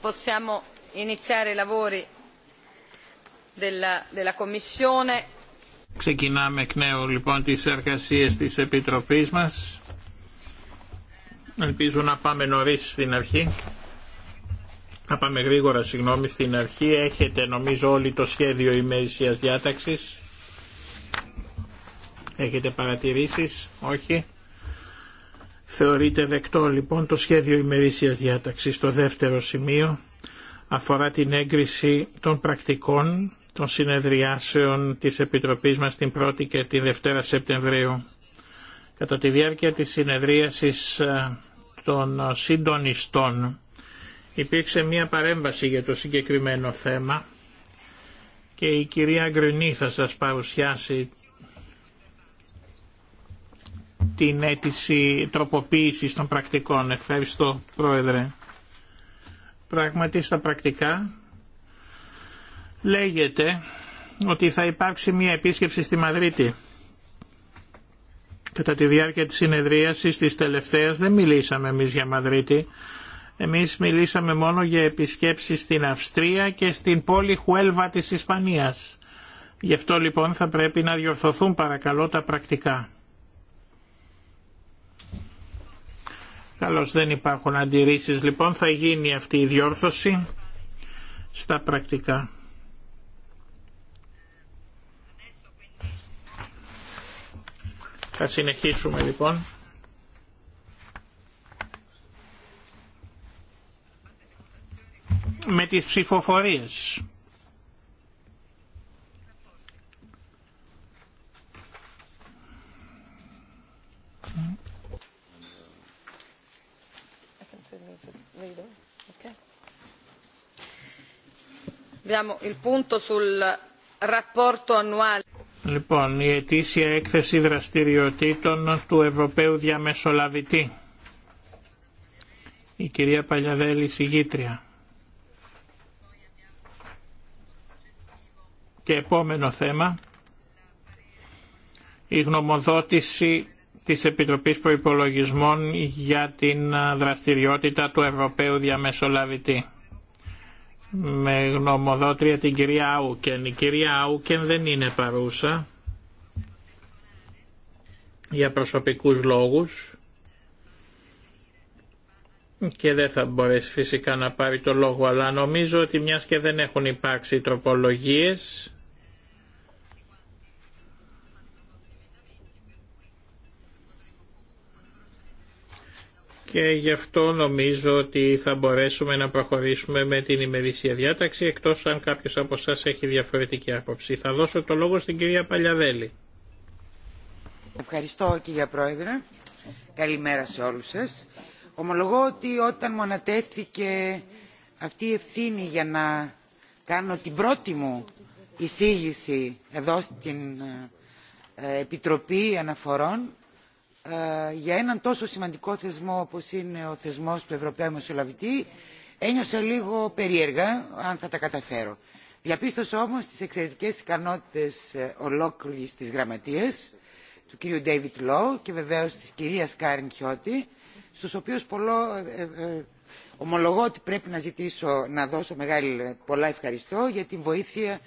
possiamo iniziare i lavori Ξεκινάμε εκ νέου λοιπόν τις εργασίες της Επιτροπής μας. Ελπίζω να πάμε νωρίς στην αρχή. Να πάμε γρήγορα, συγγνώμη, στην αρχή. Έχετε νομίζω όλοι το σχέδιο ημερησίας διάταξης. Έχετε παρατηρήσεις, όχι. Θεωρείται δεκτό λοιπόν το σχέδιο ημερήσιας διάταξης. Το δεύτερο σημείο αφορά την έγκριση των πρακτικών των συνεδριάσεων της Επιτροπής μας την 1η και τη η Σεπτεμβρίου. Κατά τη διάρκεια της συνεδρίασης ε, των συντονιστών υπήρξε μια παρέμβαση για το συγκεκριμένο θέμα και η κυρία Γκρινή θα σας παρουσιάσει την αίτηση τροποποίηση των πρακτικών. Ευχαριστώ Πρόεδρε. Πράγματι στα πρακτικά λέγεται ότι θα υπάρξει μια επίσκεψη στη Μαδρίτη. Κατά τη διάρκεια της συνεδρίασης της τελευταίας δεν μιλήσαμε εμείς για Μαδρίτη. Εμείς μιλήσαμε μόνο για επισκέψεις στην Αυστρία και στην πόλη Χουέλβα της Ισπανίας. Γι' αυτό λοιπόν θα πρέπει να διορθωθούν παρακαλώ τα πρακτικά. Καλώς δεν υπάρχουν αντιρρήσεις λοιπόν θα γίνει αυτή η διόρθωση στα πρακτικά. Θα συνεχίσουμε λοιπόν. με τις ψηφοφορίες. Λοιπόν, η ετήσια έκθεση δραστηριοτήτων του Ευρωπαίου Διαμεσολαβητή. Η κυρία Παλιαδέλη Σιγήτρια Και επόμενο θέμα, η γνωμοδότηση της Επιτροπής Προϋπολογισμών για την δραστηριότητα του Ευρωπαίου Διαμεσολαβητή με γνωμοδότρια την κυρία Άουκεν. Η κυρία Άουκεν δεν είναι παρούσα για προσωπικούς λόγους και δεν θα μπορέσει φυσικά να πάρει το λόγο αλλά νομίζω ότι μιας και δεν έχουν υπάρξει τροπολογίες και γι' αυτό νομίζω ότι θα μπορέσουμε να προχωρήσουμε με την ημερήσια διάταξη εκτός αν κάποιος από εσά έχει διαφορετική άποψη. Θα δώσω το λόγο στην κυρία Παλιαδέλη. Ευχαριστώ κυρία Πρόεδρε. Καλημέρα σε όλους σας. Ομολογώ ότι όταν μου ανατέθηκε αυτή η ευθύνη για να κάνω την πρώτη μου εισήγηση εδώ στην ε, Επιτροπή Αναφορών ε, για έναν τόσο σημαντικό θεσμό όπως είναι ο θεσμός του Ευρωπαίου Μεσολαβητή ένιωσα λίγο περίεργα αν θα τα καταφέρω. Διαπίστωσα όμως τις εξαιρετικές ικανότητες ε, ολόκληρης της γραμματείας του κυρίου David Λόου και βεβαίως της κυρίας Κάριν Χιώτη στους οποίους πολλό, ε, ομολογώ ότι πρέπει να ζητήσω να δώσω μεγάλη, πολλά ευχαριστώ για την βοήθεια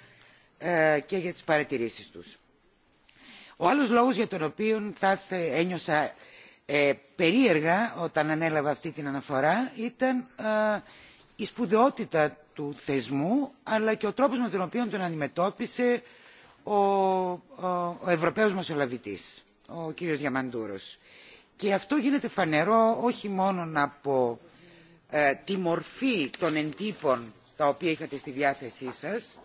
και για τις παρατηρήσεις τους ο άλλος λόγος για τον οποίο θα ένιωσα ε, περίεργα όταν ανέλαβα αυτή την αναφορά ήταν ε, η σπουδαιότητα του θεσμού αλλά και ο τρόπος με τον οποίο τον αντιμετώπισε ο, ο, ο Ευρωπαίος Μεσολαβητής, ο κύριος Διαμαντούρος. Και αυτό γίνεται φανερό όχι μόνο από ε, τη μορφή των εντύπων τα οποία είχατε στη διάθεσή σας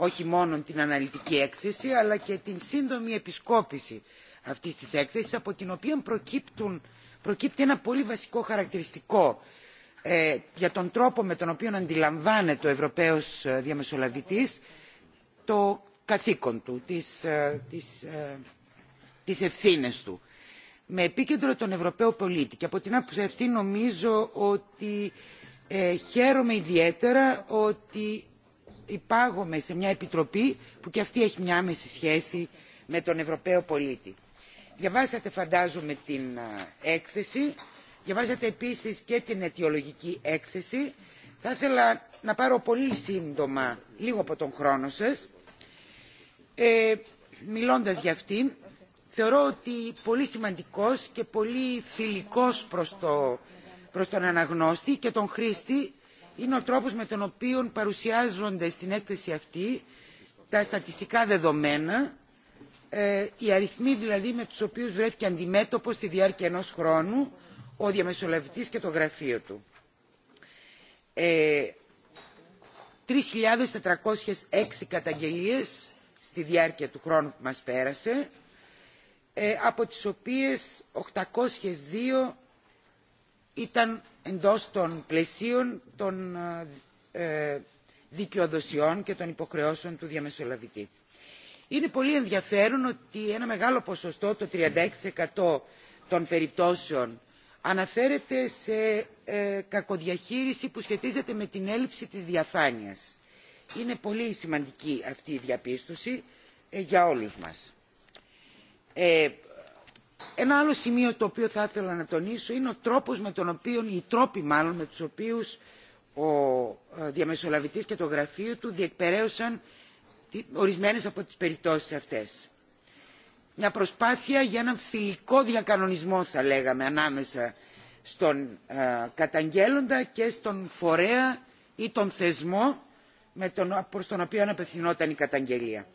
όχι μόνο την αναλυτική έκθεση αλλά και την σύντομη επισκόπηση αυτής της έκθεσης από την οποία προκύπτουν, προκύπτει ένα πολύ βασικό χαρακτηριστικό ε, για τον τρόπο με τον οποίο αντιλαμβάνεται ο Ευρωπαίος ε, διαμεσολαβητής το καθήκον του, ε, τις, ευθύνες του με επίκεντρο τον Ευρωπαίο πολίτη. Και από την άποψη αυτή νομίζω ότι χαίρομαι ιδιαίτερα ότι υπάγομαι σε μια επιτροπή που και αυτή έχει μια άμεση σχέση με τον Ευρωπαίο πολίτη. Διαβάσατε φαντάζομαι την έκθεση, διαβάσατε επίσης και την αιτιολογική έκθεση. Θα ήθελα να πάρω πολύ σύντομα λίγο από τον χρόνο σας. Ε, μιλώντας για αυτήν, θεωρώ ότι πολύ σημαντικός και πολύ φιλικός προς, το, προς τον αναγνώστη και τον χρήστη είναι ο τρόπος με τον οποίο παρουσιάζονται στην έκθεση αυτή τα στατιστικά δεδομένα, ε, οι αριθμοί δηλαδή με τους οποίους βρέθηκε αντιμέτωπο στη διάρκεια ενός χρόνου ο διαμεσολαβητής και το γραφείο του. 3.406 ε, καταγγελίες στη διάρκεια του χρόνου που μας πέρασε, ε, από τις οποίες 802 ήταν εντός των πλαισίων των ε, ε, δικαιοδοσιών και των υποχρεώσεων του διαμεσολαβητή. Είναι πολύ ενδιαφέρον ότι ένα μεγάλο ποσοστό, το 36% των περιπτώσεων, αναφέρεται σε ε, κακοδιαχείριση που σχετίζεται με την έλλειψη της διαφάνειας. Είναι πολύ σημαντική αυτή η διαπίστωση ε, για όλους μας. Ένα άλλο σημείο το οποίο θα ήθελα να τονίσω είναι ο τρόπος με τον οποίο, οι τρόποι μάλλον με τους οποίους ο ε, διαμεσολαβητής και το γραφείο του διεκπαιρέωσαν ορισμένες από τις περιπτώσεις αυτές. Μια προσπάθεια για έναν φιλικό διακανονισμό θα λέγαμε ανάμεσα στον ε, καταγγέλλοντα και στον φορέα ή τον θεσμό με προς τον οποίο αναπευθυνόταν η καταγγελία.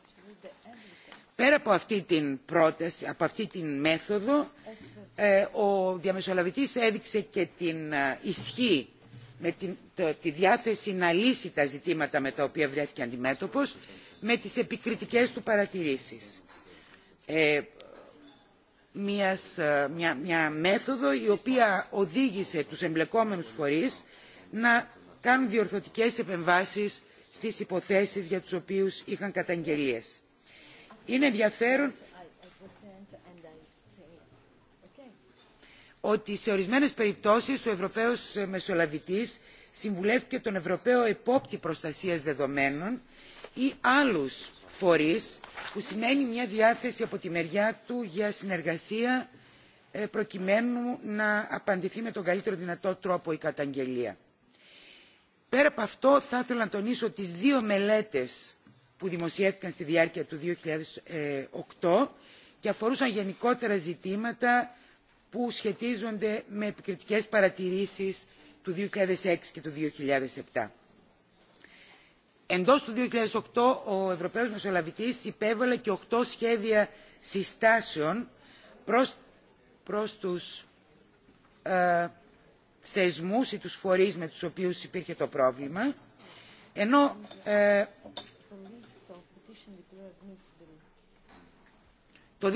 Πέρα από αυτή την πρόταση, από αυτή την μέθοδο, ε, ο διαμεσολαβητής έδειξε και την ε, ισχύ με την, τη διάθεση να λύσει τα ζητήματα με τα οποία βρέθηκε αντιμέτωπος με τις επικριτικές του παρατηρήσεις. Ε, μιας, ε, μια, μια μέθοδο η οποία οδήγησε τους εμπλεκόμενους φορείς να κάνουν διορθωτικές επεμβάσεις στις υποθέσεις για τους οποίους είχαν καταγγελίες. Είναι ενδιαφέρον ότι σε ορισμένες περιπτώσεις ο Ευρωπαίος Μεσολαβητής συμβουλεύτηκε τον Ευρωπαίο Επόπτη Προστασίας Δεδομένων ή άλλους φορείς που σημαίνει μια διάθεση από τη μεριά του για συνεργασία ε, προκειμένου να απαντηθεί με τον καλύτερο δυνατό τρόπο η καταγγελία. Πέρα από αυτό θα ήθελα να τονίσω τις δύο μελέτες που δημοσιεύτηκαν στη διάρκεια του 2008 και αφορούσαν γενικότερα ζητήματα που σχετίζονται με επικριτικές παρατηρήσεις του 2006 και του 2007. Εντός του 2008 ο Ευρωπαίος Μεσολαβητής υπέβαλε και 8 σχέδια συστάσεων προς, προς τους ε, θεσμούς ή τους φορείς με τους οποίους υπήρχε το πρόβλημα, ενώ ε, το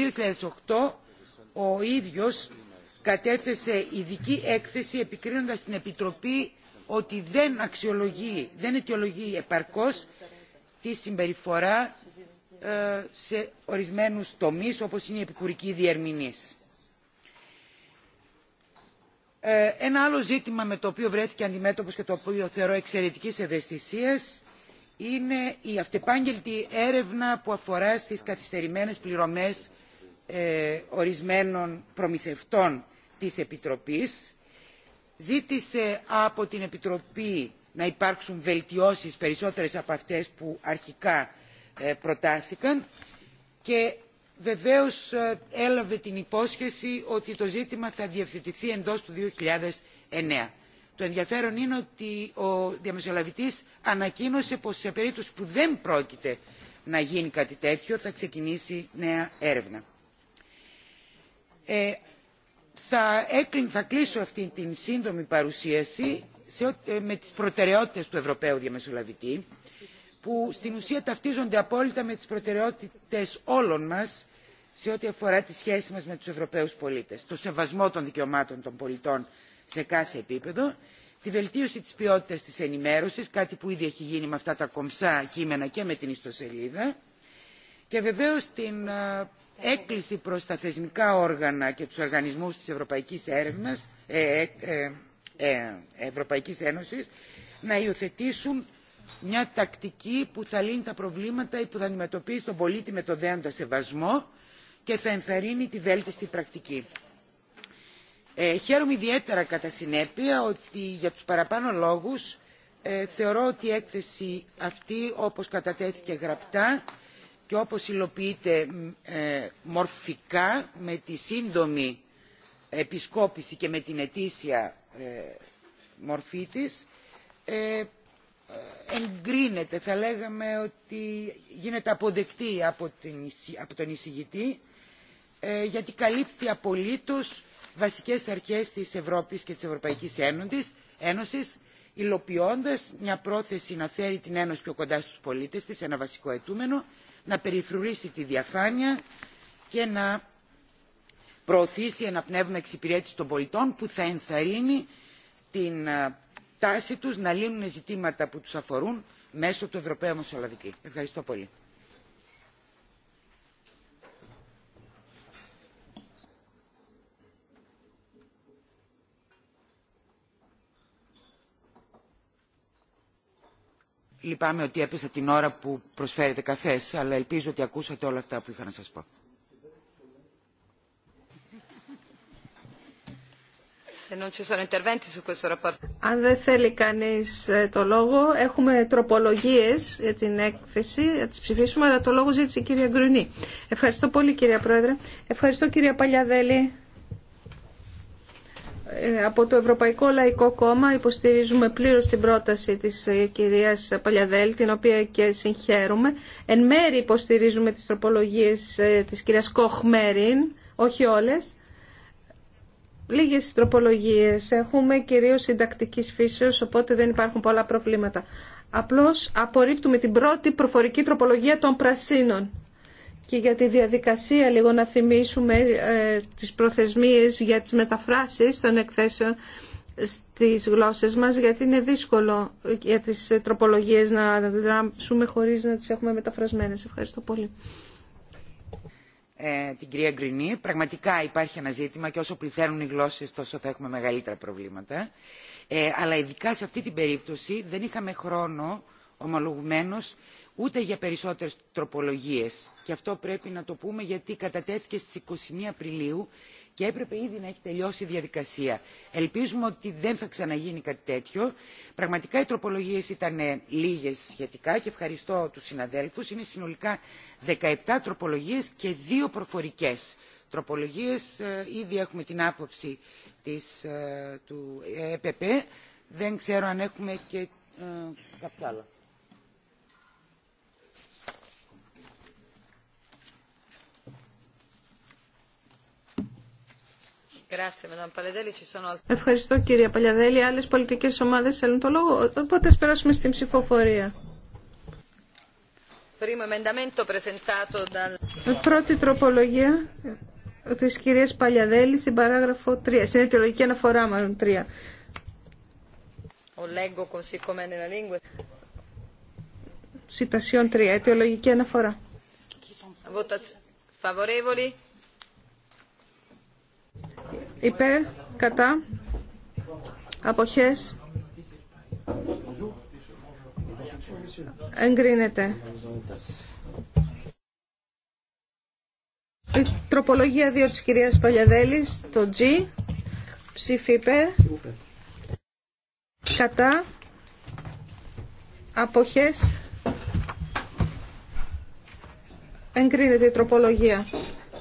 2008 ο ίδιος κατέθεσε ειδική έκθεση επικρίνοντας την Επιτροπή ότι δεν αξιολογεί, δεν αιτιολογεί επαρκώς τη συμπεριφορά ε, σε ορισμένους τομείς όπως είναι η επικουρική διερμηνής. Ε, ένα άλλο ζήτημα με το οποίο βρέθηκε αντιμέτωπος και το οποίο θεωρώ εξαιρετικής ευαισθησίας είναι η αυτεπάγγελτη έρευνα που αφορά στις καθυστερημένες πληρωμές ε, ορισμένων προμηθευτών της Επιτροπής. Ζήτησε από την Επιτροπή να υπάρξουν βελτιώσεις περισσότερες από αυτές που αρχικά ε, προτάθηκαν και βεβαίως ε, έλαβε την υπόσχεση ότι το ζήτημα θα διευθετηθεί εντός του 2009. Το ενδιαφέρον είναι ότι ο διαμεσολαβητής ανακοίνωσε πως σε περίπτωση που δεν πρόκειται να γίνει κάτι τέτοιο θα ξεκινήσει νέα έρευνα. Ε, θα, έκλει, θα κλείσω αυτή την σύντομη παρουσίαση σε, ε, με τις προτεραιότητες του Ευρωπαίου Διαμεσολαβητή που στην ουσία ταυτίζονται απόλυτα με τις προτεραιότητες όλων μας σε ό,τι αφορά τη σχέση μας με τους Ευρωπαίους πολίτες, το σεβασμό των δικαιωμάτων των πολιτών σε κάθε επίπεδο, τη βελτίωση της ποιότητας της ενημέρωσης, κάτι που ήδη έχει γίνει με αυτά τα κομψά κείμενα και με την ιστοσελίδα, και βεβαίως την ε, έκκληση προς τα θεσμικά όργανα και τους οργανισμούς της Ευρωπαϊκής, Έρευνας, ε, ε, Ευρωπαϊκής Ένωσης να υιοθετήσουν μια τακτική που θα λύνει τα προβλήματα ή που θα αντιμετωπίσει τον πολίτη με το δέοντα σεβασμό και θα ενθαρρύνει τη βέλτιστη πρακτική. Ε, χαίρομαι ιδιαίτερα κατά συνέπεια ότι για τους παραπάνω λόγους ε, θεωρώ ότι η έκθεση αυτή όπως κατατέθηκε γραπτά και όπως υλοποιείται ε, μορφικά με τη σύντομη επισκόπηση και με την ετήσια μορφή της εγκρίνεται θα λέγαμε ότι γίνεται αποδεκτή από τον εισηγητή γιατί καλύπτει απολύτως βασικές αρχές της Ευρώπης και της Ευρωπαϊκής Ένωσης, υλοποιώντα μια πρόθεση να φέρει την Ένωση πιο κοντά στους πολίτες της, ένα βασικό αιτούμενο, να περιφρουρήσει τη διαφάνεια και να προωθήσει ένα πνεύμα εξυπηρέτηση των πολιτών που θα ενθαρρύνει την ε, τάση τους να λύνουν ζητήματα που τους αφορούν μέσω του Ευρωπαίου Μεσολαβητή. Ευχαριστώ πολύ. Λυπάμαι ότι έπεσα την ώρα που προσφέρετε καφές, αλλά ελπίζω ότι ακούσατε όλα αυτά που είχα να σας πω. Αν δεν θέλει κανείς ε, το λόγο, έχουμε τροπολογίες για την έκθεση, θα τις ψηφίσουμε, αλλά το λόγο ζήτησε η κυρία Γκρουνή. Ευχαριστώ πολύ κυρία Πρόεδρε. Ευχαριστώ κυρία Παλιαδέλη ε, από το Ευρωπαϊκό Λαϊκό Κόμμα υποστηρίζουμε πλήρως την πρόταση της ε, κυρίας Παλιαδέλη, την οποία και συγχαίρουμε. Εν μέρη υποστηρίζουμε τις τροπολογίες ε, της κυρίας Κοχμέριν, όχι όλες. Λίγες τροπολογίες έχουμε, κυρίως συντακτική φύσεως, οπότε δεν υπάρχουν πολλά προβλήματα. Απλώς απορρίπτουμε την πρώτη προφορική τροπολογία των πρασίνων και για τη διαδικασία λίγο να θυμίσουμε ε, τις προθεσμίες για τις μεταφράσεις των εκθέσεων στις γλώσσες μας γιατί είναι δύσκολο για τις τροπολογίες να δράσουμε χωρίς να τις έχουμε μεταφρασμένες. Ευχαριστώ πολύ. Ε, την κυρία Γκρινή, πραγματικά υπάρχει ένα ζήτημα και όσο πληθαίνουν οι γλώσσες τόσο θα έχουμε μεγαλύτερα προβλήματα. Ε, αλλά ειδικά σε αυτή την περίπτωση δεν είχαμε χρόνο ομολογουμένως ούτε για περισσότερες τροπολογίες και αυτό πρέπει να το πούμε γιατί κατατέθηκε στις 21 Απριλίου και έπρεπε ήδη να έχει τελειώσει η διαδικασία. Ελπίζουμε ότι δεν θα ξαναγίνει κάτι τέτοιο. Πραγματικά οι τροπολογίες ήταν ε, λίγες σχετικά και ευχαριστώ τους συναδέλφους. Είναι συνολικά 17 τροπολογίες και δύο προφορικές τροπολογίες. Ε, ήδη έχουμε την άποψη της, ε, του ΕΠΠ. Δεν ξέρω αν έχουμε και ε, Ευχαριστώ κυρία Παλιαδέλη. Άλλε πολιτικέ ομάδε θέλουν το λόγο. Οπότε α περάσουμε στην ψηφοφορία. Πρώτη τροπολογία τη κυρία Παλιαδέλη στην παράγραφο 3. Στην αιτιολογική αναφορά μάλλον 3. Σιτασιόν 3. Αιτιολογική αναφορά. Favorevoli υπέρ, κατά, αποχές, εγκρίνεται. Η τροπολογία 2 της κυρίας Παλιαδέλης, το G, ψήφι υπέρ, κατά, αποχές, εγκρίνεται η τροπολογία.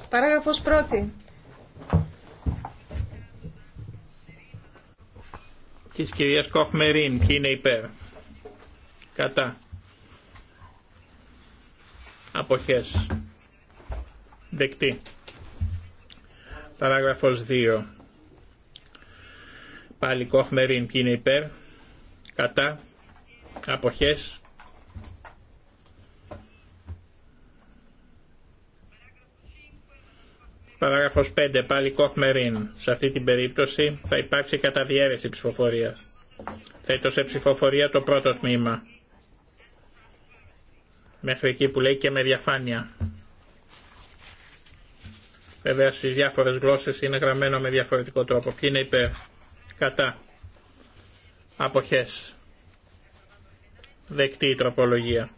Παράγραφος πρώτη. της κυρίας Κοχμερίν. Ποιοι είναι υπέρ. Κατά. Αποχές. Δεκτή. Παράγραφος 2. Πάλι Κοχμερίν. Ποιοι είναι υπέρ. Κατά. Αποχές. Παράγραφος 5. Πάλι Κοχμερίν. Σε αυτή την περίπτωση θα υπάρξει καταδιέρεση ψηφοφορίας. Θέτω σε ψηφοφορία το πρώτο τμήμα. Μέχρι εκεί που λέει και με διαφάνεια. Βέβαια στις διάφορες γλώσσες είναι γραμμένο με διαφορετικό τρόπο. και είναι υπέρ. Κατά. Αποχές. Δεκτή η τροπολογία.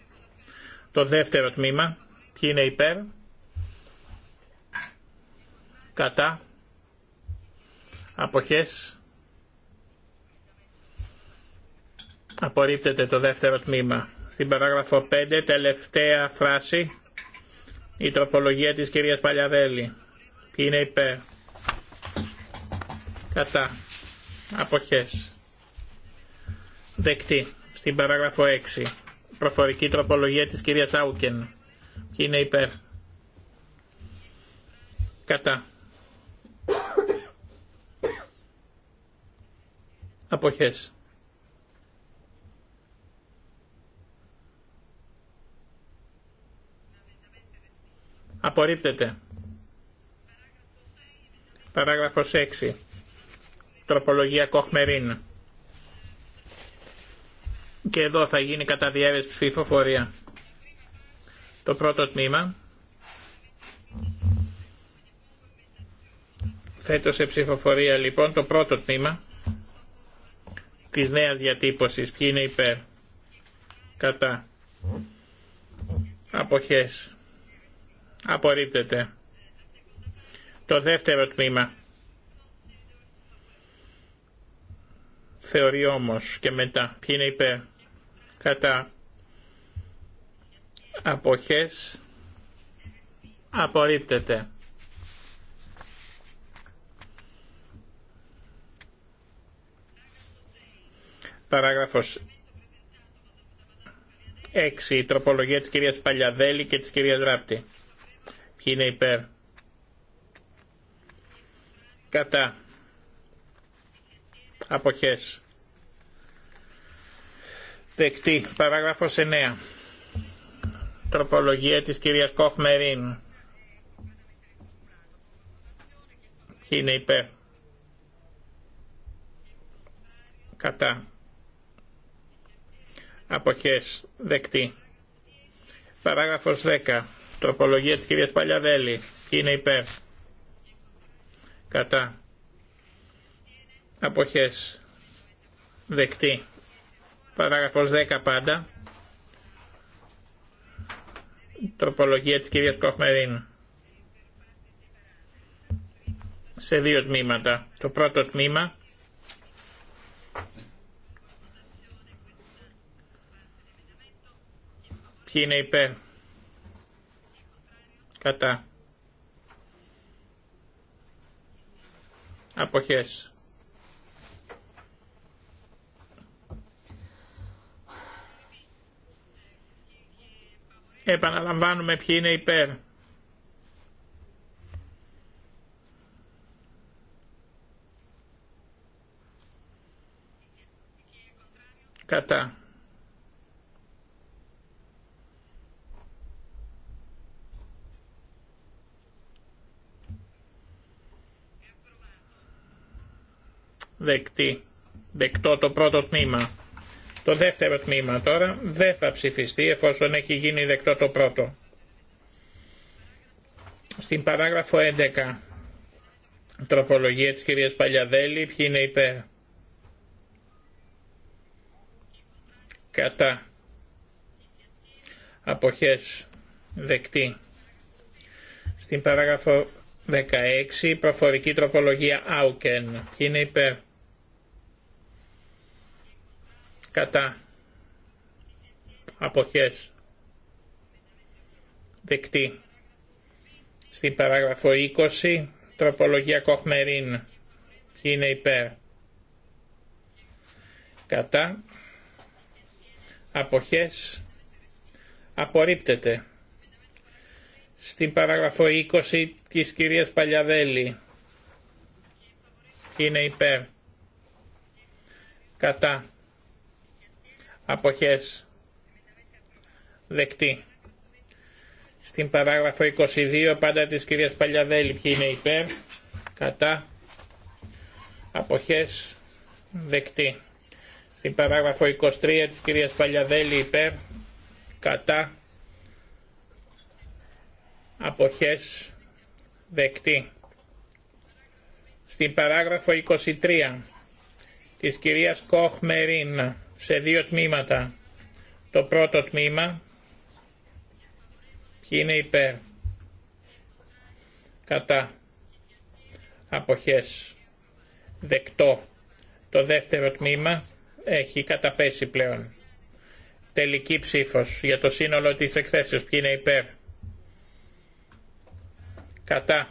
Το δεύτερο τμήμα. Ποιοι είναι υπέρ κατά αποχές απορρίπτεται το δεύτερο τμήμα. Στην παράγραφο 5 τελευταία φράση η τροπολογία της κυρίας Παλιαδέλη. Ποιοι είναι υπέρ. Κατά. Αποχές. Δεκτή. Στην παράγραφο 6. Προφορική τροπολογία της κυρίας Άουκεν. Ποιοι είναι υπέρ. Κατά. Αποχές. Απορρίπτεται. Παράγραφος 6. Τροπολογία Κοχμερίν. Και εδώ θα γίνει κατά διέρεση ψηφοφορία. Το πρώτο τμήμα. Θέτω σε ψηφοφορία λοιπόν το πρώτο τμήμα της νέας διατύπωσης. Ποιοι είναι υπέρ. Κατά. Αποχές. Απορρίπτεται. Το δεύτερο τμήμα. Θεωρεί όμως και μετά. Ποιοι είναι υπέρ. Κατά. Αποχές. Απορρίπτεται. Παράγραφος 6. Η τροπολογία της κυρίας Παλιαδέλη και της κυρίας Ράπτη. Ποιοι είναι υπέρ. Κατά. Αποχές. Δεκτή. Παράγραφος 9. Τροπολογία της κυρίας Κοχμερίν. Ποιοι είναι υπέρ. Κατά αποχές δεκτή. Παράγραφος 10. Τροπολογία της κυρίας Παλιαδέλη. Είναι υπέρ. Κατά. Αποχές. Δεκτή. Παράγραφος 10 πάντα. Τροπολογία της κυρίας Κοχμερίν. Σε δύο τμήματα. Το πρώτο τμήμα Ποιοι είναι υπέρ. Κατά. Αποχές. Επαναλαμβάνουμε ποιοι είναι υπέρ. Κατά. δεκτή, δεκτό το πρώτο τμήμα. Το δεύτερο τμήμα τώρα δεν θα ψηφιστεί εφόσον έχει γίνει δεκτό το πρώτο. Στην παράγραφο 11, τροπολογία της κυρίας Παλιαδέλη, ποιοι είναι υπέρ. Κατά. Αποχές. Δεκτή. Στην παράγραφο 16, προφορική τροπολογία Άουκεν. Ποιοι είναι υπέρ. κατά αποχές δεκτή. Στην παράγραφο 20 τροπολογία Κοχμερίν είναι υπέρ κατά αποχές απορρίπτεται. Στην παράγραφο 20 της κυρίας Παλιαδέλη είναι υπέρ κατά αποχές δεκτή. Στην παράγραφο 22 πάντα της κυρίας Παλιαδέλη ποιοι είναι υπέρ, κατά, αποχές δεκτή. Στην παράγραφο 23 της κυρίας Παλιαδέλη υπέρ, κατά, αποχές δεκτή. Στην παράγραφο 23 της κυρίας Κοχ σε δύο τμήματα. Το πρώτο τμήμα, ποιοι είναι υπέρ, κατά, αποχές, δεκτό. Το δεύτερο τμήμα έχει καταπέσει πλέον. Τελική ψήφος για το σύνολο της εκθέσεως, ποιοι είναι υπέρ, κατά,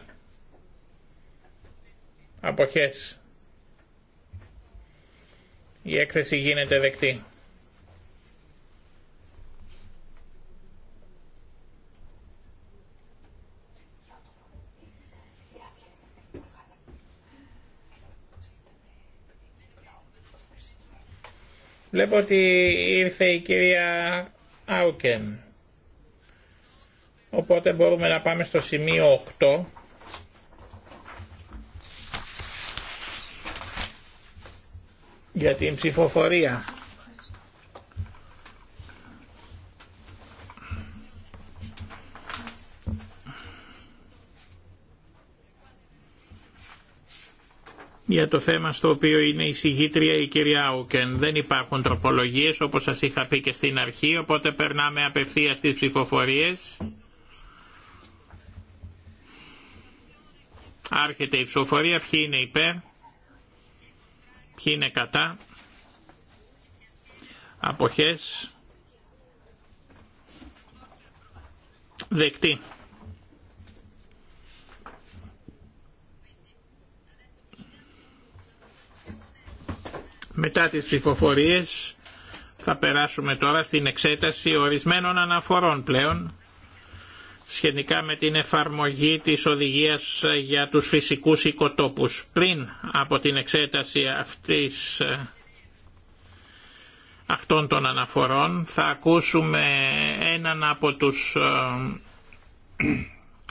αποχές, η έκθεση γίνεται δεκτή. Βλέπω ότι ήρθε η κυρία Άουκεν. Οπότε μπορούμε να πάμε στο σημείο 8. για την ψηφοφορία. για το θέμα στο οποίο είναι η συγγήτρια η κυρία Ούκεν. Δεν υπάρχουν τροπολογίες όπως σας είχα πει και στην αρχή, οπότε περνάμε απευθεία στις ψηφοφορίες. Άρχεται η ψηφοφορία, ποιοι είναι υπέρ. Ποιοι είναι κατά. Αποχές. Δεκτή. Μετά τις ψηφοφορίες θα περάσουμε τώρα στην εξέταση ορισμένων αναφορών πλέον σχετικά με την εφαρμογή της οδηγίας για τους φυσικούς οικοτόπους. Πριν από την εξέταση αυτής, ε, αυτών των αναφορών θα ακούσουμε έναν από τους ε,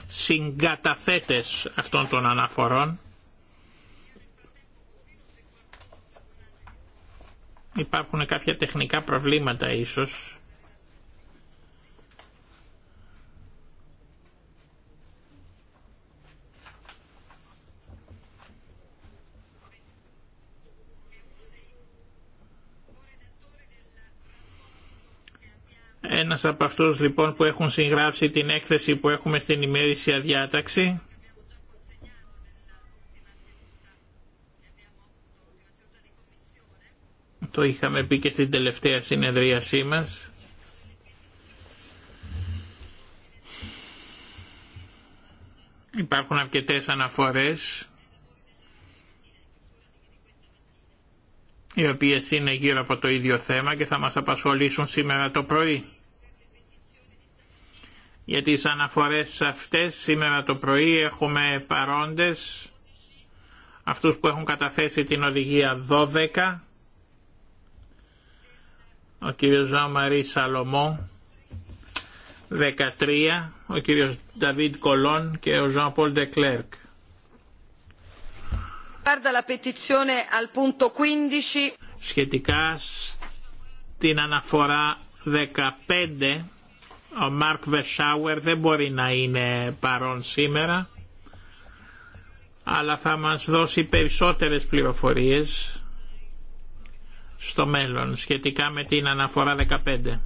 συγκαταθέτες αυτών των αναφορών. Υπάρχουν κάποια τεχνικά προβλήματα ίσως Ένας από αυτούς λοιπόν που έχουν συγγράψει την έκθεση που έχουμε στην ημέρηση αδιάταξη. το είχαμε πει και στην τελευταία συνεδρίασή μας υπάρχουν αρκετές αναφορές οι οποίες είναι γύρω από το ίδιο θέμα και θα μας απασχολήσουν σήμερα το πρωί. Για τις αναφορές αυτές σήμερα το πρωί έχουμε παρόντες αυτούς που έχουν καταθέσει την οδηγία 12 ο κύριος Ζαμαρή Σαλωμό 13 ο κύριος Νταβίτ Κολόν και ο Ζαν Πολ Ντεκλέρκ. Σχετικά στην αναφορά 15 ο Μάρκ Βεσάουερ δεν μπορεί να είναι παρόν σήμερα, αλλά θα μας δώσει περισσότερες πληροφορίες στο μέλλον σχετικά με την αναφορά 15.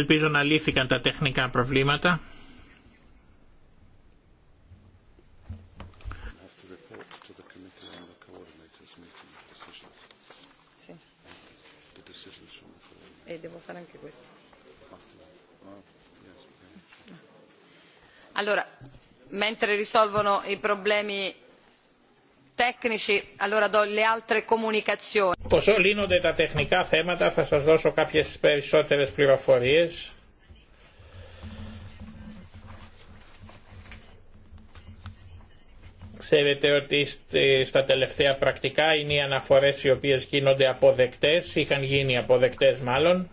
Ελπίζω να λύθηκαν τα τεχνικά προβλήματα. Allora, mentre risolvono i problemi Πόσο λύνονται τα τεχνικά θέματα θα σας δώσω κάποιες περισσότερες πληροφορίες. Ξέρετε ότι στα τελευταία πρακτικά είναι οι αναφορές οι οποίες γίνονται αποδεκτές, είχαν γίνει αποδεκτές μάλλον.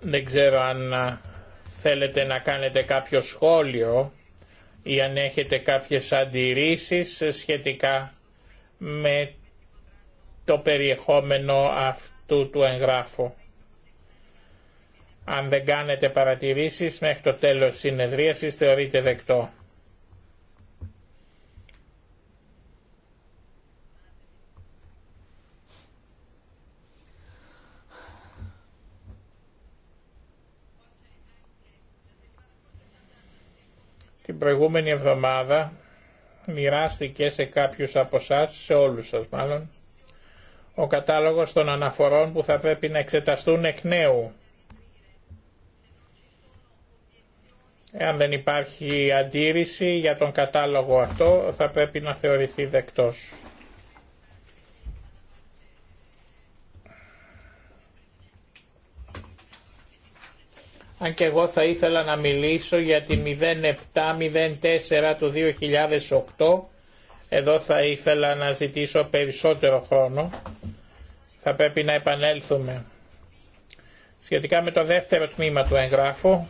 Δεν ξέρω αν θέλετε να κάνετε κάποιο σχόλιο ή αν έχετε κάποιες αντιρρήσεις σχετικά με το περιεχόμενο αυτού του εγγράφου. Αν δεν κάνετε παρατηρήσεις μέχρι το τέλος συνεδρίασης θεωρείτε δεκτό. την προηγούμενη εβδομάδα μοιράστηκε σε κάποιους από εσά, σε όλους σας μάλλον, ο κατάλογος των αναφορών που θα πρέπει να εξεταστούν εκ νέου. Εάν δεν υπάρχει αντίρρηση για τον κατάλογο αυτό, θα πρέπει να θεωρηθεί δεκτός. αν και εγώ θα ήθελα να μιλήσω για τη 0704 του 2008, εδώ θα ήθελα να ζητήσω περισσότερο χρόνο, θα πρέπει να επανέλθουμε. Σχετικά με το δεύτερο τμήμα του εγγράφου,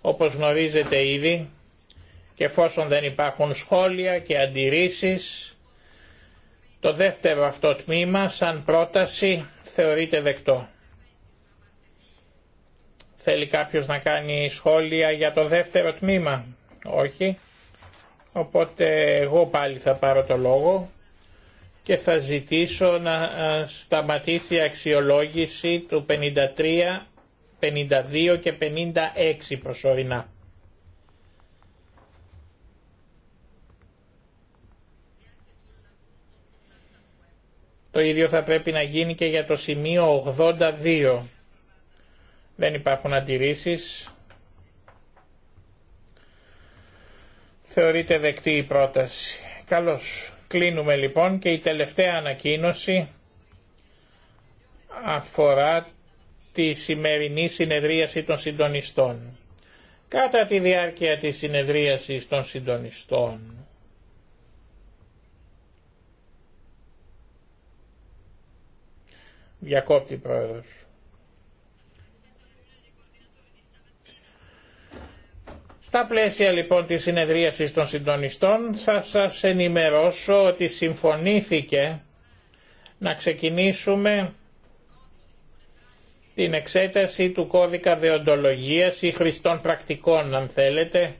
όπως γνωρίζετε ήδη, και εφόσον δεν υπάρχουν σχόλια και αντιρρήσεις, το δεύτερο αυτό τμήμα σαν πρόταση θεωρείται δεκτό. Θέλει κάποιος να κάνει σχόλια για το δεύτερο τμήμα. Όχι. Οπότε εγώ πάλι θα πάρω το λόγο και θα ζητήσω να σταματήσει η αξιολόγηση του 53, 52 και 56 προσωρινά. Το ίδιο θα πρέπει να γίνει και για το σημείο 82. Δεν υπάρχουν αντιρρήσεις. Θεωρείται δεκτή η πρόταση. Καλώς. Κλείνουμε λοιπόν και η τελευταία ανακοίνωση αφορά τη σημερινή συνεδρίαση των συντονιστών. Κατά τη διάρκεια της συνεδρίασης των συντονιστών διακόπτη πρόεδρος. Στα πλαίσια λοιπόν της συνεδρίασης των συντονιστών θα σας ενημερώσω ότι συμφωνήθηκε να ξεκινήσουμε την εξέταση του κώδικα δεοντολογίας ή χρηστών πρακτικών αν θέλετε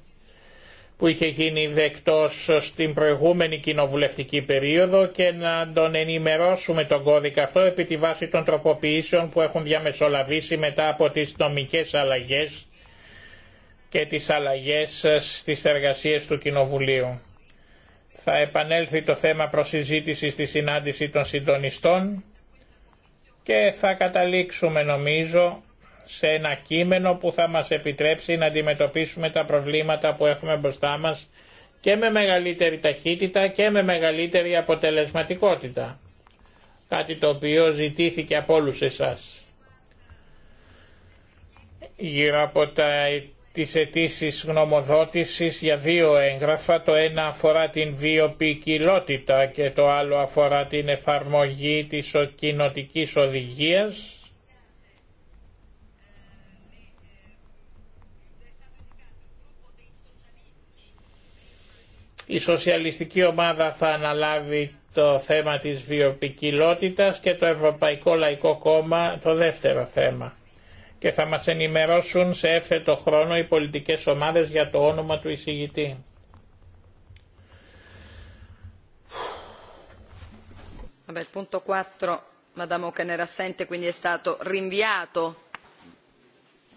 που είχε γίνει δεκτός στην προηγούμενη κοινοβουλευτική περίοδο και να τον ενημερώσουμε τον κώδικα αυτό επί τη βάση των τροποποιήσεων που έχουν διαμεσολαβήσει μετά από τις νομικές αλλαγές και τις αλλαγές ε, στις εργασίες του Κοινοβουλίου. Θα επανέλθει το θέμα προσυζήτηση στη συνάντηση των συντονιστών και θα καταλήξουμε νομίζω σε ένα κείμενο που θα μας επιτρέψει να αντιμετωπίσουμε τα προβλήματα που έχουμε μπροστά μας και με μεγαλύτερη ταχύτητα και με μεγαλύτερη αποτελεσματικότητα. Κάτι το οποίο ζητήθηκε από όλους εσάς. Γύρω από τις αιτήσει γνωμοδότησης για δύο έγγραφα, το ένα αφορά την βιοποικιλότητα και το άλλο αφορά την εφαρμογή της κοινοτικής οδηγίας. Η σοσιαλιστική ομάδα θα αναλάβει το θέμα της βιοποικιλότητας και το Ευρωπαϊκό Λαϊκό Κόμμα το δεύτερο θέμα και θα μας ενημερώσουν σε έφετο χρόνο οι πολιτικές ομάδες για το όνομα του εισηγητή. 4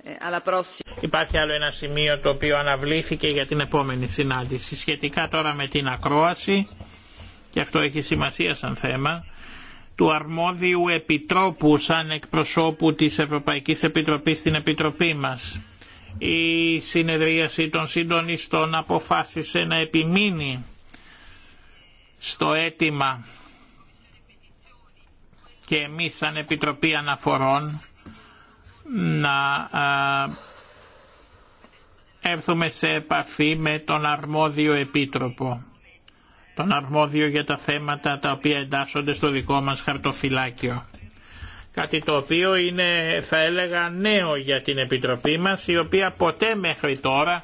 eh, Υπάρχει άλλο ένα σημείο το οποίο αναβλήθηκε για την επόμενη συνάντηση σχετικά τώρα με την ακρόαση και αυτό έχει σημασία σαν θέμα του αρμόδιου επιτρόπου σαν εκπροσώπου της Ευρωπαϊκής Επιτροπής στην Επιτροπή μας. Η συνεδρίαση των συντονιστών αποφάσισε να επιμείνει στο αίτημα και εμείς σαν Επιτροπή Αναφορών να έρθουμε σε επαφή με τον αρμόδιο επίτροπο τον αρμόδιο για τα θέματα τα οποία εντάσσονται στο δικό μας χαρτοφυλάκιο. Κάτι το οποίο είναι θα έλεγα νέο για την Επιτροπή μας η οποία ποτέ μέχρι τώρα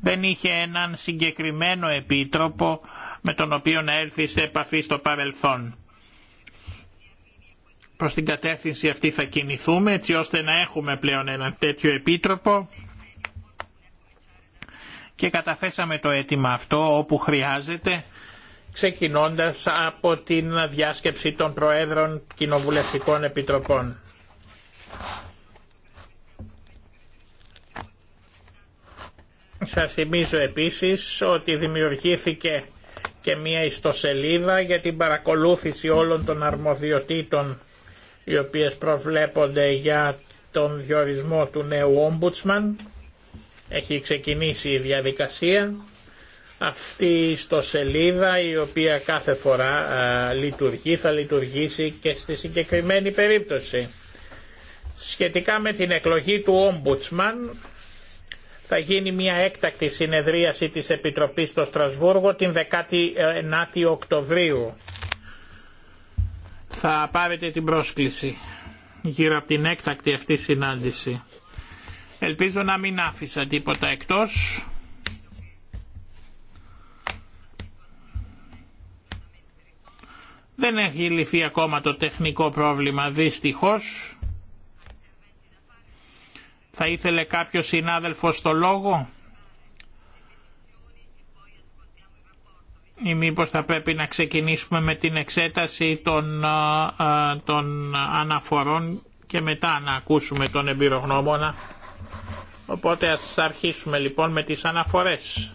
δεν είχε έναν συγκεκριμένο επίτροπο με τον οποίο να έλθει σε επαφή στο παρελθόν. Προς την κατεύθυνση αυτή θα κινηθούμε έτσι ώστε να έχουμε πλέον ένα τέτοιο επίτροπο και καταφέσαμε το αίτημα αυτό όπου χρειάζεται ξεκινώντας από την διάσκεψη των Προέδρων Κοινοβουλευτικών Επιτροπών. Σας θυμίζω επίσης ότι δημιουργήθηκε και μία ιστοσελίδα για την παρακολούθηση όλων των αρμοδιοτήτων οι οποίες προβλέπονται για τον διορισμό του νέου Ombudsman. Έχει ξεκινήσει η διαδικασία αυτή η σελίδα η οποία κάθε φορά λειτουργεί θα λειτουργήσει και στη συγκεκριμένη περίπτωση. Σχετικά με την εκλογή του Ombudsman θα γίνει μια έκτακτη συνεδρίαση της Επιτροπής στο Στρασβούργο την 19η ε, Οκτωβρίου. Θα πάρετε την πρόσκληση γύρω από την έκτακτη αυτή συνάντηση. Ελπίζω να μην άφησα τίποτα εκτός. Δεν έχει λυθεί ακόμα το τεχνικό πρόβλημα δυστυχώς. Θα ήθελε κάποιος συνάδελφος το λόγο ή μήπως θα πρέπει να ξεκινήσουμε με την εξέταση των, των αναφορών και μετά να ακούσουμε τον εμπειρογνώμονα. Οπότε ας αρχίσουμε λοιπόν με τις αναφορές.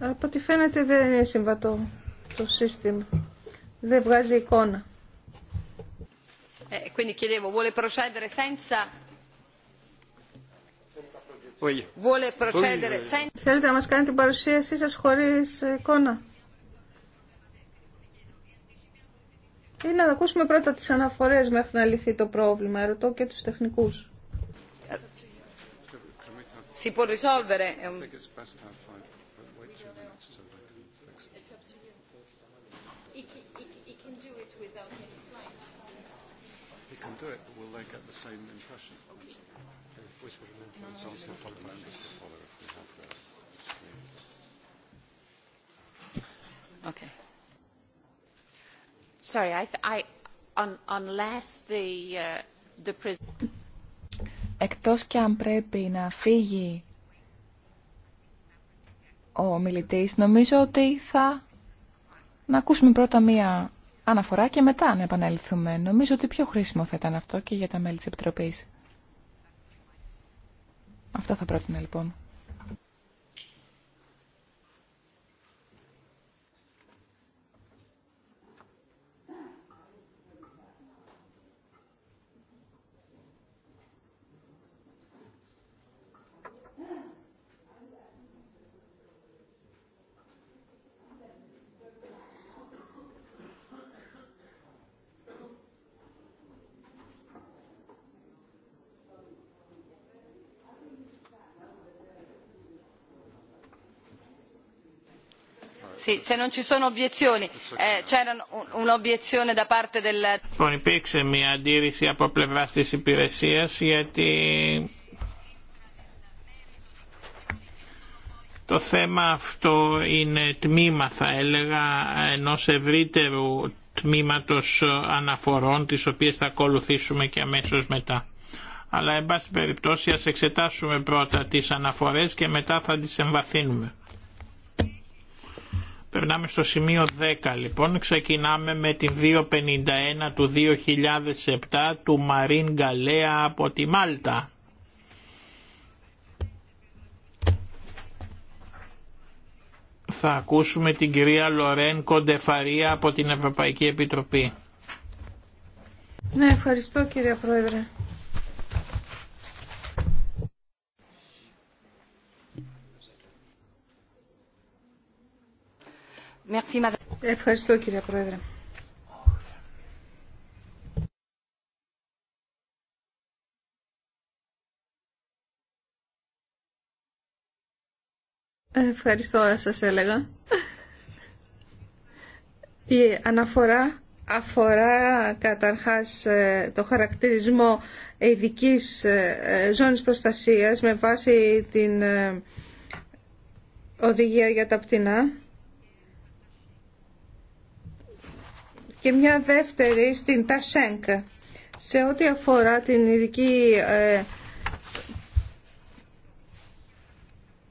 Από ό,τι φαίνεται δεν είναι συμβατό το σύστημα. Δεν βγάζει εικόνα. Ε, Θέλετε να μας κάνει την παρουσίασή σας χωρίς εικόνα. Ή να ακούσουμε πρώτα τις αναφορές μέχρι να λυθεί το πρόβλημα. Ερωτώ και τους τεχνικούς. Si può risolvere. same impression. Okay. Sorry, I, I, un- unless the, uh, the Εκτός και αν πρέπει να φύγει ο μιλητής, νομίζω ότι θα να ακούσουμε πρώτα μία αναφορά και μετά να επανέλθουμε. Νομίζω ότι πιο χρήσιμο θα ήταν αυτό και για τα μέλη της Επιτροπής. Αυτό θα πρότεινα λοιπόν. υπήρξε μια αντίρρηση από πλευρά τη υπηρεσία γιατί το θέμα αυτό είναι τμήμα, θα έλεγα, ενό ευρύτερου τμήματος αναφορών, τις οποίες θα ακολουθήσουμε και αμέσως μετά. Αλλά, εν πάση περιπτώσει, ας εξετάσουμε πρώτα τις αναφορές και μετά θα τις εμβαθύνουμε. Περνάμε στο σημείο 10 λοιπόν. Ξεκινάμε με την 251 του 2007 του Μαρίν Γκαλέα από τη Μάλτα. Θα ακούσουμε την κυρία Λορέν Κοντεφαρία από την Ευρωπαϊκή Επιτροπή. Ναι, ευχαριστώ κύριε Πρόεδρε. Ευχαριστώ κύριε Πρόεδρε. Ευχαριστώ, σας έλεγα. Η αναφορά αφορά καταρχάς ε, το χαρακτηρισμό ειδική ε, ζώνης προστασίας με βάση την ε, οδηγία για τα πτηνά και μια δεύτερη στην ΤΑΣΕΝΚ. Σε ό,τι αφορά την ειδική ε,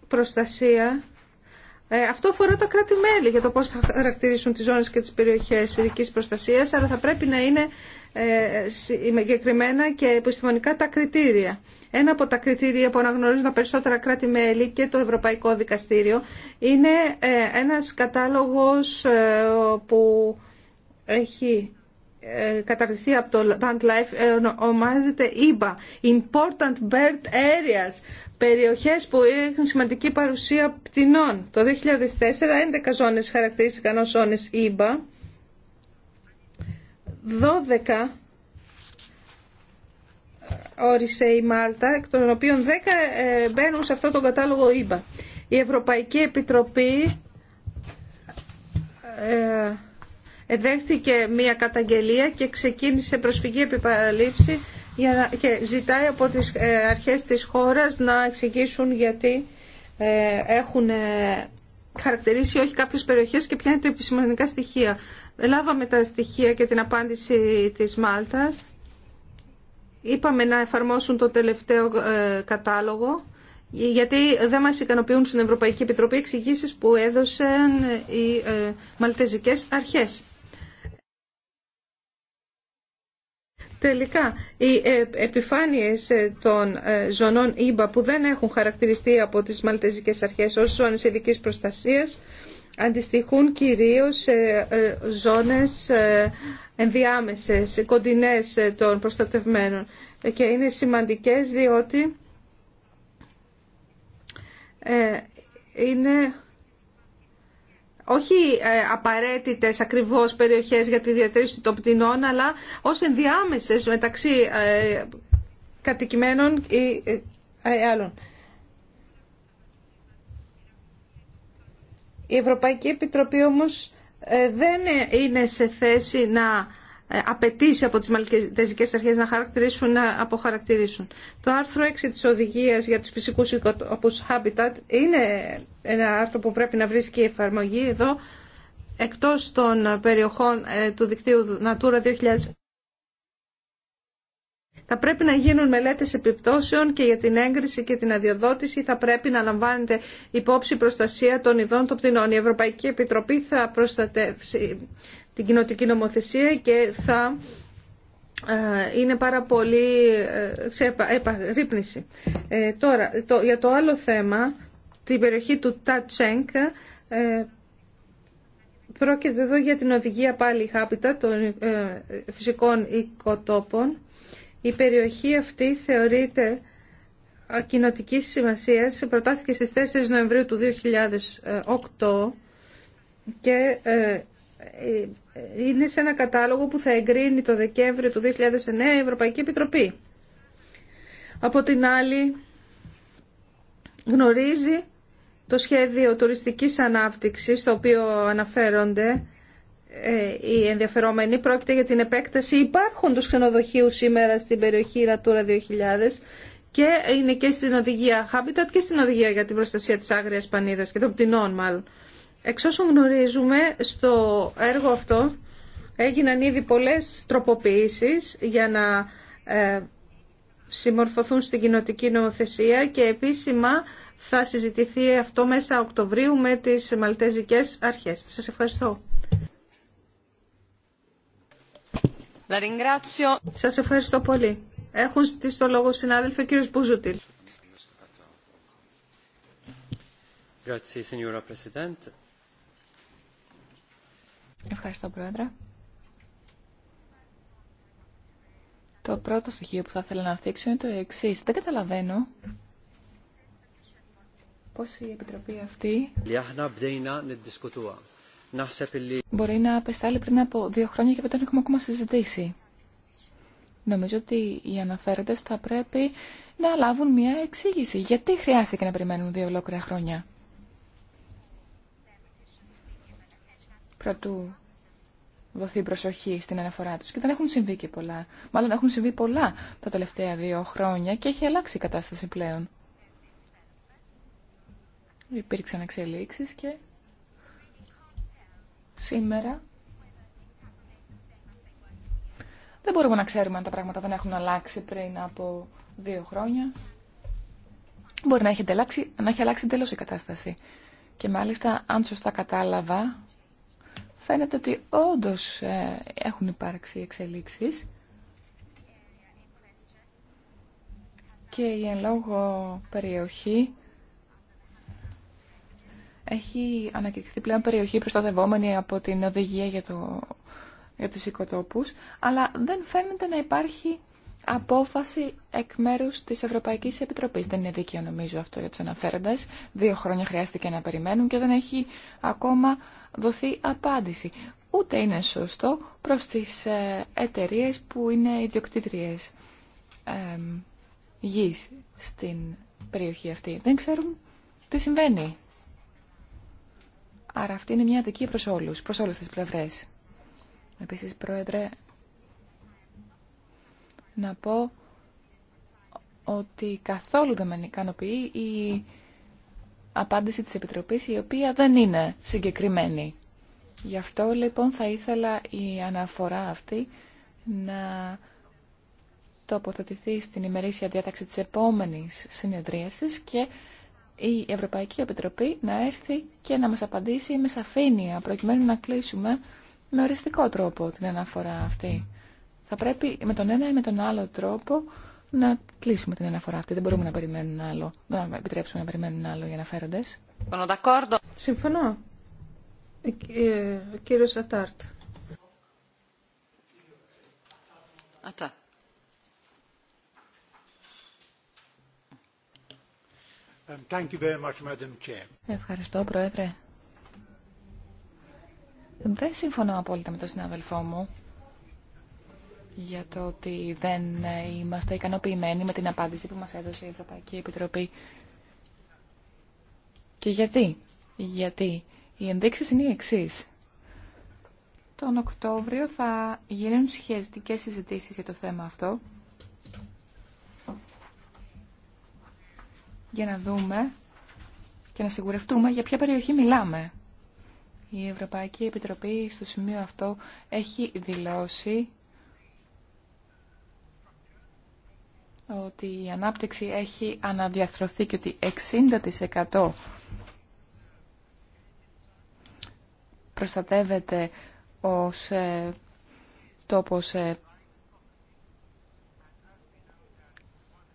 προστασία, ε, αυτό αφορά τα κράτη-μέλη για το πώς θα χαρακτηρίσουν τις ζώνες και τις περιοχές ειδικής προστασίας, αλλά θα πρέπει να είναι ε, συγκεκριμένα και επιστημονικά τα κριτήρια. Ένα από τα κριτήρια που αναγνωρίζουν τα περισσότερα κράτη-μέλη και το Ευρωπαϊκό Δικαστήριο είναι ένας κατάλογος που έχει ε, καταρτιστεί από το Life ε, ονομάζεται IBA, Important Bird Areas, περιοχές που έχουν σημαντική παρουσία πτηνών. Το 2004 11 ζώνες χαρακτηρίστηκαν ως ζώνες IBA, 12 ε, όρισε η Μάλτα, εκ των οποίων 10 μπαίνουν σε αυτό τον κατάλογο IBA. Η Ευρωπαϊκή Επιτροπή δέχτηκε μια καταγγελία και ξεκίνησε προσφυγή επιπαραλήψη και ζητάει από τις ε, αρχές της χώρας να εξηγήσουν γιατί ε, έχουν ε, χαρακτηρίσει όχι κάποιες περιοχές και ποια είναι τα επισημαντικά στοιχεία. Λάβαμε τα στοιχεία και την απάντηση της Μάλτας. Είπαμε να εφαρμόσουν το τελευταίο κατάλογο γιατί δεν μας ικανοποιούν στην Ευρωπαϊκή Επιτροπή εξηγήσει που έδωσαν οι μαλτεζικές αρχές. Τελικά, οι ε, επιφάνειες ε, των ε, ζωνών ΙΜΠΑ που δεν έχουν χαρακτηριστεί από τις μαλτεζικές αρχές ως ζώνες ειδικής προστασίας αντιστοιχούν κυρίως σε ζώνες ενδιάμεσες, κοντινές των προστατευμένων και είναι σημαντικές διότι είναι όχι ε, απαραίτητες ακριβώς περιοχές για τη διατήρηση των πτηνών, αλλά ως ενδιάμεσες μεταξύ ε, κατοικημένων ή ε, άλλων. Η Ευρωπαϊκή Επιτροπή όμως δεν είναι σε θέση να ε, απαιτήσει από τις μαλτεζικές αρχές να χαρακτηρίσουν, να αποχαρακτηρίσουν. Το άρθρο 6 της οδηγίας για τους φυσικούς οικοτόπους Habitat είναι ένα άρθρο που πρέπει να βρίσκει η εφαρμογή εδώ εκτός των περιοχών ε, του δικτύου Natura 2000. Θα πρέπει να γίνουν μελέτες επιπτώσεων και για την έγκριση και την αδειοδότηση θα πρέπει να λαμβάνεται υπόψη προστασία των ειδών των πτηνών. Η Ευρωπαϊκή Επιτροπή θα προστατεύσει την κοινοτική νομοθεσία και θα ε, είναι πάρα πολύ ε, σε Ε, τώρα, το, για το άλλο θέμα, την περιοχή του Τατσέγκ, ε, πρόκειται εδώ για την οδηγία πάλι χάπιτα των ε, φυσικών οικοτόπων. Η περιοχή αυτή θεωρείται κοινοτική σημασίας, προτάθηκε στις 4 Νοεμβρίου του 2008 και είναι σε ένα κατάλογο που θα εγκρίνει το Δεκέμβριο του 2009 η Ευρωπαϊκή Επιτροπή. Από την άλλη, γνωρίζει το σχέδιο τουριστικής ανάπτυξης, το οποίο αναφέρονται ε, οι ενδιαφερόμενοι, πρόκειται για την επέκταση υπάρχοντος ξενοδοχείου σήμερα στην περιοχή Ρατούρα 2000 και είναι και στην οδηγία Habitat και στην οδηγία για την προστασία της άγριας πανίδας και των πτηνών μάλλον. Εξ όσων γνωρίζουμε, στο έργο αυτό έγιναν ήδη πολλές τροποποιήσεις για να ε, συμμορφωθούν στην κοινοτική νομοθεσία και επίσημα θα συζητηθεί αυτό μέσα Οκτωβρίου με τις Μαλτέζικες Αρχές. Σας ευχαριστώ. Σας ευχαριστώ πολύ. Έχουν ζητήσει το λόγο συνάδελφοι, κύριος Μπουζουτήλ. Grazie, signora Presidente. Ευχαριστώ, Πρόεδρε. Το πρώτο στοιχείο που θα ήθελα να θίξω είναι το εξή. Δεν καταλαβαίνω πώ η Επιτροπή αυτή μπορεί να απεστάλλει πριν από δύο χρόνια και μετά έχουμε ακόμα συζητήσει. Νομίζω ότι οι αναφέροντες θα πρέπει να λάβουν μια εξήγηση. Γιατί χρειάστηκε να περιμένουν δύο ολόκληρα χρόνια. κρατού δοθεί προσοχή στην αναφορά τους και δεν έχουν συμβεί και πολλά. Μάλλον έχουν συμβεί πολλά τα τελευταία δύο χρόνια και έχει αλλάξει η κατάσταση πλέον. Υπήρξαν εξελίξεις και σήμερα δεν μπορούμε να ξέρουμε αν τα πράγματα δεν έχουν αλλάξει πριν από δύο χρόνια. Μπορεί να έχει, αλλάξει, να αλλάξει η κατάσταση. Και μάλιστα, αν σωστά κατάλαβα, φαίνεται ότι όντως ε, έχουν υπάρξει εξελίξεις και η εν λόγω περιοχή έχει ανακηρυχθεί πλέον περιοχή προστατευόμενη από την οδηγία για, το, για τους οικοτόπους, αλλά δεν φαίνεται να υπάρχει απόφαση εκ μέρου τη Ευρωπαϊκή Επιτροπή. Δεν είναι δίκαιο νομίζω αυτό για του αναφέροντε. Δύο χρόνια χρειάστηκε να περιμένουν και δεν έχει ακόμα δοθεί απάντηση. Ούτε είναι σωστό προ τι ε, εταιρείε που είναι ιδιοκτήτριε ε, γη στην περιοχή αυτή. Δεν ξέρουν τι συμβαίνει. Άρα αυτή είναι μια δική προς όλους, προς όλες τις πλευρές. Επίσης, Πρόεδρε, να πω ότι καθόλου δεν με ικανοποιεί η απάντηση της Επιτροπής η οποία δεν είναι συγκεκριμένη. Γι' αυτό λοιπόν θα ήθελα η αναφορά αυτή να τοποθετηθεί στην ημερήσια διάταξη της επόμενης συνεδρίασης και η Ευρωπαϊκή Επιτροπή να έρθει και να μας απαντήσει με σαφήνεια προκειμένου να κλείσουμε με οριστικό τρόπο την αναφορά αυτή. Θα πρέπει με τον ένα ή με τον άλλο τρόπο να κλείσουμε την αναφορά αυτή. Δεν μπορούμε να περιμένουν άλλο, να επιτρέψουμε να περιμένουν άλλο για αναφέροντε. Συμφωνώ. Ε, ε, ο κύριος Ατάρτ. Ατά. Um, Ευχαριστώ, Πρόεδρε. Δεν συμφωνώ απόλυτα με τον συνάδελφό μου για το ότι δεν ε, είμαστε ικανοποιημένοι με την απάντηση που μας έδωσε η Ευρωπαϊκή Επιτροπή. Και γιατί. Γιατί οι ενδείξεις είναι οι εξής. Τον Οκτώβριο θα γίνουν σχετικέ συζητήσεις για το θέμα αυτό. Για να δούμε και να σιγουρευτούμε για ποια περιοχή μιλάμε. Η Ευρωπαϊκή Επιτροπή στο σημείο αυτό έχει δηλώσει ότι η ανάπτυξη έχει αναδιαρθρωθεί και ότι 60% προστατεύεται ως ε, τόπος ε,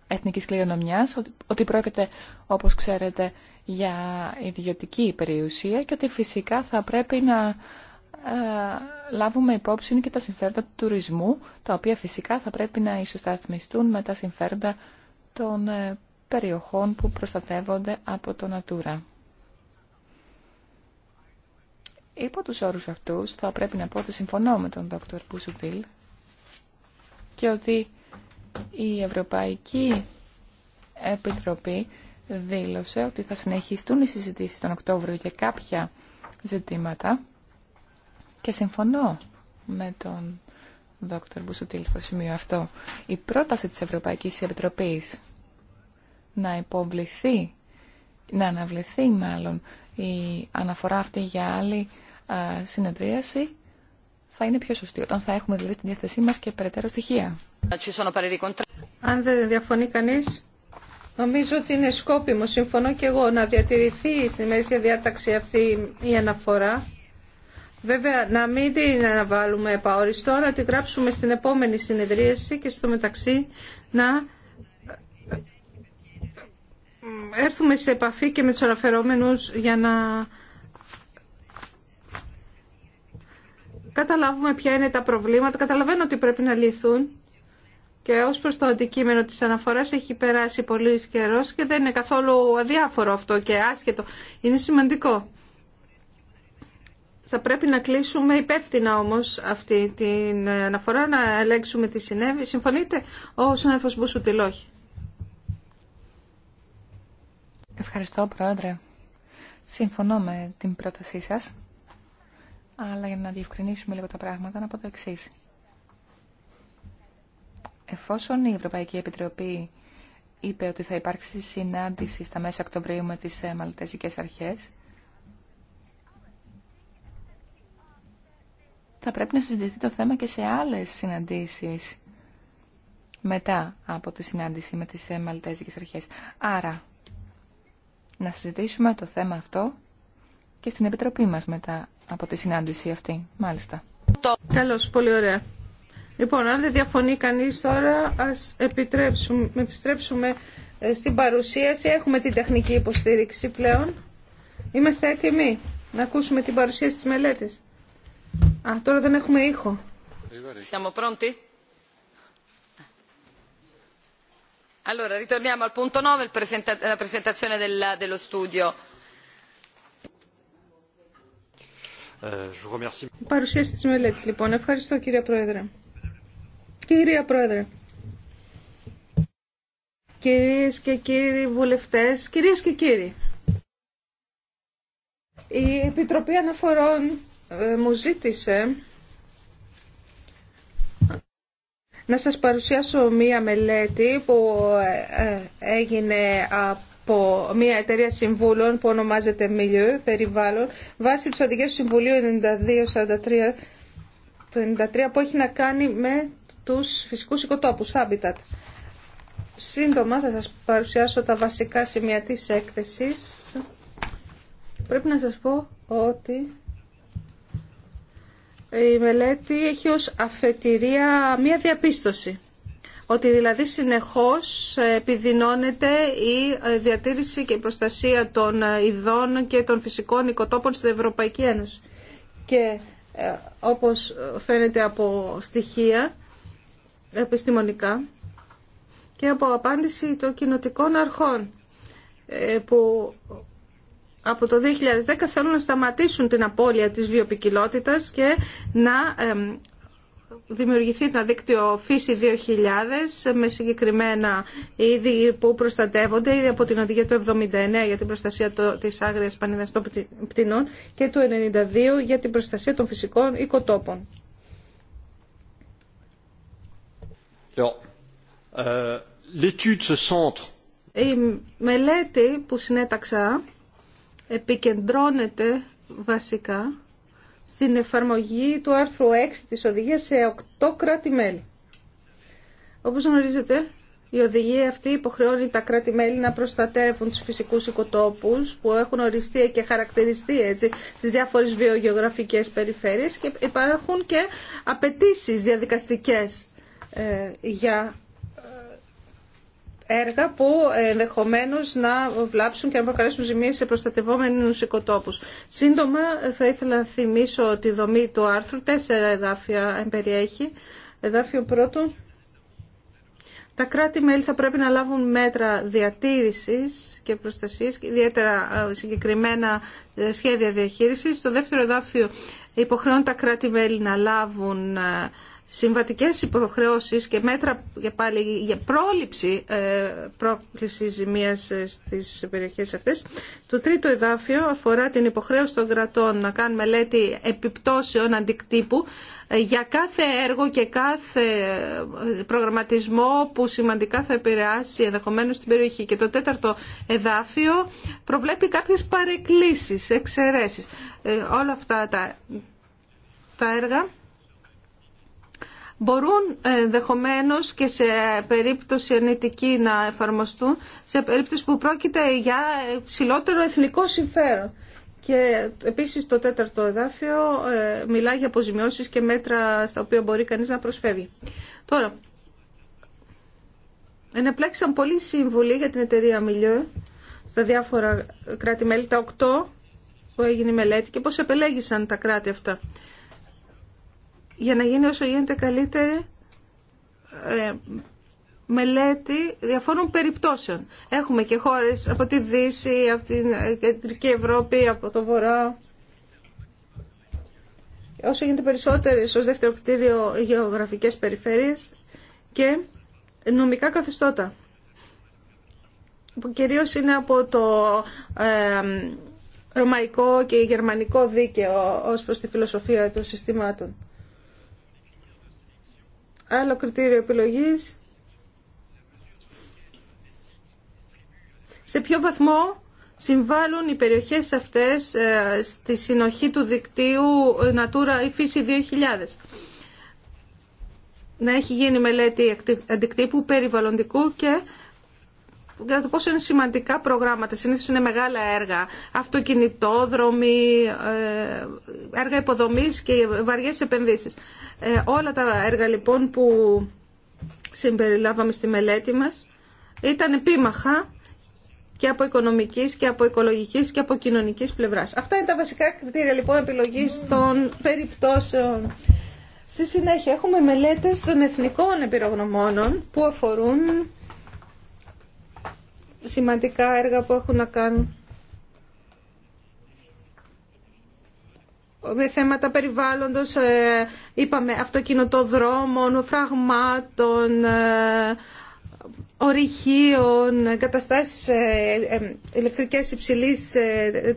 εθνικής κληρονομιάς, ότι πρόκειται, όπως ξέρετε, για ιδιωτική περιουσία και ότι φυσικά θα πρέπει να ε, λάβουμε υπόψη και τα συμφέροντα του τουρισμού, τα οποία φυσικά θα πρέπει να ισοσταθμιστούν με τα συμφέροντα των ε, περιοχών που προστατεύονται από το Natura. Υπό τους όρους αυτούς θα πρέπει να πω ότι συμφωνώ με τον Δ. Μπουσουτήλ και ότι η Ευρωπαϊκή Επιτροπή δήλωσε ότι θα συνεχιστούν οι συζητήσεις τον Οκτώβριο για κάποια ζητήματα και συμφωνώ με τον δόκτωρ Μπουσουτήλ στο σημείο αυτό. Η πρόταση της Ευρωπαϊκής Επιτροπής να υποβληθεί, να αναβληθεί μάλλον η αναφορά αυτή για άλλη συνεδρίαση θα είναι πιο σωστή όταν θα έχουμε δηλαδή στην διάθεσή μας και περαιτέρω στοιχεία. Αν δεν διαφωνεί κανείς, νομίζω ότι είναι σκόπιμο, συμφωνώ και εγώ, να διατηρηθεί στην ημερήσια διάταξη αυτή η αναφορά Βέβαια, να μην την αναβάλουμε επαόριστο, να τη γράψουμε στην επόμενη συνεδρίαση και στο μεταξύ να ε, έρθουμε σε επαφή και με τους αναφερόμενους για να καταλάβουμε ποια είναι τα προβλήματα. Καταλαβαίνω ότι πρέπει να λυθούν και ως προς το αντικείμενο της αναφοράς έχει περάσει πολύ καιρός και δεν είναι καθόλου αδιάφορο αυτό και άσχετο. Είναι σημαντικό. Θα πρέπει να κλείσουμε υπεύθυνα όμως αυτή την αναφορά, να ελέγξουμε τι συνέβη. Συμφωνείτε, ο συνάδελφο τη λόγη. Ευχαριστώ, Πρόεδρε. Συμφωνώ με την πρότασή σας, αλλά για να διευκρινίσουμε λίγο τα πράγματα, να πω το εξή. Εφόσον η Ευρωπαϊκή Επιτροπή είπε ότι θα υπάρξει συνάντηση στα μέσα Οκτωβρίου με τις ε, Μαλτεζικές Αρχές, θα πρέπει να συζητηθεί το θέμα και σε άλλες συναντήσεις μετά από τη συνάντηση με τις ε, Μαλτέζικες Αρχές. Άρα, να συζητήσουμε το θέμα αυτό και στην Επιτροπή μας μετά από τη συνάντηση αυτή. Μάλιστα. Καλώς, πολύ ωραία. Λοιπόν, αν δεν διαφωνεί κανείς τώρα, ας επιτρέψουμε, επιστρέψουμε ε, στην παρουσίαση. Έχουμε την τεχνική υποστήριξη πλέον. Είμαστε έτοιμοι να ακούσουμε την παρουσίαση της μελέτης. Α, τώρα δεν έχουμε ήχο. Allora, ritorniamo al punto 9, la presentazione dello studio. Eh, παρουσίαση της μελέτης, λοιπόν. Ευχαριστώ, κυρία Πρόεδρε. Κυρία Πρόεδρε. Κυρίες και κύριοι βουλευτές, κυρίες και κύριοι. Η Επιτροπή Αναφορών ε, μου ζήτησε να σας παρουσιάσω μία μελέτη που ε, ε, έγινε από μία εταιρεία συμβούλων που ονομάζεται Milieu, περιβάλλον, βάσει τη οδηγίας του Συμβουλίου 92 το 93 που έχει να κάνει με τους φυσικούς οικοτόπους, habitat. Σύντομα θα σας παρουσιάσω τα βασικά σημεία της έκθεσης. Πρέπει να σας πω ότι η μελέτη έχει ως αφετηρία μία διαπίστωση. Ότι δηλαδή συνεχώς επιδεινώνεται η διατήρηση και η προστασία των ειδών και των φυσικών οικοτόπων στην Ευρωπαϊκή Ένωση. Και ε, όπως φαίνεται από στοιχεία επιστημονικά και από απάντηση των κοινοτικών αρχών ε, που από το 2010 θέλουν να σταματήσουν την απώλεια της βιοπικιλότητας και να δημιουργηθεί το δίκτυο φύση 2000 με συγκεκριμένα είδη που προστατεύονται ήδη από την οδηγία του 79 για την προστασία της άγριας πανίδας πτηνών και του 92 για την προστασία των φυσικών οικοτόπων. Euh, Η μελέτη που συνέταξα επικεντρώνεται βασικά στην εφαρμογή του άρθρου 6 της οδηγίας σε 8 κράτη-μέλη. Όπως γνωρίζετε, η οδηγία αυτή υποχρεώνει τα κράτη-μέλη να προστατεύουν τους φυσικούς οικοτόπους που έχουν οριστεί και χαρακτηριστεί έτσι, στις διάφορες βιογεωγραφικές περιφέρειες και υπάρχουν και απαιτήσει διαδικαστικές ε, για έργα που ενδεχομένω να βλάψουν και να προκαλέσουν ζημίες σε προστατευόμενους οικοτόπους. Σύντομα θα ήθελα να θυμίσω τη δομή του άρθρου. Τέσσερα εδάφια περιέχει. Εδάφιο πρώτο. Τα κράτη-μέλη θα πρέπει να λάβουν μέτρα διατήρησης και προστασίας, ιδιαίτερα συγκεκριμένα ε, σχέδια διαχείρισης. Στο δεύτερο εδάφιο υποχρεώνουν τα κράτη-μέλη να λάβουν ε, συμβατικές υποχρεώσεις και μέτρα για, πάλι, για πρόληψη ε, πρόκληση ζημίας ε, στις περιοχές αυτές. Το τρίτο εδάφιο αφορά την υποχρέωση των κρατών να κάνουν μελέτη επιπτώσεων αντικτύπου ε, για κάθε έργο και κάθε προγραμματισμό που σημαντικά θα επηρεάσει ενδεχομένως την περιοχή. Και το τέταρτο εδάφιο προβλέπει κάποιες παρεκκλήσεις, εξαιρέσεις. όλα αυτά τα, τα έργα μπορούν ε, ενδεχομένω και σε περίπτωση ενητική να εφαρμοστούν, σε περίπτωση που πρόκειται για ψηλότερο εθνικό συμφέρον. Και επίσης το τέταρτο εδάφιο ε, μιλάει για αποζημιώσεις και μέτρα στα οποία μπορεί κανείς να προσφεύγει. Τώρα, ενεπλέξαν πολλοί σύμβουλοι για την εταιρεία Μιλιό στα διάφορα κράτη-μέλη, τα οκτώ που έγινε η μελέτη και πώς επελέγησαν τα κράτη αυτά για να γίνει όσο γίνεται καλύτερη ε, μελέτη διαφόρων περιπτώσεων. Έχουμε και χώρες από τη Δύση, από την ε, Κεντρική Ευρώπη, από το Βορρά. Όσο γίνεται περισσότερες ως δεύτερο κτίριο γεωγραφικές περιφέρειες και νομικά καθεστώτα που κυρίως είναι από το ε, ρωμαϊκό και γερμανικό δίκαιο ως προς τη φιλοσοφία των συστημάτων. Άλλο κριτήριο επιλογής. Σε ποιο βαθμό συμβάλλουν οι περιοχές αυτές ε, στη συνοχή του δικτύου ε, Natura ή Φύση 2000. Να έχει γίνει μελέτη αντικτύπου περιβαλλοντικού και για το πόσο είναι σημαντικά προγράμματα. συνήθω είναι μεγάλα έργα, αυτοκινητόδρομοι, ε, έργα υποδομή και βαριές επενδύσεις. Ε, όλα τα έργα λοιπόν που συμπεριλάβαμε στη μελέτη μας ήταν επίμαχα και από οικονομική και από οικολογική και από κοινωνική πλευράς. Αυτά είναι τα βασικά κριτήρια λοιπόν επιλογής mm. των περιπτώσεων. Στη συνέχεια έχουμε μελέτες των εθνικών επιρογνωμόνων που αφορούν σημαντικά έργα που έχουν να κάνουν με θέματα περιβάλλοντος, ε, είπαμε αυτοκινητοδρόμων, φραγμάτων, ε, ορυχείων, καταστάσεις ε, ηλεκτρικές υψηλής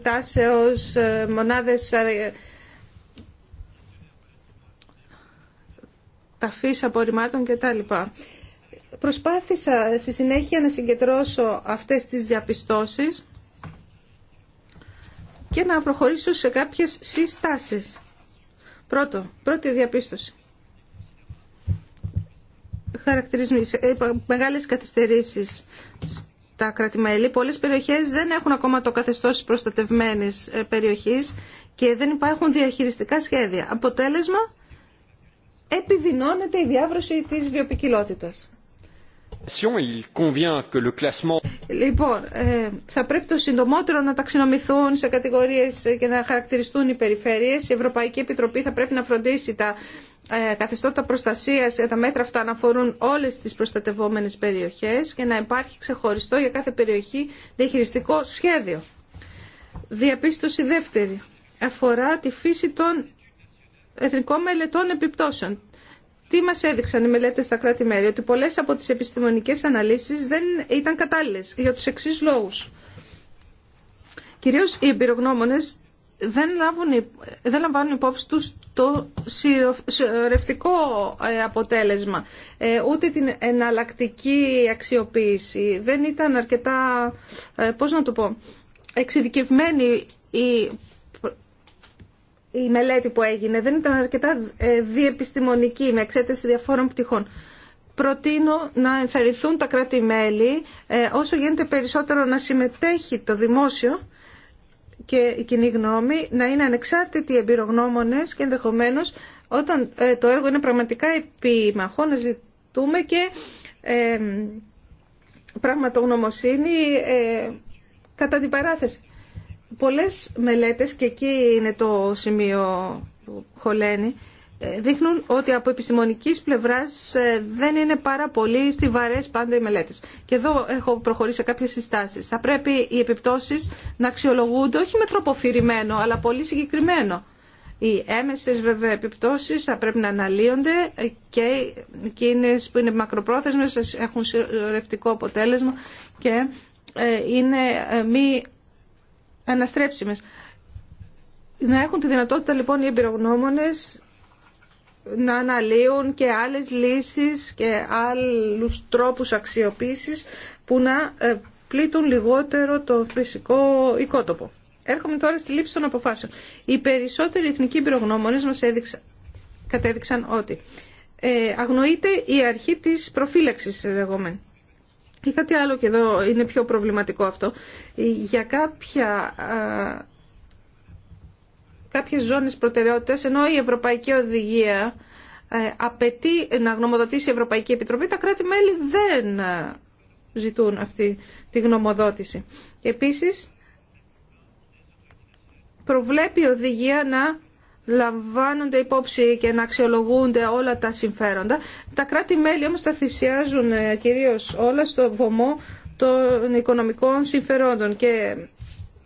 τάσεως, μονάδες ταφής απορριμμάτων κτλ. Προσπάθησα στη συνέχεια να συγκεντρώσω αυτές τις διαπιστώσεις και να προχωρήσω σε κάποιες συστάσεις. Πρώτο, πρώτη διαπίστωση. Χαρακτηρισμοί, ε, μεγάλες καθυστερήσεις στα κρατημέλη. Πολλές περιοχές δεν έχουν ακόμα το καθεστώς προστατευμένης ε, περιοχής και δεν υπάρχουν διαχειριστικά σχέδια. Αποτέλεσμα, επιδεινώνεται η διάβρωση της βιοπικιλότητας. Λοιπόν, ε, θα πρέπει το συντομότερο να ταξινομηθούν σε κατηγορίες και να χαρακτηριστούν οι περιφέρειες. Η Ευρωπαϊκή Επιτροπή θα πρέπει να φροντίσει τα ε, καθεστώτα προστασίας, ε, τα μέτρα αυτά να αφορούν όλες τις προστατευόμενες περιοχές και να υπάρχει ξεχωριστό για κάθε περιοχή διαχειριστικό σχέδιο. Διαπίστωση δεύτερη αφορά τη φύση των εθνικών μελετών επιπτώσεων. Τι μας έδειξαν οι μελέτε στα κράτη-μέλη, ότι πολλές από τις επιστημονικές αναλύσεις δεν ήταν κατάλληλε για τους εξή λόγου. Κυρίως οι εμπειρογνώμονες δεν, δεν λαμβάνουν υπόψη τους το συρρευτικό ε, αποτέλεσμα, ε, ούτε την εναλλακτική αξιοποίηση. Δεν ήταν αρκετά, ε, πώς να το πω, εξειδικευμένοι, η η μελέτη που έγινε δεν ήταν αρκετά ε, διεπιστημονική με εξέταση διαφόρων πτυχών. Προτείνω να ενθαρρυνθούν τα κράτη-μέλη ε, όσο γίνεται περισσότερο να συμμετέχει το δημόσιο και η κοινή γνώμη, να είναι ανεξάρτητοι εμπειρογνώμονες και ενδεχομένως όταν ε, το έργο είναι πραγματικά επιμαχό να ζητούμε και πραγματογνωμοσύνη κατά την παράθεση. Πολλές μελέτες, και εκεί είναι το σημείο που χωλαίνει, ε, δείχνουν ότι από επιστημονικής πλευράς ε, δεν είναι πάρα πολύ στιβαρές πάντα οι μελέτες. Και εδώ έχω προχωρήσει σε κάποιες συστάσεις. Θα πρέπει οι επιπτώσεις να αξιολογούνται όχι με τρόπο φυρημένο, αλλά πολύ συγκεκριμένο. Οι έμεσες βέβαια επιπτώσεις θα πρέπει να αναλύονται και εκείνες που είναι μακροπρόθεσμες έχουν συρρευτικό αποτέλεσμα και ε, είναι μη αναστρέψιμες. Να έχουν τη δυνατότητα λοιπόν οι εμπειρογνώμονες να αναλύουν και άλλες λύσεις και άλλους τρόπους αξιοποίησης που να ε, πλήττουν λιγότερο το φυσικό οικότοπο. Έρχομαι τώρα στη λήψη των αποφάσεων. Οι περισσότεροι εθνικοί εμπειρογνώμονες μας έδειξαν, κατέδειξαν ότι ε, αγνοείται η αρχή της προφύλαξης ε, και κάτι άλλο και εδώ είναι πιο προβληματικό αυτό. Για κάποια, α, κάποιες ζώνες προτεραιότητας, ενώ η Ευρωπαϊκή Οδηγία ε, απαιτεί να γνωμοδοτήσει η Ευρωπαϊκή Επιτροπή, τα κράτη-μέλη δεν ζητούν αυτή τη γνωμοδότηση. Επίσης, προβλέπει η οδηγία να λαμβάνονται υπόψη και να αξιολογούνται όλα τα συμφέροντα. Τα κράτη-μέλη όμως τα θυσιάζουν ε, κυρίως όλα στο βωμό των οικονομικών συμφερόντων και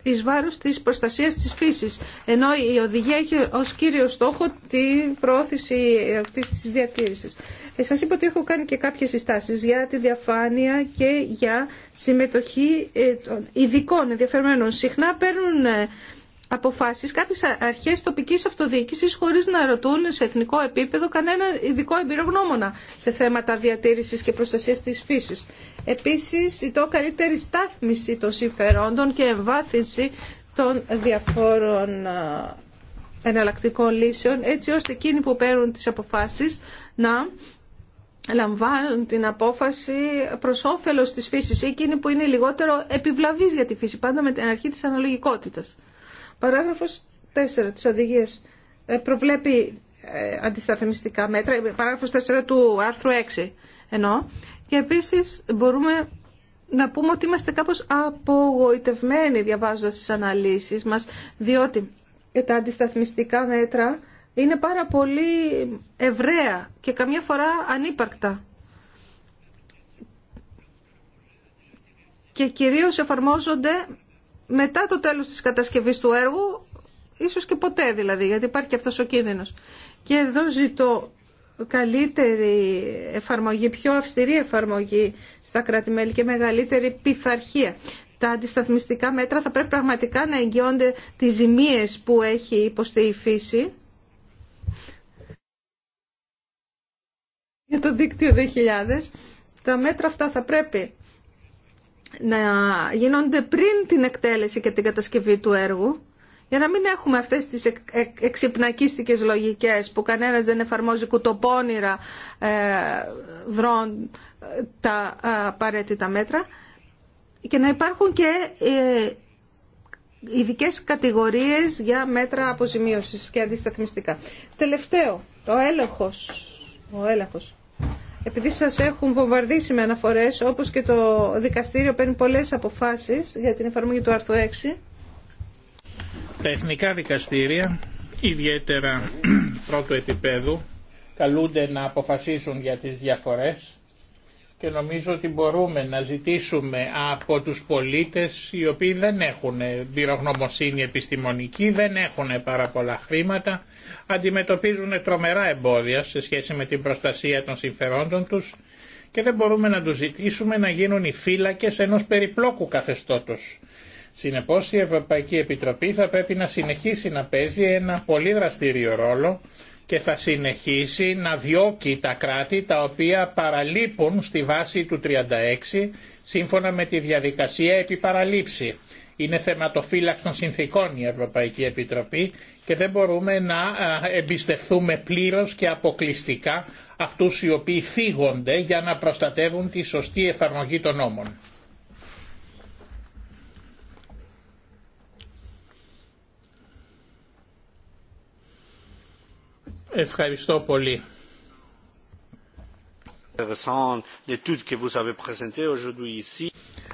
εις βάρος της προστασίας της φύσης. Ενώ η οδηγία έχει ως κύριο στόχο την πρόθεση αυτής της διατήρησης. Ε, σας είπα ότι έχω κάνει και κάποιες συστάσεις για τη διαφάνεια και για συμμετοχή ε, των ειδικών ενδιαφερμένων. Συχνά παίρνουν ε, Αποφάσει κάποιες αρχές τοπικής αυτοδιοίκησης χωρίς να ρωτούν σε εθνικό επίπεδο κανένα ειδικό εμπειρογνώμονα σε θέματα διατήρηση και προστασίας της φύσης. Επίσης, ζητώ καλύτερη στάθμιση των συμφερόντων και εμβάθυνση των διαφόρων εναλλακτικών λύσεων, έτσι ώστε εκείνοι που παίρνουν τις αποφάσεις να λαμβάνουν την απόφαση προ όφελο τη φύση ή εκείνη που είναι λιγότερο επιβλαβή για τη φύση, πάντα με την αρχή τη αναλογικότητα. Παράγραφος 4 της οδηγίας ε, προβλέπει ε, αντισταθμιστικά μέτρα, ε, παράγραφος 4 του άρθρου 6 ενώ Και επίσης μπορούμε να πούμε ότι είμαστε κάπως απογοητευμένοι διαβάζοντας τις αναλύσεις μας, διότι τα αντισταθμιστικά μέτρα είναι πάρα πολύ ευραία και καμιά φορά ανύπαρκτα. Και κυρίως εφαρμόζονται μετά το τέλος της κατασκευής του έργου, ίσως και ποτέ δηλαδή, γιατί υπάρχει και αυτός ο κίνδυνος. Και εδώ ζητώ καλύτερη εφαρμογή, πιο αυστηρή εφαρμογή στα κράτη-μέλη και μεγαλύτερη πειθαρχία. Τα αντισταθμιστικά μέτρα θα πρέπει πραγματικά να εγγυώνται τις ζημίες που έχει υποστεί η φύση. Για το δίκτυο 2000, τα μέτρα αυτά θα πρέπει να γίνονται πριν την εκτέλεση και την κατασκευή του έργου για να μην έχουμε αυτές τις εξυπνακίστικες λογικές που κανένας δεν εφαρμόζει κουτοπώνυρα ε, βρών ε, τα ε, απαραίτητα μέτρα και να υπάρχουν και ε, ειδικέ κατηγορίες για μέτρα αποζημίωσης και αντισταθμιστικά. Τελευταίο, το έλεγχος. Ο έλεγχος επειδή σας έχουν βομβαρδίσει με αναφορές, όπως και το δικαστήριο παίρνει πολλές αποφάσεις για την εφαρμογή του άρθρου 6. Τα εθνικά δικαστήρια, ιδιαίτερα πρώτου επίπεδου, καλούνται να αποφασίσουν για τις διαφορές και νομίζω ότι μπορούμε να ζητήσουμε από τους πολίτες οι οποίοι δεν έχουν πυρογνωμοσύνη επιστημονική, δεν έχουν πάρα πολλά χρήματα, αντιμετωπίζουν τρομερά εμπόδια σε σχέση με την προστασία των συμφερόντων τους και δεν μπορούμε να τους ζητήσουμε να γίνουν οι φύλακες ενός περιπλόκου καθεστώτος. Συνεπώς η Ευρωπαϊκή Επιτροπή θα πρέπει να συνεχίσει να παίζει ένα πολύ δραστήριο ρόλο και θα συνεχίσει να διώκει τα κράτη τα οποία παραλείπουν στη βάση του 36 σύμφωνα με τη διαδικασία επί παραλήψη. Είναι θεματοφύλαξη των συνθήκων η Ευρωπαϊκή Επιτροπή και δεν μπορούμε να εμπιστευτούμε πλήρως και αποκλειστικά αυτούς οι οποίοι φύγονται για να προστατεύουν τη σωστή εφαρμογή των νόμων. Ευχαριστώ πολύ.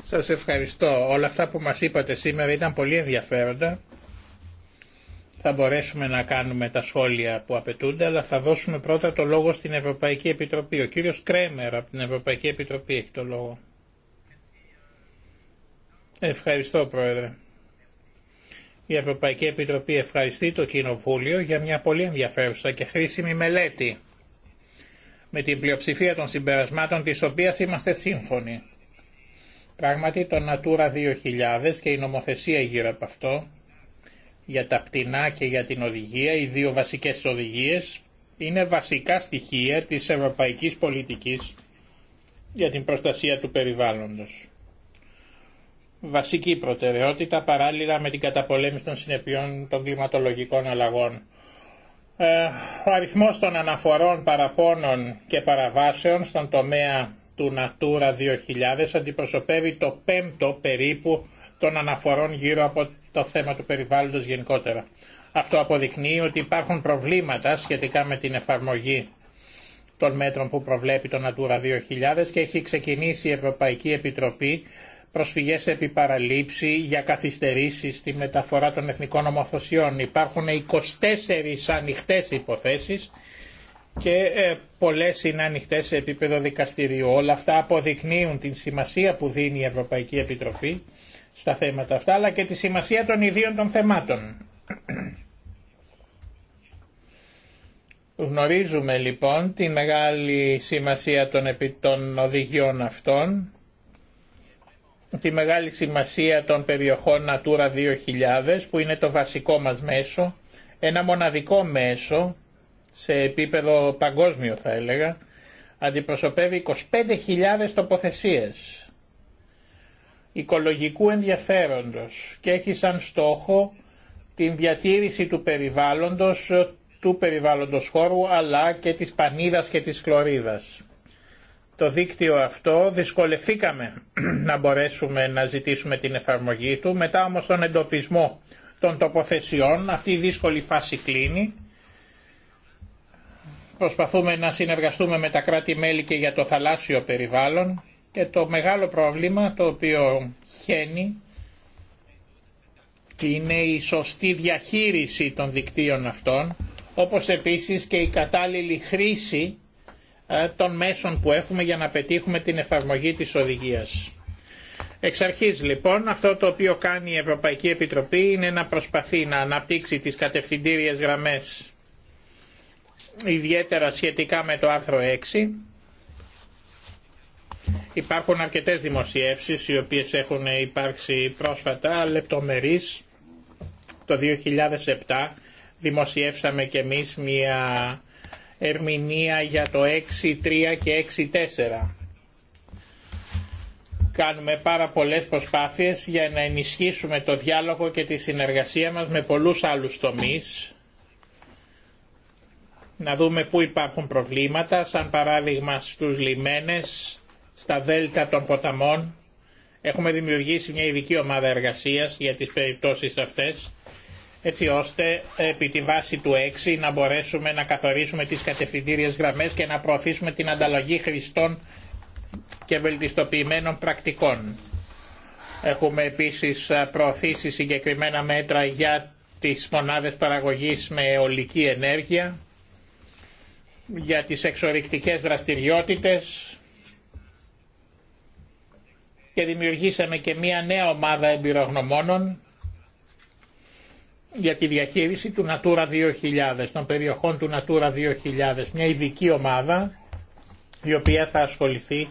Σας ευχαριστώ. Όλα αυτά που μας είπατε σήμερα ήταν πολύ ενδιαφέροντα. Θα μπορέσουμε να κάνουμε τα σχόλια που απαιτούνται, αλλά θα δώσουμε πρώτα το λόγο στην Ευρωπαϊκή Επιτροπή. Ο κύριος Κρέμερ από την Ευρωπαϊκή Επιτροπή έχει το λόγο. Ευχαριστώ, Πρόεδρε. Η Ευρωπαϊκή Επιτροπή ευχαριστεί το Κοινοβούλιο για μια πολύ ενδιαφέρουσα και χρήσιμη μελέτη, με την πλειοψηφία των συμπερασμάτων της οποίας είμαστε σύμφωνοι. Πράγματι το Natura 2000 και η νομοθεσία γύρω από αυτό, για τα πτηνά και για την οδηγία, οι δύο βασικές οδηγίες, είναι βασικά στοιχεία της ευρωπαϊκής πολιτικής για την προστασία του περιβάλλοντος βασική προτεραιότητα παράλληλα με την καταπολέμηση των συνεπειών των κλιματολογικών αλλαγών. Ε, ο αριθμός των αναφορών παραπώνων και παραβάσεων στον τομέα του Natura 2000 αντιπροσωπεύει το πέμπτο περίπου των αναφορών γύρω από το θέμα του περιβάλλοντος γενικότερα. Αυτό αποδεικνύει ότι υπάρχουν προβλήματα σχετικά με την εφαρμογή των μέτρων που προβλέπει το Natura 2000 και έχει ξεκινήσει η Ευρωπαϊκή Επιτροπή προσφυγές επί παραλήψη για καθυστερήσεις στη μεταφορά των εθνικών ομοθωσιών. Υπάρχουν 24 ανοιχτές υποθέσεις και ε, πολλές είναι ανοιχτέ σε επίπεδο δικαστηρίου. Όλα αυτά αποδεικνύουν την σημασία που δίνει η Ευρωπαϊκή Επιτροπή στα θέματα αυτά, αλλά και τη σημασία των ιδίων των θεμάτων. Γνωρίζουμε λοιπόν τη μεγάλη σημασία των οδηγιών αυτών τη μεγάλη σημασία των περιοχών Natura 2000 που είναι το βασικό μας μέσο, ένα μοναδικό μέσο σε επίπεδο παγκόσμιο θα έλεγα, αντιπροσωπεύει 25.000 τοποθεσίες οικολογικού ενδιαφέροντος και έχει σαν στόχο την διατήρηση του περιβάλλοντος, του περιβάλλοντος χώρου αλλά και της πανίδας και της χλωρίδας το δίκτυο αυτό δυσκολευθήκαμε να μπορέσουμε να ζητήσουμε την εφαρμογή του. Μετά όμως τον εντοπισμό των τοποθεσιών, αυτή η δύσκολη φάση κλείνει. Προσπαθούμε να συνεργαστούμε με τα κράτη-μέλη και για το θαλάσσιο περιβάλλον και το μεγάλο πρόβλημα το οποίο χαίνει είναι η σωστή διαχείριση των δικτύων αυτών όπως επίσης και η κατάλληλη χρήση ε, των μέσων που έχουμε για να πετύχουμε την εφαρμογή της οδηγίας. Εξ αρχής λοιπόν αυτό το οποίο κάνει η Ευρωπαϊκή Επιτροπή είναι να προσπαθεί να αναπτύξει τις κατευθυντήριες γραμμές ιδιαίτερα σχετικά με το άρθρο 6. Υπάρχουν αρκετές δημοσιεύσεις οι οποίες έχουν υπάρξει πρόσφατα λεπτομερείς. Το 2007 δημοσιεύσαμε και εμείς μια ερμηνεία για το 6.3 και 6.4. Κάνουμε πάρα πολλές προσπάθειες για να ενισχύσουμε το διάλογο και τη συνεργασία μας με πολλούς άλλους τομείς. Να δούμε πού υπάρχουν προβλήματα, σαν παράδειγμα στους λιμένες, στα δέλτα των ποταμών. Έχουμε δημιουργήσει μια ειδική ομάδα εργασίας για τις περιπτώσεις αυτές έτσι ώστε επί τη βάση του 6 να μπορέσουμε να καθορίσουμε τις κατευθυντήριες γραμμές και να προωθήσουμε την ανταλλαγή χρηστών και βελτιστοποιημένων πρακτικών. Έχουμε επίσης προωθήσει συγκεκριμένα μέτρα για τις μονάδες παραγωγής με ολική ενέργεια, για τις εξορυκτικές δραστηριότητες και δημιουργήσαμε και μία νέα ομάδα εμπειρογνωμόνων για τη διαχείριση του Natura 2000, των περιοχών του Natura 2000, μια ειδική ομάδα η οποία θα ασχοληθεί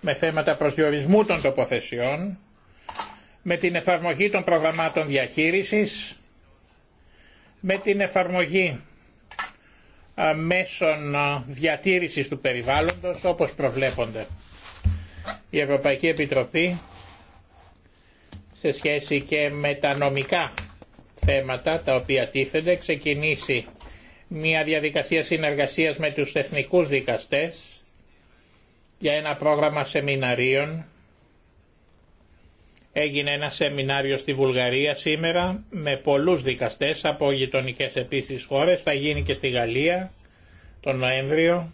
με θέματα προσδιορισμού των τοποθεσιών, με την εφαρμογή των προγραμμάτων διαχείρισης, με την εφαρμογή μέσων διατήρησης του περιβάλλοντος όπως προβλέπονται. Η Ευρωπαϊκή Επιτροπή σε σχέση και με τα νομικά θέματα τα οποία τίθενται, ξεκινήσει μια διαδικασία συνεργασίας με τους εθνικούς δικαστές για ένα πρόγραμμα σεμιναρίων. Έγινε ένα σεμινάριο στη Βουλγαρία σήμερα με πολλούς δικαστές από γειτονικέ επίσης χώρες. Θα γίνει και στη Γαλλία τον Νοέμβριο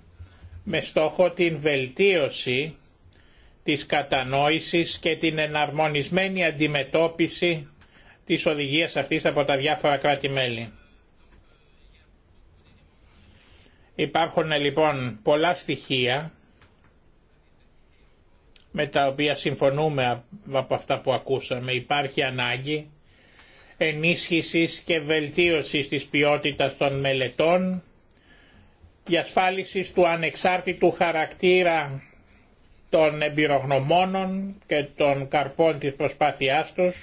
με στόχο την βελτίωση της κατανόησης και την εναρμονισμένη αντιμετώπιση της οδηγίας αυτής από τα διάφορα κράτη-μέλη. Υπάρχουν λοιπόν πολλά στοιχεία με τα οποία συμφωνούμε από αυτά που ακούσαμε. Υπάρχει ανάγκη ενίσχυσης και βελτίωσης της ποιότητας των μελετών, διασφάλισης του ανεξάρτητου χαρακτήρα των εμπειρογνωμόνων και των καρπών της προσπάθειάς τους,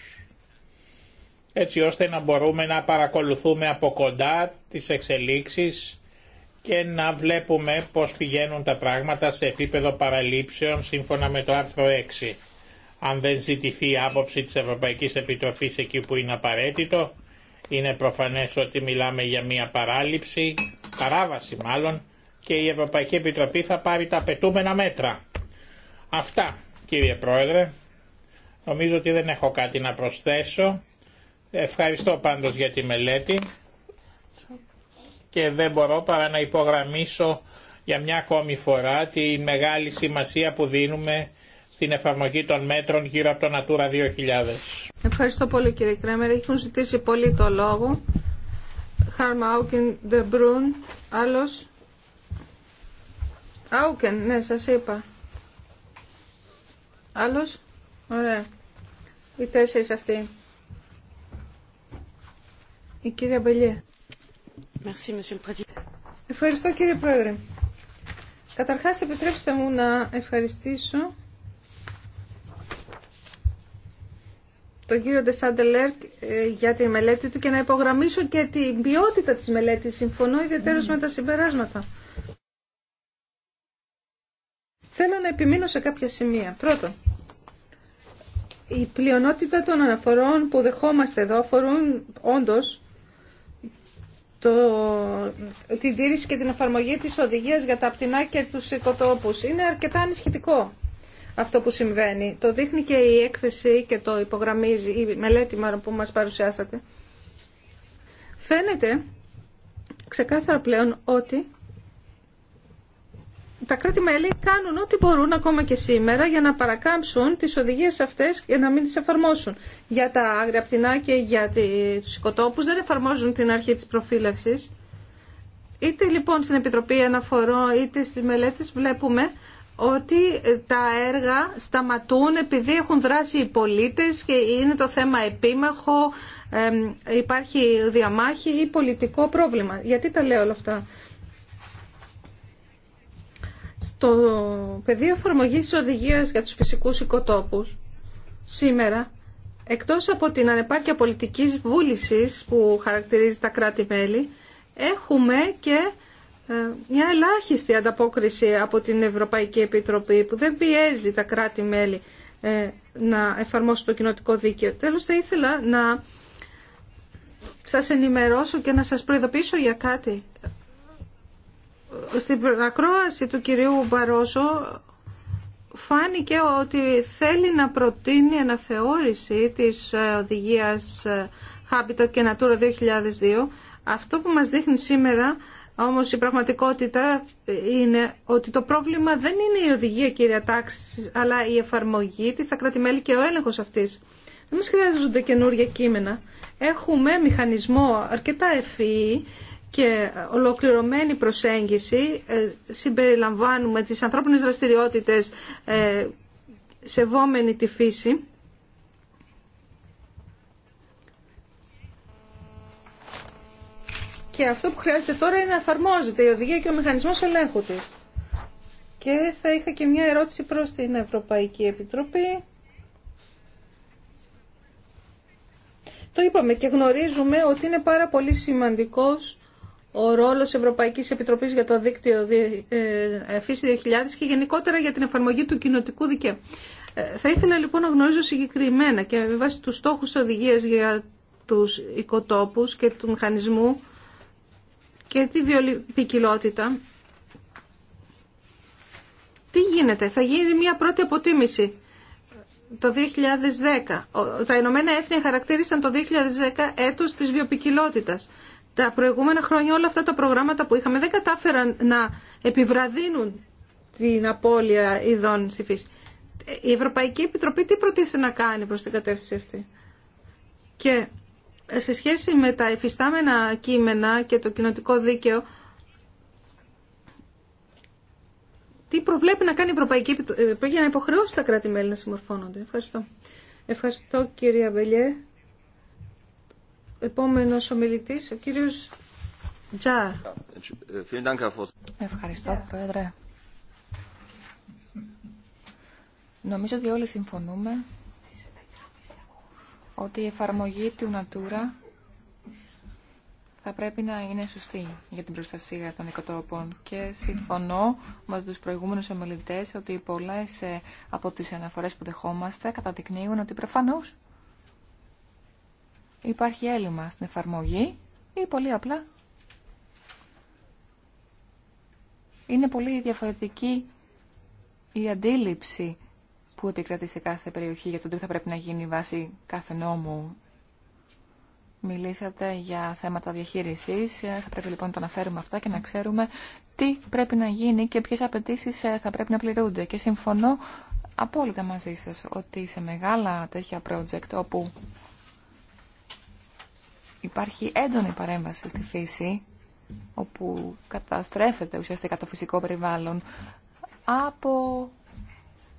έτσι ώστε να μπορούμε να παρακολουθούμε από κοντά τις εξελίξεις και να βλέπουμε πώς πηγαίνουν τα πράγματα σε επίπεδο παραλήψεων σύμφωνα με το άρθρο 6. Αν δεν ζητηθεί η άποψη της Ευρωπαϊκής Επιτροπής εκεί που είναι απαραίτητο, είναι προφανές ότι μιλάμε για μια παράληψη, παράβαση μάλλον, και η Ευρωπαϊκή Επιτροπή θα πάρει τα απαιτούμενα μέτρα. Αυτά κύριε Πρόεδρε. Νομίζω ότι δεν έχω κάτι να προσθέσω. Ευχαριστώ πάντως για τη μελέτη και δεν μπορώ παρά να υπογραμμίσω για μια ακόμη φορά τη μεγάλη σημασία που δίνουμε στην εφαρμογή των μέτρων γύρω από το Natura 2000. Ευχαριστώ πολύ κύριε Κρέμερ. Έχουν ζητήσει πολύ το λόγο. Χάρμα Άουκεν, Ντεμπρούν, άλλος. Άουκεν, ναι, σας είπα. Άλλος. Ωραία. Οι τέσσερις αυτοί. Η κυρία Μπελιέ. Ευχαριστώ κύριε Πρόεδρε. Καταρχάς επιτρέψτε μου να ευχαριστήσω τον κύριο Ντεσάντελερ ε, για τη μελέτη του και να υπογραμμίσω και την ποιότητα της μελέτης. Συμφωνώ ιδιαίτερως με τα συμπεράσματα. Θέλω να επιμείνω σε κάποια σημεία. Πρώτον, η πλειονότητα των αναφορών που δεχόμαστε εδώ αφορούν όντως το, την τήρηση και την εφαρμογή της οδηγίας για τα πτηνά και τους οικοτόπους. Είναι αρκετά ανισχυτικό αυτό που συμβαίνει. Το δείχνει και η έκθεση και το υπογραμμίζει η μελέτη που μας παρουσιάσατε. Φαίνεται ξεκάθαρα πλέον ότι τα κράτη-μέλη κάνουν ό,τι μπορούν ακόμα και σήμερα για να παρακάμψουν τις οδηγίες αυτές και να μην τις εφαρμόσουν. Για τα άγρια πτηνά και για τους οικοτόπους δεν εφαρμόζουν την αρχή της προφύλαξης. Είτε λοιπόν στην Επιτροπή αναφορώ είτε στις μελέτες βλέπουμε ότι τα έργα σταματούν επειδή έχουν δράσει οι πολίτες και είναι το θέμα επίμαχο, υπάρχει διαμάχη ή πολιτικό πρόβλημα. Γιατί τα λέω όλα αυτά. Στο πεδίο εφαρμογή οδηγία για του φυσικού οικοτόπου, σήμερα, εκτό από την ανεπάρκεια πολιτική βούληση που χαρακτηρίζει τα κράτη-μέλη, έχουμε και ε, μια ελάχιστη ανταπόκριση από την Ευρωπαϊκή Επιτροπή που δεν πιέζει τα κράτη-μέλη ε, να εφαρμόσουν το κοινοτικό δίκαιο. Τέλος θα ήθελα να σας ενημερώσω και να σας προειδοποιήσω για κάτι στην ακρόαση του κυρίου Μπαρόσο φάνηκε ότι θέλει να προτείνει αναθεώρηση της ε, οδηγίας ε, Habitat και Natura 2002. Αυτό που μας δείχνει σήμερα όμως η πραγματικότητα είναι ότι το πρόβλημα δεν είναι η οδηγία κύρια τάξη, αλλά η εφαρμογή της, στα κρατημέλη και ο έλεγχος αυτής. Δεν μας χρειάζονται καινούργια κείμενα. Έχουμε μηχανισμό αρκετά ευφυή και ολοκληρωμένη προσέγγιση ε, συμπεριλαμβάνουμε τις ανθρώπινες δραστηριότητες ε, σεβόμενη τη φύση και αυτό που χρειάζεται τώρα είναι να εφαρμόζεται η οδηγία και ο μηχανισμός ελέγχου της. Και θα είχα και μια ερώτηση προς την Ευρωπαϊκή Επιτροπή. Το είπαμε και γνωρίζουμε ότι είναι πάρα πολύ σημαντικός ο ρόλος Ευρωπαϊκής Επιτροπής για το δίκτυο Φύση ε, 2000 και γενικότερα για την εφαρμογή του κοινοτικού δικαίου. Ε, θα ήθελα λοιπόν να γνωρίζω συγκεκριμένα και με βάση τους στόχους οδηγίας για τους οικοτόπους και του μηχανισμού και τη βιοπικιλότητα. Τι γίνεται, θα γίνει μια πρώτη αποτίμηση το 2010. Τα Ηνωμένα Έθνη χαρακτήρισαν το 2010 έτος της βιοπικιλότητας τα προηγούμενα χρόνια όλα αυτά τα προγράμματα που είχαμε δεν κατάφεραν να επιβραδύνουν την απώλεια ειδών στη φύση. Η Ευρωπαϊκή Επιτροπή τι προτίθεται να κάνει προς την κατεύθυνση αυτή. Και σε σχέση με τα εφιστάμενα κείμενα και το κοινοτικό δίκαιο, τι προβλέπει να κάνει η Ευρωπαϊκή Επιτροπή ε, για να υποχρεώσει τα κράτη-μέλη να συμμορφώνονται. Ευχαριστώ. Ευχαριστώ κύριε Μπελιέ επόμενος ομιλητής, ο κύριος Τζάρ. Ευχαριστώ, Πρόεδρε. Νομίζω ότι όλοι συμφωνούμε ότι η εφαρμογή του Natura θα πρέπει να είναι σωστή για την προστασία των οικοτόπων και συμφωνώ με τους προηγούμενους ομιλητές ότι πολλές ε, από τις αναφορές που δεχόμαστε καταδεικνύουν ότι προφανώς υπάρχει έλλειμμα στην εφαρμογή ή πολύ απλά είναι πολύ διαφορετική η αντίληψη που επικρατεί σε κάθε περιοχή για το τι θα πρέπει να γίνει βάσει κάθε νόμου. Μιλήσατε για θέματα διαχείρισης, θα πρέπει λοιπόν να τα αναφέρουμε αυτά και να ξέρουμε τι πρέπει να γίνει και ποιες απαιτήσει ε, θα πρέπει να πληρούνται. Και συμφωνώ απόλυτα μαζί σας ότι σε μεγάλα τέτοια project όπου Υπάρχει έντονη παρέμβαση στη φύση, όπου καταστρέφεται ουσιαστικά το φυσικό περιβάλλον από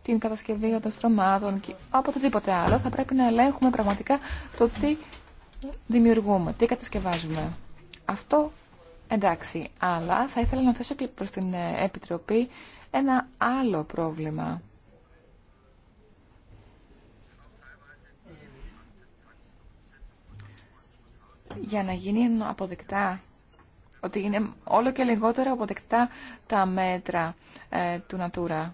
την κατασκευή των στρωμάτων και από οτιδήποτε άλλο. Θα πρέπει να ελέγχουμε πραγματικά το τι δημιουργούμε, τι κατασκευάζουμε. Αυτό εντάξει, αλλά θα ήθελα να θέσω και προς την Επιτροπή ένα άλλο πρόβλημα για να γίνει αποδεκτά ότι είναι όλο και λιγότερο αποδεκτά τα μέτρα ε, του Natura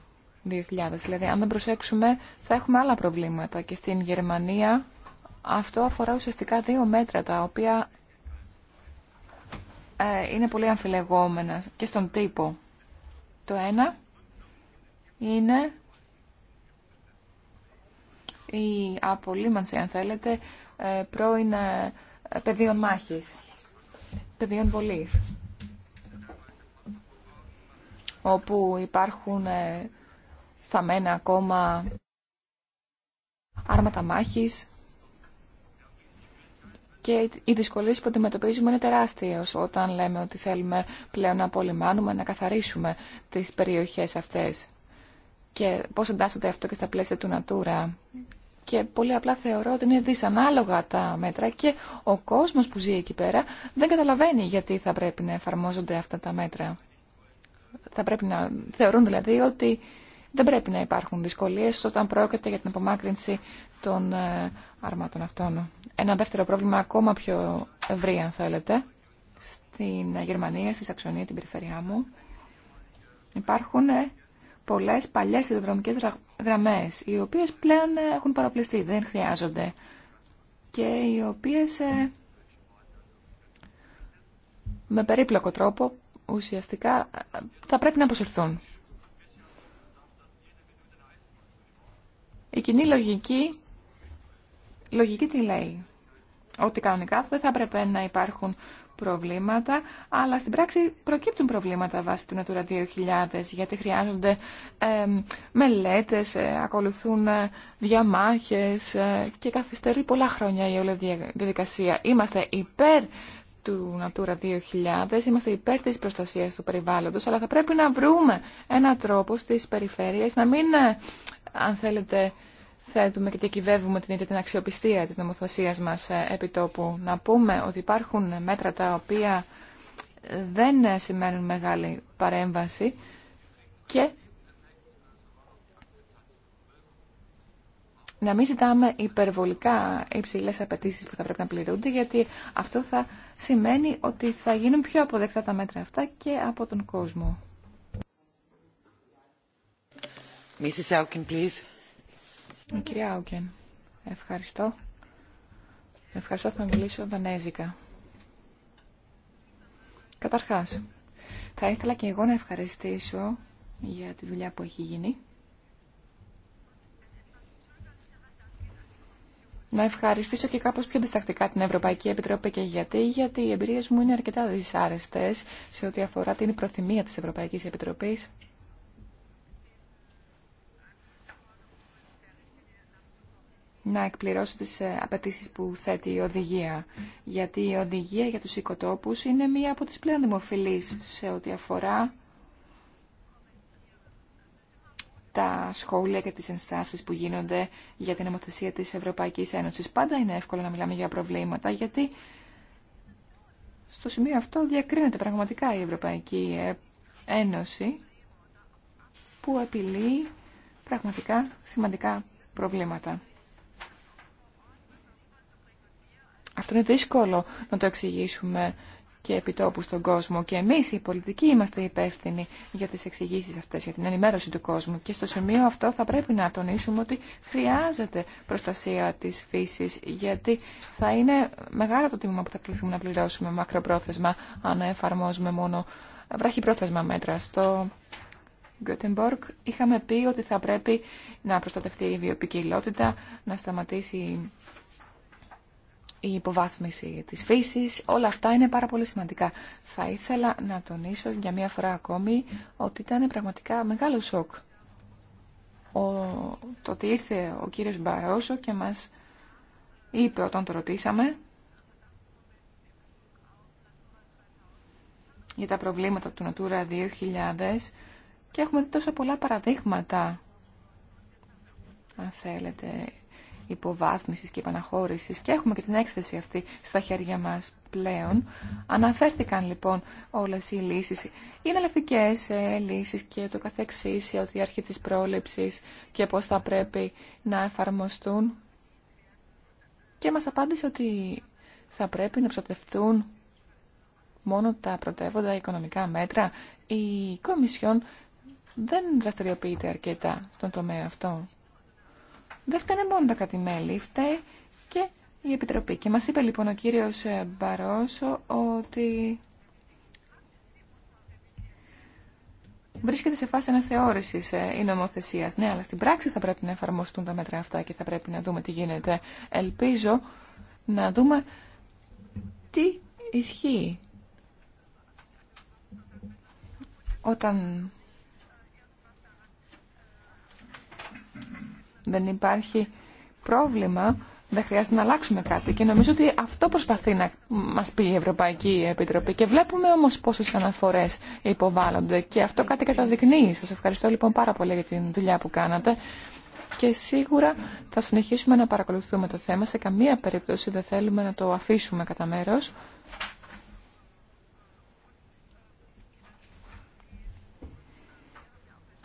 2000. Δηλαδή, αν δεν προσέξουμε, θα έχουμε άλλα προβλήματα. Και στην Γερμανία αυτό αφορά ουσιαστικά δύο μέτρα, τα οποία ε, είναι πολύ αμφιλεγόμενα και στον τύπο. Το ένα είναι η απολύμανση, αν θέλετε, ε, πρώην πεδίων μάχης, πεδίων βολής, όπου υπάρχουν ε, θαμμένα ακόμα άρματα μάχης και οι δυσκολίες που αντιμετωπίζουμε είναι τεράστιες όταν λέμε ότι θέλουμε πλέον να απολυμάνουμε, να καθαρίσουμε τις περιοχές αυτές και πώς εντάσσεται αυτό και στα πλαίσια του Natura και πολύ απλά θεωρώ ότι είναι δυσανάλογα τα μέτρα και ο κόσμος που ζει εκεί πέρα δεν καταλαβαίνει γιατί θα πρέπει να εφαρμόζονται αυτά τα μέτρα. Θα πρέπει να θεωρούν δηλαδή ότι δεν πρέπει να υπάρχουν δυσκολίες όταν πρόκειται για την απομάκρυνση των ε, αρμάτων αυτών. Ένα δεύτερο πρόβλημα ακόμα πιο ευρύ αν θέλετε στην Γερμανία, στη Σαξονία, την περιφερειά μου υπάρχουν ε, πολλές παλιές σιδηροδρομικές γραμμές, οι οποίες πλέον ε, έχουν παραπληστεί, δεν χρειάζονται και οι οποίες ε, με περίπλοκο τρόπο ουσιαστικά ε, θα πρέπει να αποσυρθούν. Η κοινή λογική, λογική τι λέει, ότι κανονικά δεν θα έπρεπε να υπάρχουν προβλήματα, αλλά στην πράξη προκύπτουν προβλήματα βάσει του Natura 2000, γιατί χρειάζονται ε, μελέτες, ακολουθούν ε, διαμάχες ε, και καθυστερεί πολλά χρόνια η όλη διαδικασία. Είμαστε υπέρ του Natura 2000, είμαστε υπέρ της προστασίας του περιβάλλοντος, αλλά θα πρέπει να βρούμε ένα τρόπο στις περιφέρειες να μην, ε, αν θέλετε, θέτουμε και διακυβεύουμε την ίδια την αξιοπιστία της νομοθεσίας μας ε, επί τόπου. Να πούμε ότι υπάρχουν μέτρα τα οποία δεν σημαίνουν μεγάλη παρέμβαση και να μην ζητάμε υπερβολικά υψηλέ απαιτήσει που θα πρέπει να πληρούνται, γιατί αυτό θα σημαίνει ότι θα γίνουν πιο αποδεκτά τα μέτρα αυτά και από τον κόσμο. Mrs. please. Η κυρία Άουκεν, ευχαριστώ. Ευχαριστώ, θα μιλήσω δανέζικα. Καταρχάς, θα ήθελα και εγώ να ευχαριστήσω για τη δουλειά που έχει γίνει. Να ευχαριστήσω και κάπως πιο διστακτικά την Ευρωπαϊκή Επιτροπή και γιατί, γιατί οι εμπειρίες μου είναι αρκετά δυσάρεστες σε ό,τι αφορά την προθυμία της Ευρωπαϊκής Επιτροπής να εκπληρώσω τις ε, απαιτήσει που θέτει η οδηγία. Γιατί η οδηγία για τους οικοτόπους είναι μία από τις πλέον δημοφιλείς σε ό,τι αφορά τα σχόλια και τις ενστάσεις που γίνονται για την νομοθεσία της Ευρωπαϊκής Ένωσης. Πάντα είναι εύκολο να μιλάμε για προβλήματα, γιατί στο σημείο αυτό διακρίνεται πραγματικά η Ευρωπαϊκή Ένωση που επιλύει πραγματικά σημαντικά προβλήματα. Αυτό είναι δύσκολο να το εξηγήσουμε και επιτόπου στον κόσμο. Και εμεί, οι πολιτικοί είμαστε υπεύθυνοι για τι εξηγήσει αυτέ για την ενημέρωση του κόσμου. Και στο σημείο αυτό θα πρέπει να τονίσουμε ότι χρειάζεται προστασία τη φύση, γιατί θα είναι μεγάλο το τίμημα που θα κληθούμε να πληρώσουμε μακροπρόθεσμα, αν εφαρμόζουμε μόνο βραχυπρόθεσμα μέτρα. Στο Γκοτεμπορκ είχαμε πει ότι θα πρέπει να προστατευτεί η βιοπικιλότητα, να σταματήσει η υποβάθμιση της φύσης, όλα αυτά είναι πάρα πολύ σημαντικά. Θα ήθελα να τονίσω για μία φορά ακόμη ότι ήταν πραγματικά μεγάλο σοκ ο, το ότι ήρθε ο κύριος Μπαρόσο και μας είπε όταν το ρωτήσαμε για τα προβλήματα του Natura 2000 και έχουμε δει τόσα πολλά παραδείγματα αν θέλετε υποβάθμισης και επαναχώρησης και έχουμε και την έκθεση αυτή στα χέρια μας πλέον. Αναφέρθηκαν λοιπόν όλες οι λύσεις, οι εναλλακτικέ ε, λύσεις και το καθεξής, ότι η αρχή της πρόληψης και πώς θα πρέπει να εφαρμοστούν. Και μας απάντησε ότι θα πρέπει να ψωτευτούν μόνο τα πρωτεύοντα οικονομικά μέτρα. Η Κομισιόν δεν δραστηριοποιείται αρκετά στον τομέα αυτό δεν φταίνε μόνο τα κρατημέλη, φταίει και η Επιτροπή. Και μας είπε λοιπόν ο κύριος ε, Μπαρόσο ότι βρίσκεται σε φάση αναθεώρησης ε, η νομοθεσία. Ναι, αλλά στην πράξη θα πρέπει να εφαρμοστούν τα μέτρα αυτά και θα πρέπει να δούμε τι γίνεται. Ελπίζω να δούμε τι ισχύει. Όταν δεν υπάρχει πρόβλημα, δεν χρειάζεται να αλλάξουμε κάτι. Και νομίζω ότι αυτό προσπαθεί να μας πει η Ευρωπαϊκή Επιτροπή. Και βλέπουμε όμως πόσες αναφορές υποβάλλονται και αυτό κάτι καταδεικνύει. Σας ευχαριστώ λοιπόν πάρα πολύ για την δουλειά που κάνατε. Και σίγουρα θα συνεχίσουμε να παρακολουθούμε το θέμα. Σε καμία περίπτωση δεν θέλουμε να το αφήσουμε κατά μέρος.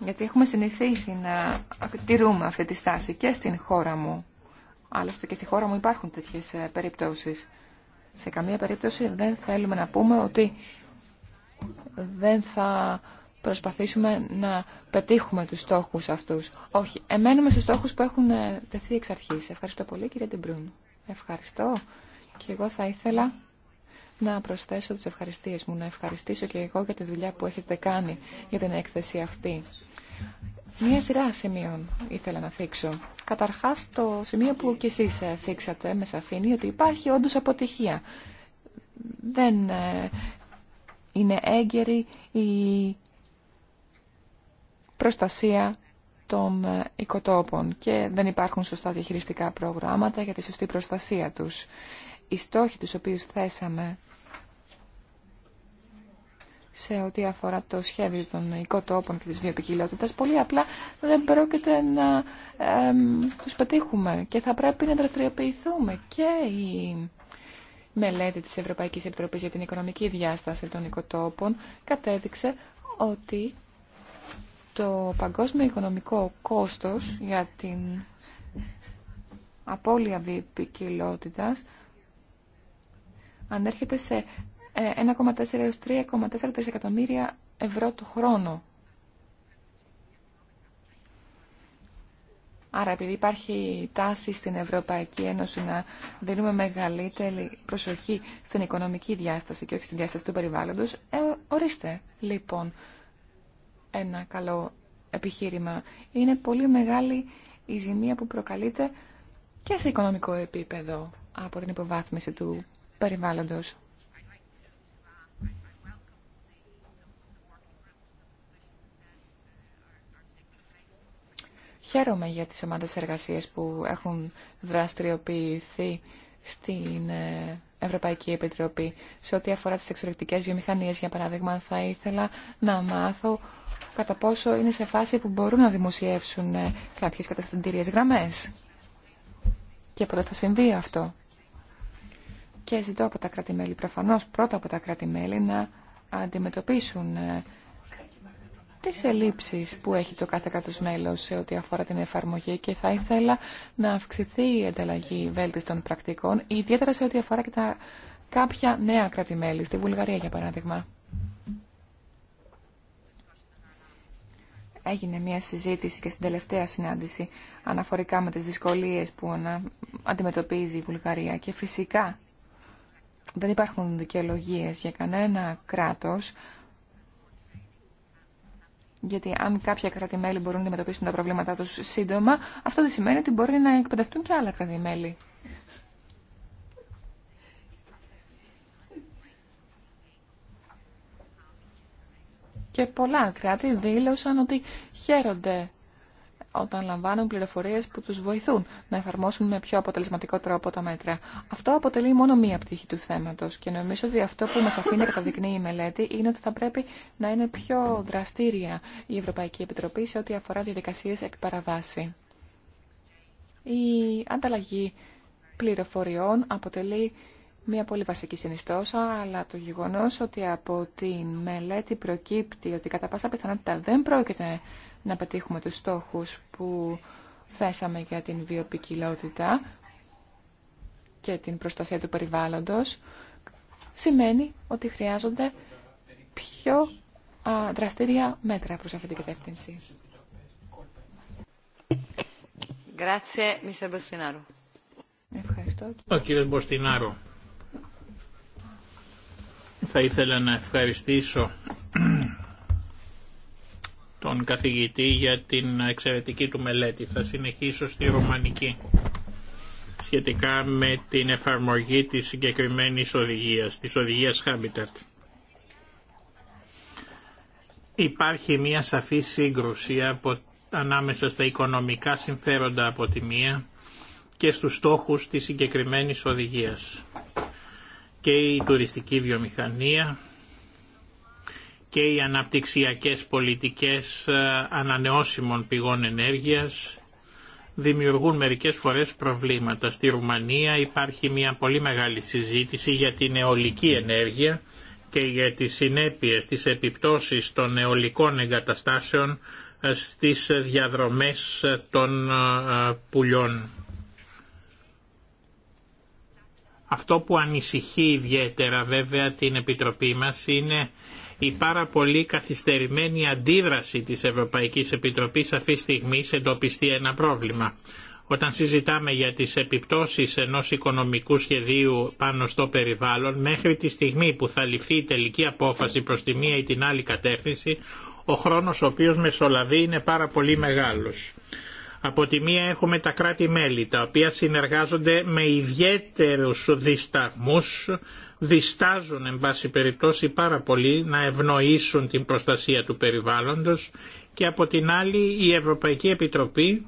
Γιατί έχουμε συνηθίσει να τηρούμε αυτή τη στάση και στην χώρα μου. Άλλωστε και στη χώρα μου υπάρχουν τέτοιες ε, περιπτώσεις. Σε καμία περίπτωση δεν θέλουμε να πούμε ότι δεν θα προσπαθήσουμε να πετύχουμε τους στόχους αυτούς. Όχι, εμένουμε στους στόχους που έχουν ε, τεθεί εξ αρχής. Ευχαριστώ πολύ κύριε Τιμπρούν. Ευχαριστώ. Και εγώ θα ήθελα να προσθέσω τις ευχαριστίες μου, να ευχαριστήσω και εγώ για τη δουλειά που έχετε κάνει για την έκθεση αυτή. Μία σειρά σημείων ήθελα να θίξω. Καταρχάς το σημείο που κι εσείς ε, θίξατε με σαφήνει ότι υπάρχει όντως αποτυχία. Δεν ε, είναι έγκαιρη η προστασία των ε, οικοτόπων και δεν υπάρχουν σωστά διαχειριστικά προγράμματα για τη σωστή προστασία τους. Οι στόχοι τους οποίους θέσαμε σε ό,τι αφορά το σχέδιο των οικοτόπων και της βιοπικιλότητας. Πολύ απλά δεν πρόκειται να ε, τους πετύχουμε και θα πρέπει να δραστηριοποιηθούμε και η μελέτη της Ευρωπαϊκής Επιτροπής για την οικονομική διάσταση των οικοτόπων κατέδειξε ότι το παγκόσμιο οικονομικό κόστος για την απώλεια βιοπικιλότητας ανέρχεται σε 1,4 έως 3,4 τρισεκατομμύρια ευρώ το χρόνο. Άρα επειδή υπάρχει τάση στην Ευρωπαϊκή Ένωση να δίνουμε μεγαλύτερη προσοχή στην οικονομική διάσταση και όχι στην διάσταση του περιβάλλοντος, ε, ορίστε λοιπόν ένα καλό επιχείρημα. Είναι πολύ μεγάλη η ζημία που προκαλείται και σε οικονομικό επίπεδο από την υποβάθμιση του περιβάλλοντος. Χαίρομαι για τις ομάδες εργασίας που έχουν δραστηριοποιηθεί στην ε, Ευρωπαϊκή Επιτροπή. Σε ό,τι αφορά τις εξωτερικέ βιομηχανίες, για παράδειγμα, θα ήθελα να μάθω κατά πόσο είναι σε φάση που μπορούν να δημοσιεύσουν ε, κάποιες κατευθυντήριες γραμμές. Και πότε θα συμβεί αυτό. Και ζητώ από τα κράτη-μέλη, προφανώς πρώτα από τα κράτη-μέλη, να αντιμετωπίσουν ε, τις ελλείψεις που έχει το κάθε κράτος μέλος σε ό,τι αφορά την εφαρμογή και θα ήθελα να αυξηθεί η ανταλλαγή βέλτιστων πρακτικών, ιδιαίτερα σε ό,τι αφορά και τα κάποια νέα κράτη-μέλη, στη Βουλγαρία για παράδειγμα. Έγινε μια συζήτηση και στην τελευταία συνάντηση αναφορικά με τις δυσκολίες που αντιμετωπίζει η Βουλγαρία και φυσικά δεν υπάρχουν δικαιολογίε για κανένα κράτος γιατί αν κάποια κράτη-μέλη μπορούν να αντιμετωπίσουν τα προβλήματά τους σύντομα, αυτό δεν σημαίνει ότι μπορεί να εκπαιδευτούν και άλλα κράτη-μέλη. Και πολλά κράτη δήλωσαν ότι χαίρονται όταν λαμβάνουν πληροφορίε που του βοηθούν να εφαρμόσουν με πιο αποτελεσματικό τρόπο τα μέτρα. Αυτό αποτελεί μόνο μία πτύχη του θέματο. και νομίζω ότι αυτό που μα αφήνει να καταδεικνύει η μελέτη είναι ότι θα πρέπει να είναι πιο δραστήρια η Ευρωπαϊκή Επιτροπή σε ό,τι αφορά διαδικασίε εκ παραβάση. Η ανταλλαγή πληροφοριών αποτελεί Μία πολύ βασική συνιστόσα, αλλά το γεγονό ότι από την μελέτη προκύπτει ότι κατά πάσα πιθανότητα δεν πρόκειται να πετύχουμε τους στόχους που θέσαμε για την βιοπικιλότητα και την προστασία του περιβάλλοντος, σημαίνει ότι χρειάζονται πιο δραστήρια μέτρα προς αυτή την κατεύθυνση. Ευχαριστώ. Ο κύριος Μποστινάρο. Θα ήθελα να ευχαριστήσω τον καθηγητή για την εξαιρετική του μελέτη. Θα συνεχίσω στη ρωμανική, σχετικά με την εφαρμογή της συγκεκριμένη οδηγίας, της οδηγίας Habitat. Υπάρχει μια σαφή σύγκρουση από, ανάμεσα στα οικονομικά συμφέροντα από τη μία και στους στόχους της συγκεκριμένης οδηγίας. Και η τουριστική βιομηχανία και οι αναπτυξιακές πολιτικές ε, ανανεώσιμων πηγών ενέργειας δημιουργούν μερικές φορές προβλήματα. Στη Ρουμανία υπάρχει μια πολύ μεγάλη συζήτηση για την αιωλική ενέργεια και για τις συνέπειες, τις επιπτώσεις των αιωλικών εγκαταστάσεων ε, στις διαδρομές των ε, πουλιών. Αυτό που ανησυχεί ιδιαίτερα βέβαια την Επιτροπή μας είναι η πάρα πολύ καθυστερημένη αντίδραση της Ευρωπαϊκής Επιτροπής αυτή τη στιγμή εντοπιστεί ένα πρόβλημα. Όταν συζητάμε για τις επιπτώσεις ενός οικονομικού σχεδίου πάνω στο περιβάλλον, μέχρι τη στιγμή που θα ληφθεί η τελική απόφαση προς τη μία ή την άλλη κατεύθυνση, ο χρόνος ο οποίος μεσολαβεί είναι πάρα πολύ μεγάλος. Από τη μία έχουμε τα κράτη-μέλη, τα οποία συνεργάζονται με ιδιαίτερους δισταγμούς, διστάζουν, εν πάση περιπτώσει, πάρα πολύ να ευνοήσουν την προστασία του περιβάλλοντος και από την άλλη η Ευρωπαϊκή Επιτροπή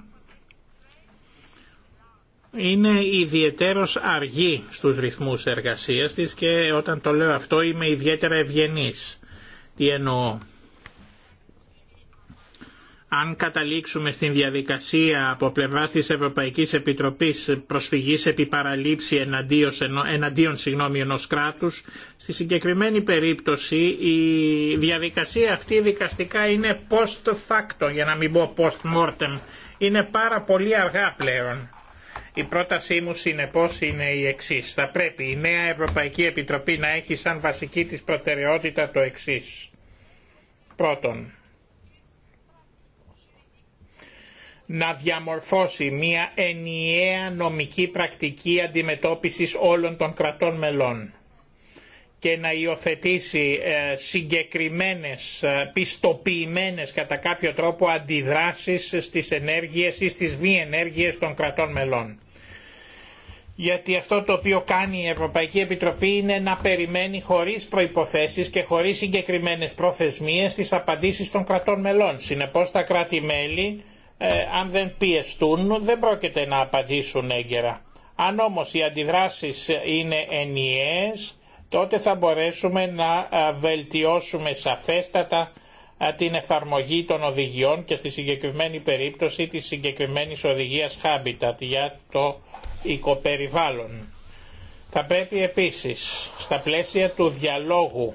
είναι ιδιαίτερος αργή στους ρυθμούς εργασίας της και όταν το λέω αυτό είμαι ιδιαίτερα ευγενής. Τι εννοώ αν καταλήξουμε στην διαδικασία από πλευρά της Ευρωπαϊκής Επιτροπής προσφυγής επί παραλήψη εναντίον, εναντίον συγγνώμη, κράτους, στη συγκεκριμένη περίπτωση η διαδικασία αυτή δικαστικά είναι post facto, για να μην πω post mortem. Είναι πάρα πολύ αργά πλέον. Η πρότασή μου συνεπώ είναι η εξή. Θα πρέπει η νέα Ευρωπαϊκή Επιτροπή να έχει σαν βασική της προτεραιότητα το εξή. Πρώτον, να διαμορφώσει μια ενιαία νομική πρακτική αντιμετώπισης όλων των κρατών μελών και να υιοθετήσει ε, συγκεκριμένες ε, πιστοποιημένες κατά κάποιο τρόπο αντιδράσεις στις ενέργειες ή στις μη ενέργειες των κρατών μελών. Γιατί αυτό το οποίο κάνει η Ευρωπαϊκή Επιτροπή είναι να περιμένει χωρίς προϋποθέσεις και χωρίς συγκεκριμένες προθεσμίες τις απαντήσεις των κρατών μελών. Συνεπώς τα κράτη-μέλη ε, αν δεν πιεστούν δεν πρόκειται να απαντήσουν έγκαιρα. Αν όμως οι αντιδράσεις είναι ενιαίες τότε θα μπορέσουμε να ε, βελτιώσουμε σαφέστατα ε, την εφαρμογή των οδηγιών και στη συγκεκριμένη περίπτωση της συγκεκριμένης οδηγίας Habitat για το οικοπεριβάλλον. Θα πρέπει επίσης στα πλαίσια του διαλόγου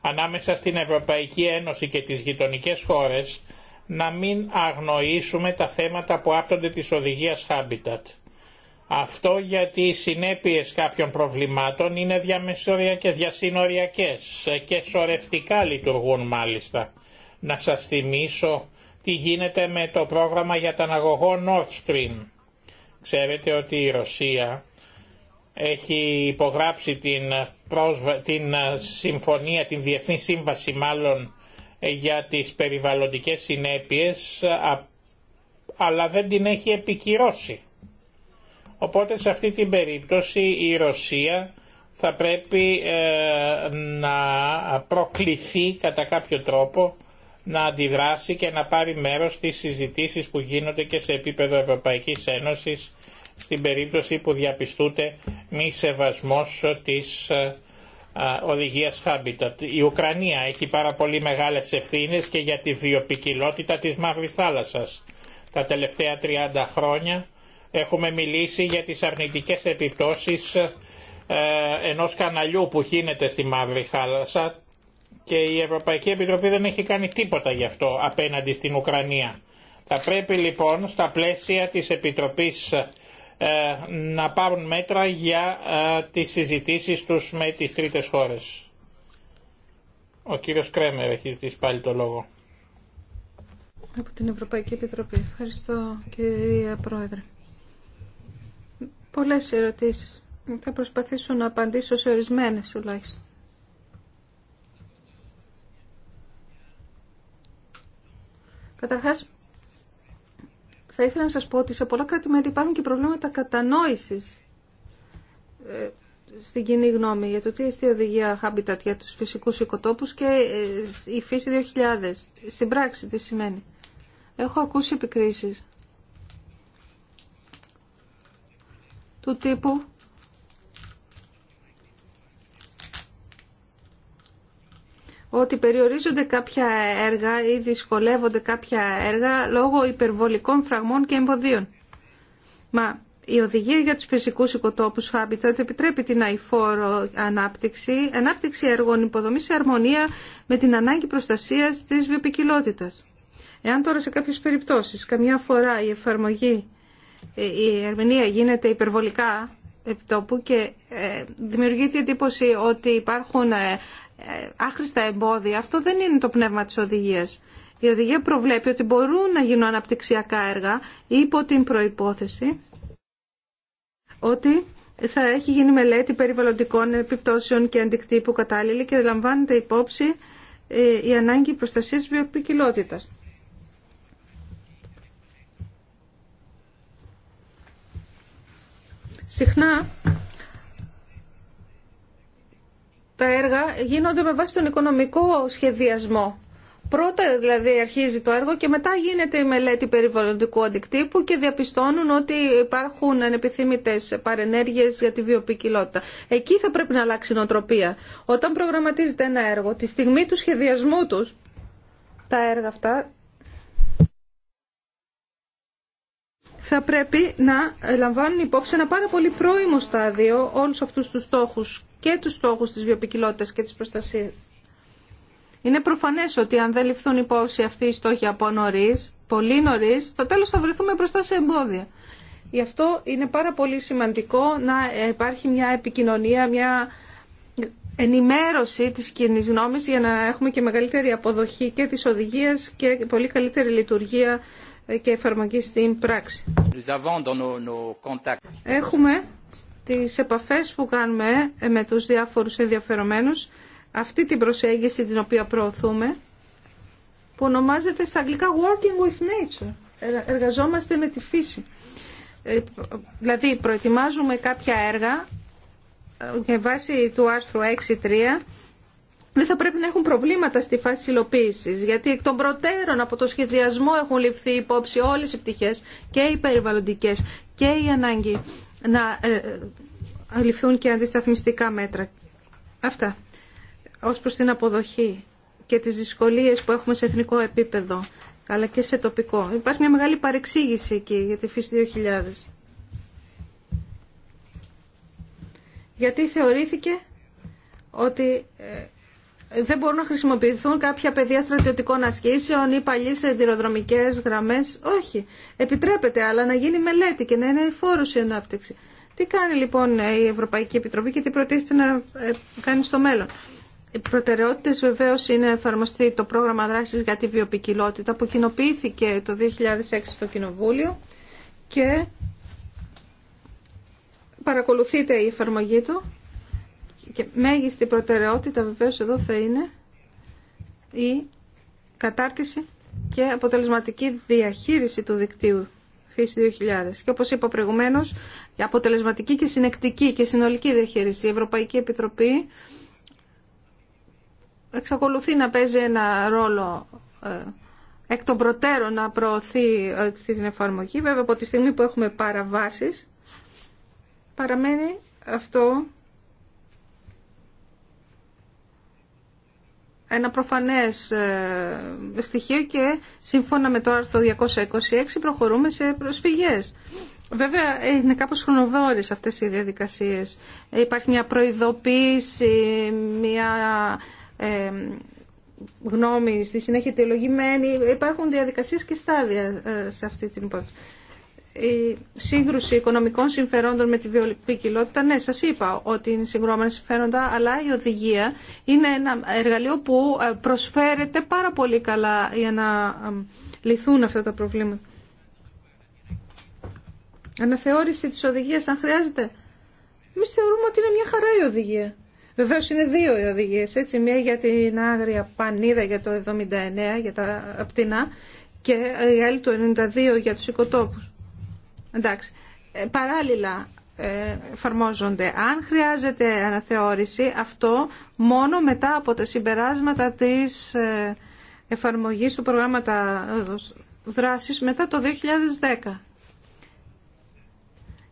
ανάμεσα στην Ευρωπαϊκή Ένωση και τις γειτονικές χώρες να μην αγνοήσουμε τα θέματα που άπτονται της οδηγίας Habitat. Αυτό γιατί οι συνέπειες κάποιων προβλημάτων είναι διαμεσοριακές και διασύνοριακές και σωρευτικά λειτουργούν μάλιστα. Να σας θυμίσω τι γίνεται με το πρόγραμμα για τον αγωγό Nord Stream. Ξέρετε ότι η Ρωσία έχει υπογράψει την, πρόσβα... την ε, συμφωνία, την Διεθνή Σύμβαση μάλλον για τις περιβαλλοντικές συνέπειες αλλά δεν την έχει επικυρώσει. Οπότε σε αυτή την περίπτωση η Ρωσία θα πρέπει ε, να προκληθεί κατά κάποιο τρόπο να αντιδράσει και να πάρει μέρος στις συζητήσεις που γίνονται και σε επίπεδο Ευρωπαϊκής Ένωσης στην περίπτωση που διαπιστούνται μη σεβασμός της ε, Οδηγία Habitat. Η Ουκρανία έχει πάρα πολύ μεγάλες ευθύνε και για τη βιοπικιλότητα της Μαύρης Θάλασσας. Τα τελευταία 30 χρόνια έχουμε μιλήσει για τις αρνητικές επιπτώσεις ε, ενός καναλιού που χύνεται στη Μαύρη Θάλασσα και η Ευρωπαϊκή Επιτροπή δεν έχει κάνει τίποτα γι' αυτό απέναντι στην Ουκρανία. Θα πρέπει λοιπόν στα πλαίσια της Επιτροπής ε, να πάρουν μέτρα για ε, τις συζητήσεις τους με τις τρίτες χώρες. Ο κύριος Κρέμερ έχει ζητήσει πάλι το λόγο. Από την Ευρωπαϊκή Επιτροπή. Ευχαριστώ κυρία Πρόεδρε. Πολλές ερωτήσεις. Θα προσπαθήσω να απαντήσω σε ορισμένες τουλάχιστον. Καταρχάς, θα ήθελα να σας πω ότι σε πολλά κράτη-μέλη υπάρχουν και προβλήματα κατανόησης ε, στην κοινή γνώμη για το τι είναι η οδηγία Habitat για τους φυσικούς οικοτόπους και ε, η φύση 2000. Στην πράξη τι σημαίνει. Έχω ακούσει επικρίσεις του τύπου ότι περιορίζονται κάποια έργα ή δυσκολεύονται κάποια έργα λόγω υπερβολικών φραγμών και εμποδίων. Μα η οδηγία για τους φυσικούς οικοτόπους Habitat επιτρέπει την αηφόρο ανάπτυξη, ανάπτυξη έργων υποδομής σε αρμονία με την ανάγκη προστασίας της βιοπικιλότητας. Εάν τώρα σε κάποιες περιπτώσεις, καμιά φορά η εφαρμογή, η ερμηνεία γίνεται υπερβολικά επιτόπου και ε, δημιουργείται η εντύπωση ότι υπάρχουν ε, ε, άχρηστα εμπόδια, αυτό δεν είναι το πνεύμα της οδηγίας. Η οδηγία προβλέπει ότι μπορούν να γίνουν αναπτυξιακά έργα υπό την προϋπόθεση ότι θα έχει γίνει μελέτη περιβαλλοντικών επιπτώσεων και αντικτύπου κατάλληλη και λαμβάνεται υπόψη ε, η ανάγκη προστασίας βιοποικιλότητας. Συχνά τα έργα γίνονται με βάση τον οικονομικό σχεδιασμό. Πρώτα δηλαδή αρχίζει το έργο και μετά γίνεται η μελέτη περιβαλλοντικού αντικτύπου και διαπιστώνουν ότι υπάρχουν ανεπιθύμητες παρενέργειες για τη βιοποικιλότητα. Εκεί θα πρέπει να αλλάξει η νοοτροπία. Όταν προγραμματίζεται ένα έργο, τη στιγμή του σχεδιασμού του τα έργα αυτά θα πρέπει να λαμβάνουν υπόψη ένα πάρα πολύ πρώιμο στάδιο όλους αυτούς τους στόχους και τους στόχους της βιοπικιλότητας και της προστασίας. Είναι προφανές ότι αν δεν ληφθούν υπόψη αυτοί οι στόχοι από νωρί, πολύ νωρί, στο τέλος θα βρεθούμε μπροστά σε εμπόδια. Γι' αυτό είναι πάρα πολύ σημαντικό να υπάρχει μια επικοινωνία, μια ενημέρωση της κοινή γνώμη, για να έχουμε και μεγαλύτερη αποδοχή και της οδηγίας και πολύ καλύτερη λειτουργία και εφαρμογή στην πράξη. Έχουμε τις επαφές που κάνουμε ε, με τους διάφορους ενδιαφερομένους, αυτή την προσέγγιση την οποία προωθούμε, που ονομάζεται στα αγγλικά Working with Nature. Εργαζόμαστε με τη φύση. Ε, δηλαδή, προετοιμάζουμε κάποια έργα και ε, βάση του άρθρου 6.3 δεν θα πρέπει να έχουν προβλήματα στη φάση της υλοποίηση. Γιατί εκ των προτέρων από το σχεδιασμό έχουν ληφθεί υπόψη όλες οι πτυχέ και οι περιβαλλοντικέ και οι ανάγκη να ε, ε, ληφθούν και αντισταθμιστικά μέτρα. Αυτά. Ως προς την αποδοχή και τις δυσκολίες που έχουμε σε εθνικό επίπεδο, αλλά και σε τοπικό. Υπάρχει μια μεγάλη παρεξήγηση εκεί για τη φύση 2000. Γιατί θεωρήθηκε ότι ε, δεν μπορούν να χρησιμοποιηθούν κάποια πεδία στρατιωτικών ασκήσεων ή παλιέ εντυροδρομικές γραμμέ. Όχι. Επιτρέπεται, αλλά να γίνει μελέτη και να είναι φόρο η ανάπτυξη. Τι κάνει λοιπόν η Ευρωπαϊκή Επιτροπή και τι προτίθεται να ε, κάνει στο μέλλον. Οι προτεραιότητε βεβαίω είναι εφαρμοστεί το πρόγραμμα δράση για τη βιοπικιλότητα που κοινοποιήθηκε το 2006 στο Κοινοβούλιο και παρακολουθείται η εφαρμογή του και μέγιστη προτεραιότητα βεβαίω εδώ θα είναι η κατάρτιση και αποτελεσματική διαχείριση του δικτύου ΦΥΣ 2000. Και όπως είπα προηγουμένως, η αποτελεσματική και συνεκτική και συνολική διαχείριση. Η Ευρωπαϊκή Επιτροπή εξακολουθεί να παίζει ένα ρόλο ε, εκ των προτέρων να προωθεί ε, την εφαρμογή. Βέβαια από τη στιγμή που έχουμε παραβάσεις παραμένει αυτό ένα προφανές ε, στοιχείο και σύμφωνα με το άρθρο 226 προχωρούμε σε προσφυγές. Βέβαια είναι κάπως χρονοβόρες αυτές οι διαδικασίες. Ε, υπάρχει μια προειδοποίηση, μια ε, γνώμη στη συνέχεια τελογημένη. Υπάρχουν διαδικασίες και στάδια σε αυτή την υπόθεση η σύγκρουση οικονομικών συμφερόντων με τη βιοποικιλότητα, ναι, σας είπα ότι είναι συγκρόμενα συμφέροντα, αλλά η οδηγία είναι ένα εργαλείο που ε, προσφέρεται πάρα πολύ καλά για να ε, λυθούν αυτά τα προβλήματα. Αναθεώρηση της οδηγίας, αν χρειάζεται. Εμεί θεωρούμε ότι είναι μια χαρά η οδηγία. Βεβαίω είναι δύο οι οδηγίε, έτσι. Μια για την άγρια πανίδα για το 79, για τα πτηνά, και η άλλη του 92 για του οικοτόπου. Εντάξει. Ε, παράλληλα ε, εφαρμόζονται. Αν χρειάζεται αναθεώρηση, αυτό μόνο μετά από τα συμπεράσματα της ε, εφαρμογής του προγράμματα δράσης μετά το 2010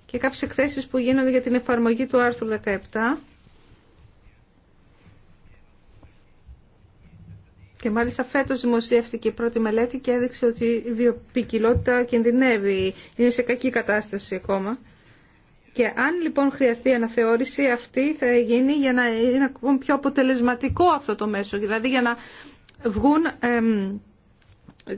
και κάποιες εκθέσεις που γίνονται για την εφαρμογή του άρθρου 17 Και μάλιστα φέτος δημοσιεύτηκε η πρώτη μελέτη και έδειξε ότι η βιοπικιλότητα κινδυνεύει, είναι σε κακή κατάσταση ακόμα. Και αν λοιπόν χρειαστεί αναθεώρηση αυτή θα γίνει για να είναι ακόμα πιο αποτελεσματικό αυτό το μέσο, δηλαδή για να βγουν εμ,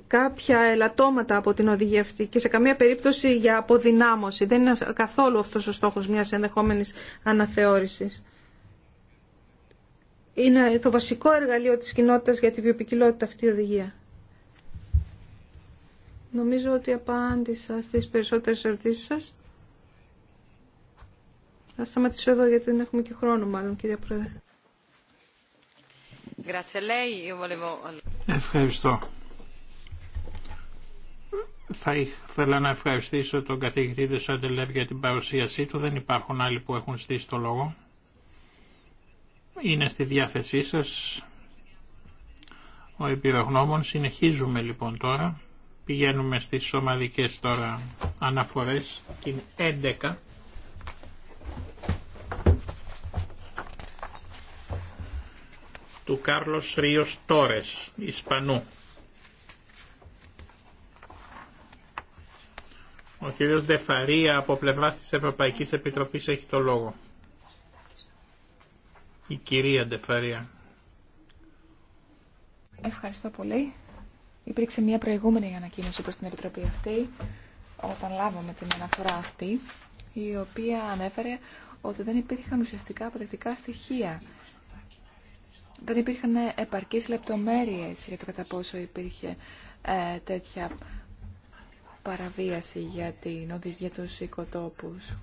κάποια ελαττώματα από την οδηγία αυτή και σε καμία περίπτωση για αποδυνάμωση. Δεν είναι καθόλου αυτός ο στόχος μιας ενδεχόμενης αναθεώρησης είναι το βασικό εργαλείο της κοινότητας για τη βιοπικιλότητα αυτή η οδηγία. Νομίζω ότι απάντησα στις περισσότερες ερωτήσεις σας. Θα σταματήσω εδώ γιατί δεν έχουμε και χρόνο μάλλον, κυρία Πρόεδρε. Ευχαριστώ. Θα ήθελα να ευχαριστήσω τον καθηγητή Δεσάντελεύ για την παρουσίασή του. Δεν υπάρχουν άλλοι που έχουν στήσει το λόγο είναι στη διάθεσή σας ο επιδογνώμων. Συνεχίζουμε λοιπόν τώρα. Πηγαίνουμε στις ομαδικές τώρα αναφορές, την 11. του Κάρλος Ρίος Τόρες, Ισπανού. Ο κ. Δεφαρία από πλευράς της Ευρωπαϊκής Επιτροπής έχει το λόγο. Η κυρία Ντεφέρια. Ευχαριστώ πολύ. Υπήρξε μια προηγούμενη ανακοίνωση προς την Επιτροπή αυτή, όταν λάβαμε την αναφορά αυτή, η οποία ανέφερε ότι δεν υπήρχαν ουσιαστικά αποδεκτικά στοιχεία. Δεν υπήρχαν επαρκείς λεπτομέρειες για το κατά πόσο υπήρχε ε, τέτοια παραβίαση για την οδηγία του οικοτόπους.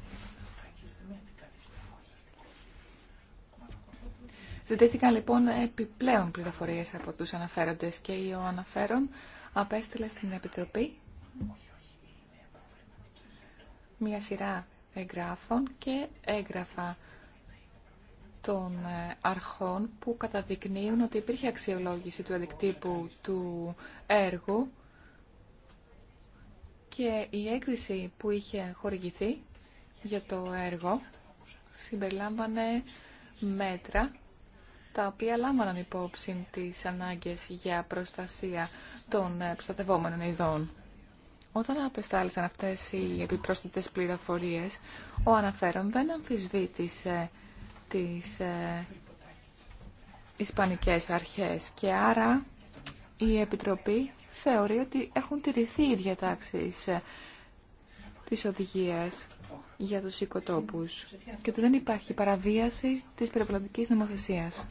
Ζητήθηκαν λοιπόν επιπλέον πληροφορίες από τους αναφέροντες και ο αναφέρον απέστειλε στην Επιτροπή μια σειρά εγγράφων και έγγραφα των ε, αρχών που καταδεικνύουν ότι υπήρχε αξιολόγηση του αντικτύπου του έργου και η έγκριση που είχε χορηγηθεί για το έργο συμπεριλάμβανε μέτρα τα οποία λάμβαναν υπόψη τις ανάγκες για προστασία των ε, προστατευόμενων ειδών. Όταν απεστάλησαν αυτές οι επιπρόσθετες πληροφορίες, ο αναφέρον δεν αμφισβήτησε τις ε, Ισπανικές αρχές και άρα η Επιτροπή θεωρεί ότι έχουν τηρηθεί οι διατάξεις ε, της οδηγίας για τους οικοτόπους και ότι δεν υπάρχει παραβίαση της περιβαλλοντικής νομοθεσίας.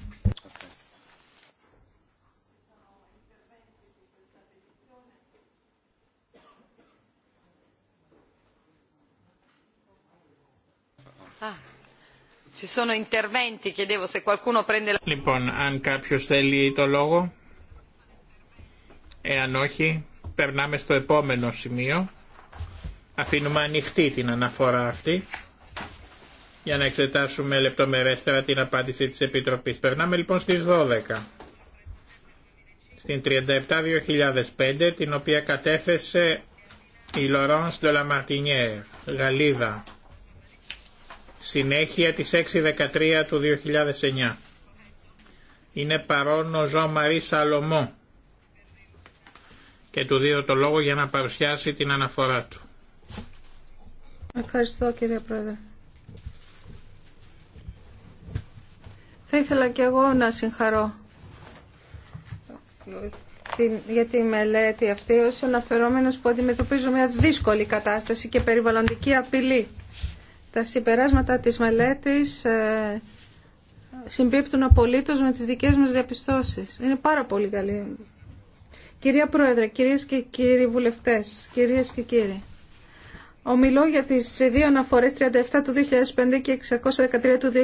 Ah, λοιπόν, αν κάποιος θέλει το λόγο, εάν όχι, περνάμε στο επόμενο σημείο. Αφήνουμε ανοιχτή την αναφορά αυτή για να εξετάσουμε λεπτομερέστερα την απάντηση της Επιτροπής. Περνάμε λοιπόν στις 12. Στην 37-2005 την οποία κατέθεσε η Λορόνς Ντολαμαρτινιέ, Γαλλίδα. Συνέχεια της 6-13 του 2009. Είναι παρόν ο Ζω Μαρί Σαλωμό και του δίνω το λόγο για να παρουσιάσει την αναφορά του. Ευχαριστώ κύριε Πρόεδρε. Θα ήθελα και εγώ να συγχαρώ για τη μελέτη αυτή ως αναφερόμενος που αντιμετωπίζω μια δύσκολη κατάσταση και περιβαλλοντική απειλή. Τα συμπεράσματα της μελέτης ε, συμπίπτουν απολύτως με τις δικές μας διαπιστώσεις. Είναι πάρα πολύ καλή. Κυρία Πρόεδρε, κυρίες και κύριοι βουλευτές, κυρίες και κύριοι. Ομιλώ για τις δύο αναφορές 37 του 2005 και 613 του 2009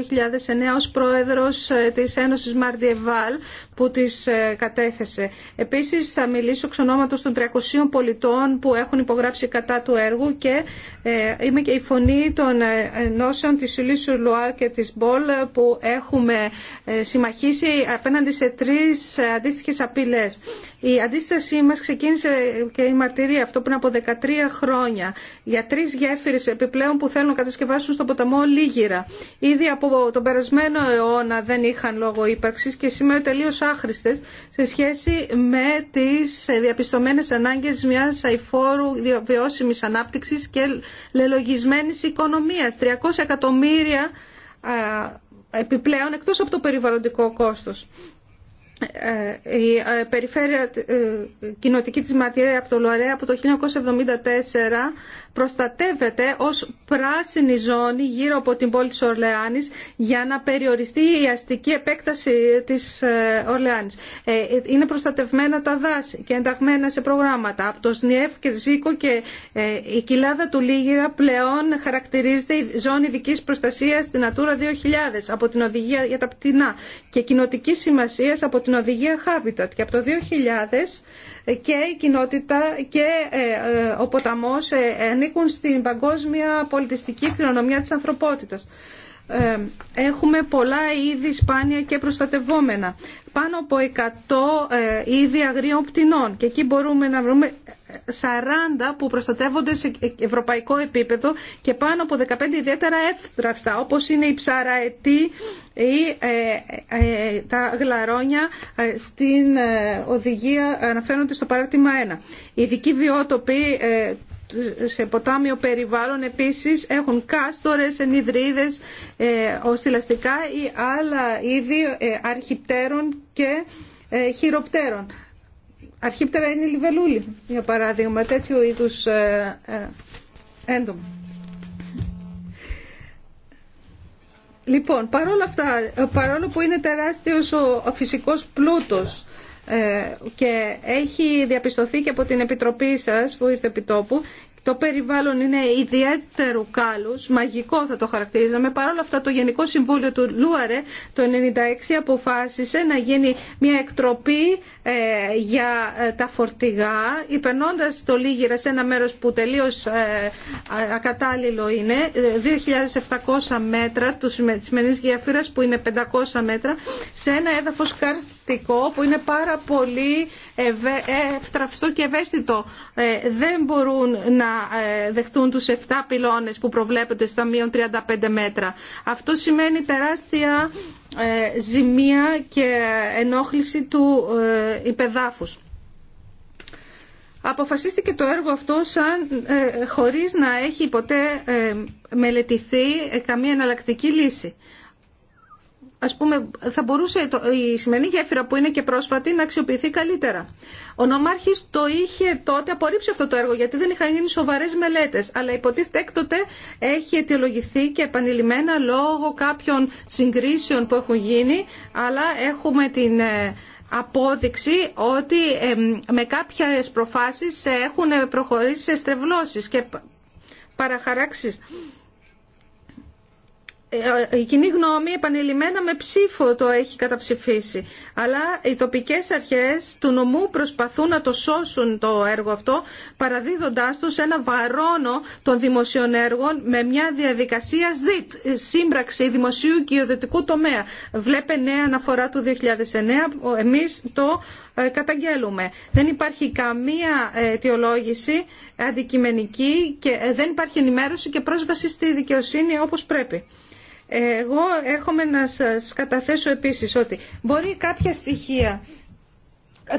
ως πρόεδρος ε, της Ένωσης Μαρδιεβάλ που τις ε, κατέθεσε. Επίσης θα μιλήσω εξ ονόματος των 300 πολιτών που έχουν υπογράψει κατά του έργου και ε, είμαι και η φωνή των ε, ενώσεων της Ιλίσου Λουάρ και της Μπολ που έχουμε συμμαχίσει απέναντι σε τρεις αντίστοιχες απειλές. Η αντίστασή μας ξεκίνησε και η μαρτυρία αυτό πριν από 13 χρόνια για τρεις γέφυρες επιπλέον που θέλουν να κατασκευάσουν στο ποταμό Λίγυρα. Ήδη από τον περασμένο αιώνα δεν είχαν λόγο ύπαρξης και σήμερα τελείως σε σχέση με τις διαπιστωμένε ανάγκες μιας αηφόρου βιώσιμη ανάπτυξης και λελογισμένης οικονομίας. 300 εκατομμύρια επιπλέον εκτός από το περιβαλλοντικό κόστος. Ε, η ε, περιφέρεια ε, κοινοτική της Ματιέρα από το Λουαρέα από το 1974 προστατεύεται ως πράσινη ζώνη γύρω από την πόλη της Ορλεάνης για να περιοριστεί η αστική επέκταση της ε, Ορλεάνης. Ε, είναι προστατευμένα τα δάση και ενταγμένα σε προγράμματα. Από το ΣΝΙΕΦ και ΖΙΚΟ και ε, η κοιλάδα του Λίγυρα πλέον χαρακτηρίζεται η ζώνη ειδική προστασίας στην Ατουρά 2000 από την οδηγία για τα πτηνά και κοινοτική σημασία από την οδηγία Habitat. Και από το 2000 και η κοινότητα και ο ποταμός ανήκουν στην παγκόσμια πολιτιστική κληρονομιά της ανθρωπότητας. Ε, έχουμε πολλά είδη σπάνια και προστατευόμενα. Πάνω από 100 ε, είδη αγρίων πτηνών. Και εκεί μπορούμε να βρούμε 40 ε, που προστατεύονται σε ευρωπαϊκό επίπεδο και πάνω από 15 ιδιαίτερα εύτραυστα, όπως είναι οι ψαραετή ή τα γλαρόνια στην οδηγία αναφέρονται στο παράδειγμα 1. Οι ειδικοί βιότοποι σε ποτάμιο περιβάλλον επίσης έχουν κάστορες, ενιδρίδες, ε, οστιλαστικά ή άλλα είδη ε, αρχιπτέρων και ε, χειροπτέρων. Αρχίπτερα είναι λιβελούλη, για παράδειγμα, τέτοιου είδους ε, ε Λοιπόν, παρόλα αυτά, παρόλο που είναι τεράστιος ο φυσικός πλούτος ε, και έχει διαπιστωθεί και από την Επιτροπή σας που ήρθε επιτόπου το περιβάλλον είναι ιδιαίτερου κάλους, μαγικό θα το χαρακτηρίζαμε. Παρ' όλα αυτά το Γενικό Συμβούλιο του Λούαρε το 1996 αποφάσισε να γίνει μια εκτροπή ε, για ε, τα φορτηγά, υπενώντας το Λίγυρα σε ένα μέρος που τελείως ε, ακατάλληλο είναι, 2.700 μέτρα του σημερινής γέφυρα που είναι 500 μέτρα, σε ένα έδαφος καρστικό που είναι πάρα πολύ ευτραυστό και ευαίσθητο. Δεν μπορούν να ε, δεχτούν τους 7 πυλώνες που προβλέπεται στα μείον 35 μέτρα. Αυτό σημαίνει τεράστια ε, ζημία και ενόχληση του ε, υπεδάφους. Αποφασίστηκε το έργο αυτό σαν, χωρίς να έχει ποτέ μελετηθεί καμία εναλλακτική λύση ας πούμε, θα μπορούσε η σημερινή γέφυρα που είναι και πρόσφατη να αξιοποιηθεί καλύτερα. Ο νομάρχης το είχε τότε απορρίψει αυτό το έργο γιατί δεν είχαν γίνει σοβαρές μελέτες, αλλά υποτίθεται έκτοτε έχει αιτιολογηθεί και επανειλημμένα λόγω κάποιων συγκρίσεων που έχουν γίνει, αλλά έχουμε την ε, απόδειξη ότι με κάποιες προφάσεις έχουν προχωρήσει σε στρεβλώσεις και παραχαράξεις. Ε, ε, η κοινή γνώμη επανειλημμένα με ψήφο το έχει καταψηφίσει. Αλλά οι τοπικές αρχές του νομού προσπαθούν να το σώσουν το έργο αυτό παραδίδοντάς τους ένα βαρόνο των δημοσίων έργων με μια διαδικασία ΣΔΙΤ, σύμπραξη δημοσίου και ιδιωτικού τομέα. Βλέπε νέα αναφορά του 2009, εμείς το ε, καταγγέλουμε. Δεν υπάρχει καμία αιτιολόγηση αντικειμενική και δεν υπάρχει ενημέρωση και πρόσβαση στη δικαιοσύνη όπως πρέπει. Εγώ έρχομαι να σας καταθέσω επίσης ότι μπορεί κάποια στοιχεία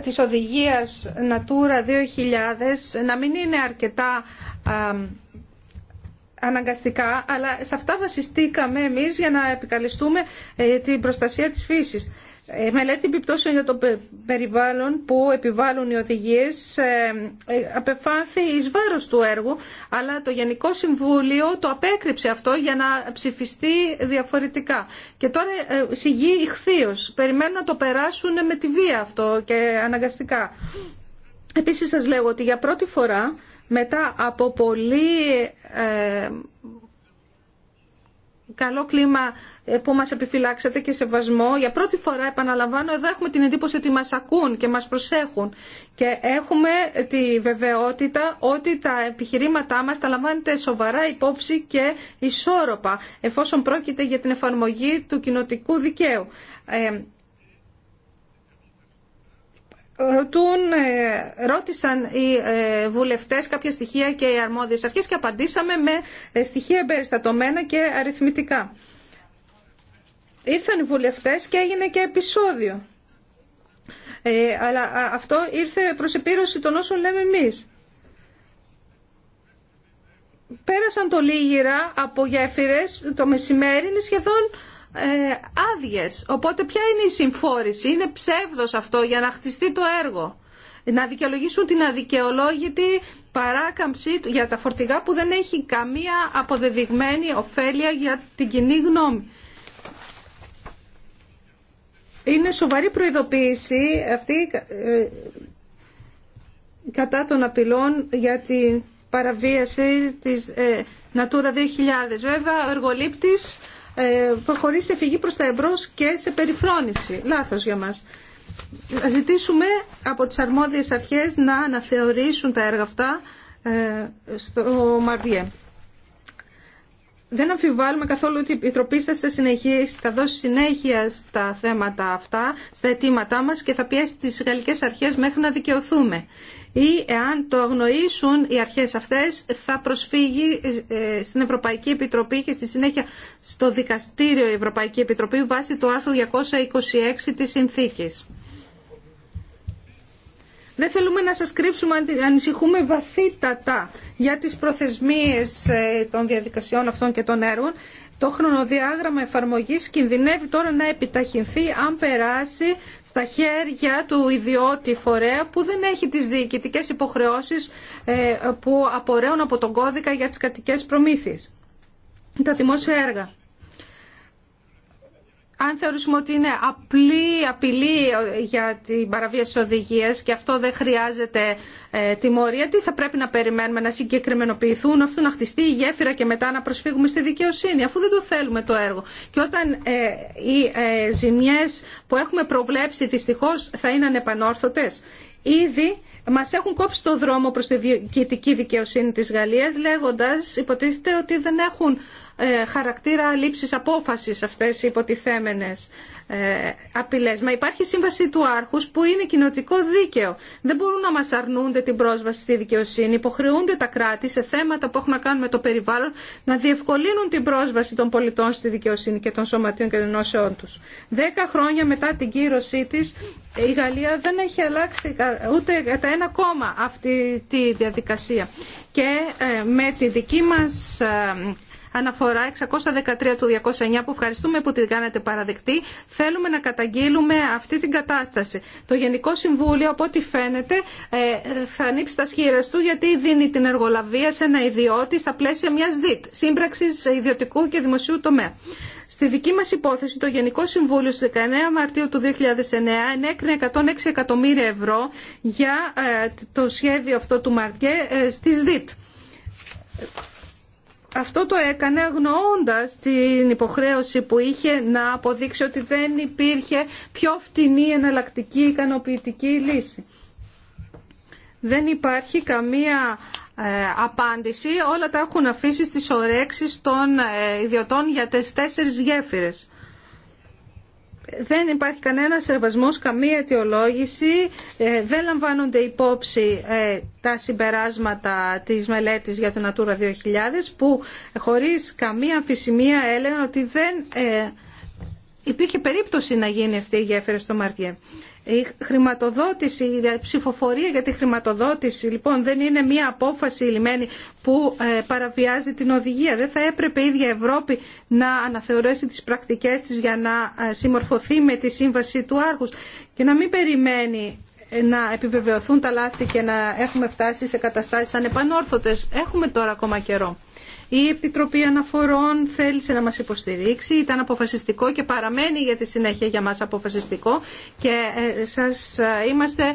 της οδηγίας Natura 2000 να μην είναι αρκετά αναγκαστικά, αλλά σε αυτά βασιστήκαμε εμείς για να επικαλεστούμε ε, την προστασία της φύσης. Η ε, μελέτη επιπτώσεων για το περιβάλλον που επιβάλλουν οι οδηγίες ε, ε, απεφάνθη εις βάρος του έργου, αλλά το Γενικό Συμβούλιο το απέκρυψε αυτό για να ψηφιστεί διαφορετικά. Και τώρα σιγεί ηχθείως. Περιμένουν να το περάσουν με τη βία αυτό και αναγκαστικά. Επίσης σας λέω ότι για πρώτη φορά μετά από πολύ καλό κλίμα ε, που μας επιφυλάξατε και σεβασμό. Για πρώτη φορά, επαναλαμβάνω, εδώ έχουμε την εντύπωση ότι μας ακούν και μας προσέχουν. Και έχουμε τη βεβαιότητα ότι τα επιχειρήματά μας τα λαμβάνετε σοβαρά υπόψη και ισόρροπα, εφόσον πρόκειται για την εφαρμογή του κοινοτικού δικαίου. Ε, ρωτούν, ε, ρώτησαν οι ε, βουλευτές κάποια στοιχεία και οι αρμόδιες αρχές και απαντήσαμε με ε, στοιχεία εμπεριστατωμένα και αριθμητικά. Ήρθαν οι βουλευτές και έγινε και επεισόδιο. Ε, αλλά αυτό ήρθε προς επίρρωση των όσων λέμε εμείς. Πέρασαν το λίγυρα από γέφυρες το μεσημέρι, είναι σχεδόν ε, Άδειε. Οπότε ποια είναι η συμφόρηση. Είναι ψεύδος αυτό για να χτιστεί το έργο. Να δικαιολογήσουν την αδικαιολόγητη παράκαμψη για τα φορτηγά που δεν έχει καμία αποδεδειγμένη ωφέλεια για την κοινή γνώμη. Είναι σοβαρή προειδοποίηση αυτή ε, κατά των απειλών για την παραβίαση της ε, Natura 2000. Βέβαια, ο εργολήπτης ε, προχωρήσει σε φυγή προς τα εμπρός και σε περιφρόνηση. Λάθος για μας. Να ζητήσουμε από τις αρμόδιες αρχές να αναθεωρήσουν τα έργα αυτά ε, στο Μαρδιέ. Δεν αμφιβάλλουμε καθόλου ότι η Επιτροπή σα θα θα δώσει συνέχεια στα θέματα αυτά, στα αιτήματά μα και θα πιέσει τι γαλλικέ αρχές μέχρι να δικαιωθούμε ή εάν το αγνοήσουν οι αρχές αυτές θα προσφύγει ε, στην Ευρωπαϊκή Επιτροπή και στη συνέχεια στο Δικαστήριο Ευρωπαϊκή Επιτροπή βάσει του άρθρου 226 της Συνθήκης. Δεν θέλουμε να σας κρύψουμε, ανησυχούμε βαθύτατα για τις προθεσμίες ε, των διαδικασιών αυτών και των έργων. Το χρονοδιάγραμμα εφαρμογής κινδυνεύει τώρα να επιταχυνθεί αν περάσει στα χέρια του ιδιώτη φορέα που δεν έχει τις διοικητικές υποχρεώσεις ε, που απορρέουν από τον κώδικα για τις κατοικές προμήθειες. Τα δημόσια έργα αν θεωρήσουμε ότι είναι απλή απειλή ε, για την παραβίαση οδηγία και αυτό δεν χρειάζεται ε, τιμωρία, τι θα πρέπει να περιμένουμε να συγκεκριμενοποιηθούν, αυτό να χτιστεί η γέφυρα και μετά να προσφύγουμε στη δικαιοσύνη, αφού δεν το θέλουμε το έργο. Και όταν ε, οι ε, ζημιές που έχουμε προβλέψει δυστυχώ θα είναι ανεπανόρθωτες, ήδη μα έχουν κόψει το δρόμο προ τη διοικητική δικαιοσύνη τη Γαλλία, λέγοντα υποτίθεται ότι δεν έχουν ε, χαρακτήρα λήψης απόφασης αυτές οι υποτιθέμενες ε, απειλές. Μα υπάρχει σύμβαση του άρχους που είναι κοινοτικό δίκαιο. Δεν μπορούν να μας αρνούνται την πρόσβαση στη δικαιοσύνη. Υποχρεούνται τα κράτη σε θέματα που έχουν να κάνουν με το περιβάλλον να διευκολύνουν την πρόσβαση των πολιτών στη δικαιοσύνη και των σωματείων και των ενώσεών τους. Δέκα χρόνια μετά την κύρωσή της η Γαλλία δεν έχει αλλάξει ούτε κατά ένα κόμμα αυτή τη διαδικασία. Και ε, με τη δική μας αναφορά 613 του 209 που ευχαριστούμε που την κάνετε παραδεκτή. Θέλουμε να καταγγείλουμε αυτή την κατάσταση. Το Γενικό Συμβούλιο, από ό,τι φαίνεται, ε, θα ανοίξει τα σχήρες του γιατί δίνει την εργολαβία σε ένα ιδιώτη στα πλαίσια μιας ΔΙΤ, σύμπραξης ιδιωτικού και δημοσίου τομέα. Στη δική μας υπόθεση, το Γενικό Συμβούλιο στις 19 Μαρτίου του 2009 ενέκρινε 106 εκατομμύρια ευρώ για ε, το σχέδιο αυτό του Μαρτιέ ε, στις ΔΙΤ αυτό το έκανε αγνοώντας την υποχρέωση που είχε να αποδείξει ότι δεν υπήρχε πιο φτηνή εναλλακτική ικανοποιητική λύση. Δεν υπάρχει καμία ε, απάντηση, όλα τα έχουν αφήσει στις ορέξεις των ε, ιδιωτών για τις τέσσερις γέφυρες δεν υπάρχει κανένα σεβασμός, καμία αιτιολόγηση, ε, δεν λαμβάνονται υπόψη ε, τα συμπεράσματα της μελέτης για το Natura 2000 που χωρίς καμία αμφισημία έλεγαν ότι δεν ε, υπήρχε περίπτωση να γίνει αυτή η γέφυρα στο Μαρτιέ. Η χρηματοδότηση, η ψηφοφορία για τη χρηματοδότηση λοιπόν δεν είναι μια απόφαση λιμένη που ε, παραβιάζει την οδηγία. Δεν θα έπρεπε η ίδια Ευρώπη να αναθεωρήσει τις πρακτικές της για να ε, συμμορφωθεί με τη σύμβαση του Άρχους και να μην περιμένει ε, να επιβεβαιωθούν τα λάθη και να έχουμε φτάσει σε καταστάσεις ανεπανόρθωτες. Έχουμε τώρα ακόμα καιρό. Η Επιτροπή Αναφορών θέλησε να μας υποστηρίξει, ήταν αποφασιστικό και παραμένει για τη συνέχεια για μας αποφασιστικό και ε, σας ε, είμαστε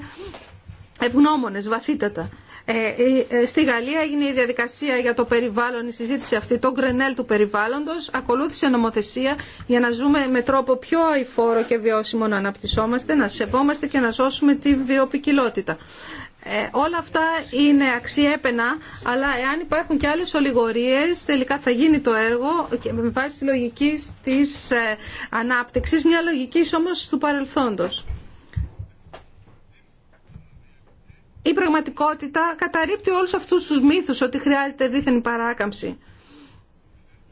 ευγνώμονες βαθύτατα. Ε, στη Γαλλία έγινε η διαδικασία για το περιβάλλον, η συζήτηση αυτή, το γκρενέλ του περιβάλλοντος. Ακολούθησε νομοθεσία για να ζούμε με τρόπο πιο αηφόρο και βιώσιμο να αναπτυσσόμαστε, να σεβόμαστε και να σώσουμε τη βιοπικιλότητα. Ε, όλα αυτά είναι αξιέπαινα, αλλά εάν υπάρχουν και άλλες ολιγορίες, τελικά θα γίνει το έργο και με βάση τη λογική της ε, ανάπτυξης, μια λογική όμως του παρελθόντος. Η πραγματικότητα καταρρύπτει όλους αυτούς τους μύθους ότι χρειάζεται δίθεν παράκαμψη.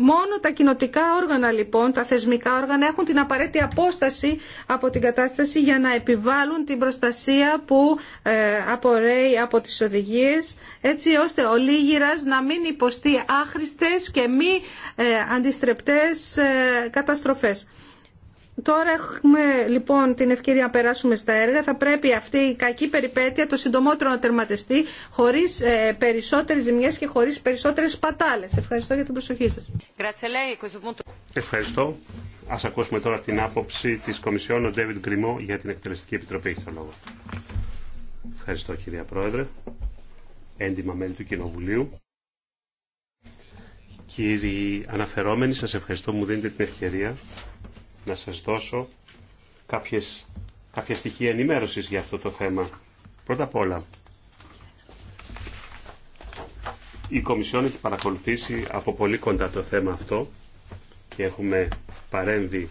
Μόνο τα κοινοτικά όργανα λοιπόν, τα θεσμικά όργανα έχουν την απαραίτητη απόσταση από την κατάσταση για να επιβάλλουν την προστασία που ε, απορρέει από τις οδηγίες έτσι ώστε ο Λίγυρας να μην υποστεί άχρηστες και μη ε, αντιστρεπτές ε, καταστροφές. Τώρα έχουμε λοιπόν την ευκαιρία να περάσουμε στα έργα. Θα πρέπει αυτή η κακή περιπέτεια το συντομότερο να τερματιστεί χωρίς ε, περισσότερες ζημιές και χωρίς περισσότερες πατάλες. Ευχαριστώ για την προσοχή σας. Ευχαριστώ. Ας ακούσουμε τώρα την άποψη της Κομισιόν, ο Ντέβιντ Γκριμό, για την Εκτελεστική Επιτροπή. Έχει το λόγο. Ευχαριστώ κυρία Πρόεδρε. Έντιμα μέλη του Κοινοβουλίου. Κύριοι αναφερόμενοι, σα ευχαριστώ μου δίνετε την ευκαιρία να σας δώσω κάποιες, κάποια στοιχεία ενημέρωσης για αυτό το θέμα. Πρώτα απ' όλα, η Κομισιόν έχει παρακολουθήσει από πολύ κοντά το θέμα αυτό και έχουμε παρέμβει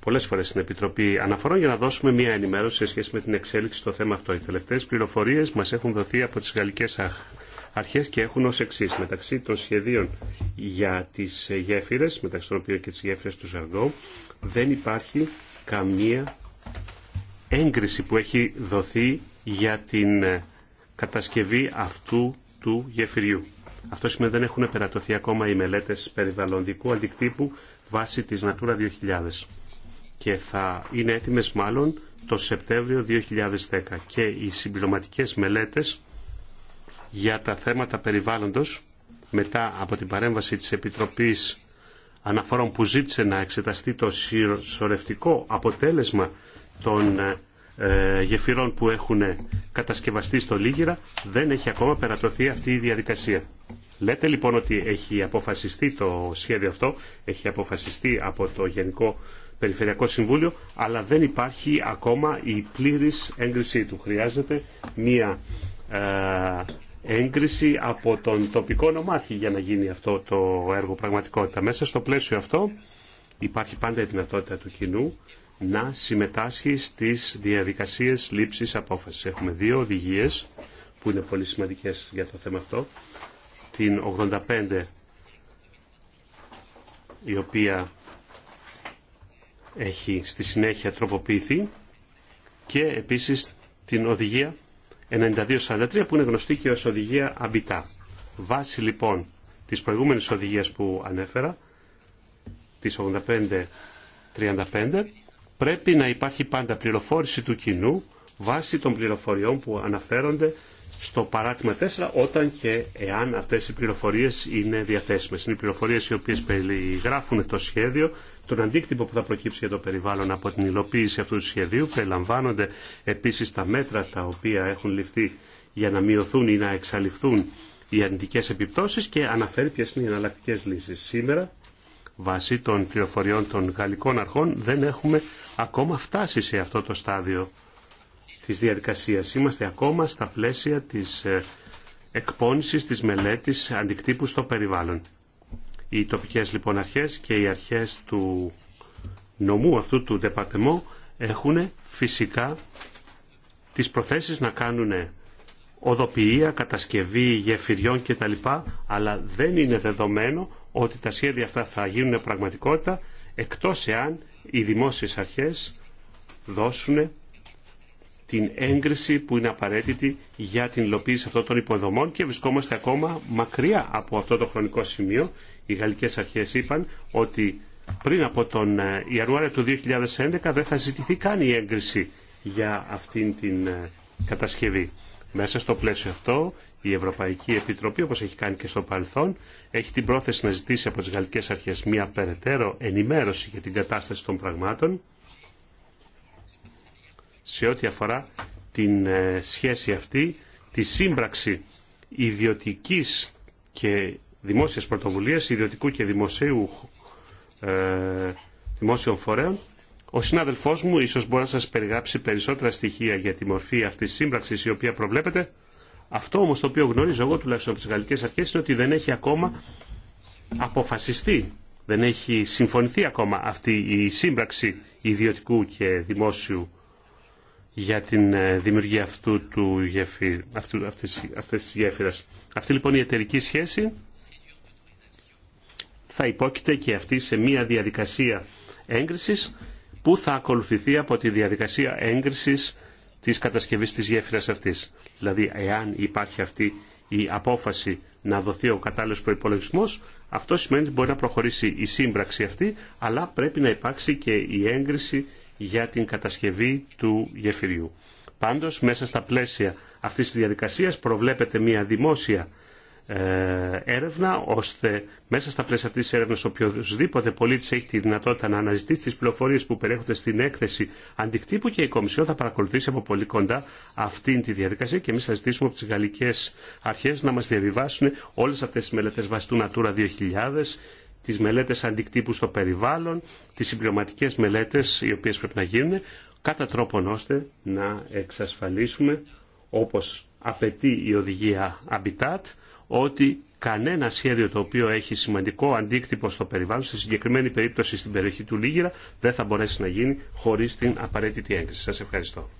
πολλές φορές στην Επιτροπή Αναφορών για να δώσουμε μία ενημέρωση σε σχέση με την εξέλιξη στο θέμα αυτό. Οι τελευταίες πληροφορίες μας έχουν δοθεί από τις γαλλικές αρχές και έχουν ως εξής. Μεταξύ των σχεδίων για τις γέφυρες, μεταξύ των οποίων και τις γέφυρες του Ζαργκό, δεν υπάρχει καμία έγκριση που έχει δοθεί για την ε, κατασκευή αυτού του γεφυριού. Αυτό σημαίνει δεν έχουν περατωθεί ακόμα οι μελέτες περιβαλλοντικού αντικτύπου βάσει της Natura 2000 και θα είναι έτοιμες μάλλον το Σεπτέμβριο 2010 και οι συμπληρωματικές μελέτες για τα θέματα περιβάλλοντος μετά από την παρέμβαση της Επιτροπής Αναφορών που ζήτησε να εξεταστεί το σωρευτικό αποτέλεσμα των ε, γεφυρών που έχουν κατασκευαστεί στο Λίγυρα δεν έχει ακόμα περατωθεί αυτή η διαδικασία. Λέτε λοιπόν ότι έχει αποφασιστεί το σχέδιο αυτό, έχει αποφασιστεί από το Γενικό Περιφερειακό Συμβούλιο, αλλά δεν υπάρχει ακόμα η πλήρης έγκρισή του. Χρειάζεται μία ε, έγκριση από τον τοπικό νομάρχη για να γίνει αυτό το έργο πραγματικότητα. Μέσα στο πλαίσιο αυτό υπάρχει πάντα η δυνατότητα του κοινού να συμμετάσχει στις διαδικασίες λήψης απόφασης. Έχουμε δύο οδηγίες που είναι πολύ σημαντικές για το θέμα αυτό. Την 85 η οποία έχει στη συνέχεια τροποποιηθεί και επίσης την οδηγία 92-43 που είναι γνωστή και ως οδηγία Αμπιτά. Βάσει λοιπόν της προηγούμενης οδηγίας που ανέφερα, της 85-35, πρέπει να υπάρχει πάντα πληροφόρηση του κοινού βάσει των πληροφοριών που αναφέρονται στο παράρτημα 4 όταν και εάν αυτές οι πληροφορίες είναι διαθέσιμες. Είναι οι πληροφορίες οι οποίες περιγράφουν το σχέδιο, τον αντίκτυπο που θα προκύψει για το περιβάλλον από την υλοποίηση αυτού του σχεδίου, περιλαμβάνονται επίσης τα μέτρα τα οποία έχουν ληφθεί για να μειωθούν ή να εξαλειφθούν οι αρνητικές επιπτώσεις και αναφέρει ποιες είναι οι εναλλακτικέ λύσεις. Σήμερα, βάσει των πληροφοριών των γαλλικών αρχών, δεν έχουμε ακόμα φτάσει σε αυτό το στάδιο της διαδικασίας. Είμαστε ακόμα στα πλαίσια της ε, εκπόνησης της μελέτης αντικτύπου στο περιβάλλον. Οι τοπικές λοιπόν αρχές και οι αρχές του νομού αυτού του δεπατεμό έχουν φυσικά τις προθέσεις να κάνουν οδοποιία, κατασκευή γεφυριών κτλ. Αλλά δεν είναι δεδομένο ότι τα σχέδια αυτά θα γίνουν πραγματικότητα εκτός εάν οι δημόσιες αρχές δώσουν την έγκριση που είναι απαραίτητη για την υλοποίηση αυτών των υποδομών και βρισκόμαστε ακόμα μακριά από αυτό το χρονικό σημείο. Οι γαλλικές αρχές είπαν ότι πριν από τον ε, Ιανουάριο του 2011 δεν θα ζητηθεί καν η έγκριση για αυτήν την ε, κατασκευή. Μέσα στο πλαίσιο αυτό η Ευρωπαϊκή Επιτροπή, όπως έχει κάνει και στο παρελθόν, έχει την πρόθεση να ζητήσει από τις γαλλικές αρχές μία περαιτέρω ενημέρωση για την κατάσταση των πραγμάτων σε ό,τι αφορά την ε, σχέση αυτή, τη σύμπραξη ιδιωτικής και δημόσιας πρωτοβουλίας, ιδιωτικού και δημοσίου, ε, δημόσιων φορέων. Ο συνάδελφός μου ίσως μπορεί να σας περιγράψει περισσότερα στοιχεία για τη μορφή αυτής της σύμπραξης η οποία προβλέπεται. Αυτό όμως το οποίο γνωρίζω εγώ τουλάχιστον από τις γαλλικές αρχές είναι ότι δεν έχει ακόμα αποφασιστεί, δεν έχει συμφωνηθεί ακόμα αυτή η σύμπραξη ιδιωτικού και δημόσιου για την ε, δημιουργία αυτού του γεφύρ, αυτού, αυτής, αυτής της γέφυρας. Αυτή λοιπόν η εταιρική σχέση θα υπόκειται και αυτή σε μία διαδικασία έγκρισης που θα ακολουθηθεί από τη διαδικασία έγκρισης της κατασκευής της γέφυρας αυτής. Δηλαδή, εάν υπάρχει αυτή η απόφαση να δοθεί ο κατάλληλος προϋπολογισμός, αυτό σημαίνει ότι μπορεί να προχωρήσει η σύμπραξη αυτή, αλλά πρέπει να υπάρξει και η έγκριση για την κατασκευή του γεφυριού. Πάντως, μέσα στα πλαίσια αυτής της διαδικασίας προβλέπεται μια δημόσια ε, έρευνα, ώστε μέσα στα πλαίσια αυτής της έρευνας οποιοδήποτε πολίτης έχει τη δυνατότητα να αναζητήσει τις πληροφορίες που περιέχονται στην έκθεση αντικτύπου και η Κομισιό θα παρακολουθήσει από πολύ κοντά αυτήν τη διαδικασία και εμείς θα ζητήσουμε από τις γαλλικές αρχές να μας διαβιβάσουν όλες αυτές τις μελετές βαστού Natura 2000 τις μελέτες αντικτύπου στο περιβάλλον, τις συμπληρωματικές μελέτες οι οποίες πρέπει να γίνουν, κατά τρόπον ώστε να εξασφαλίσουμε, όπως απαιτεί η οδηγία Habitat, ότι κανένα σχέδιο το οποίο έχει σημαντικό αντίκτυπο στο περιβάλλον, σε συγκεκριμένη περίπτωση στην περιοχή του Λίγυρα, δεν θα μπορέσει να γίνει χωρίς την απαραίτητη έγκριση. Σας ευχαριστώ.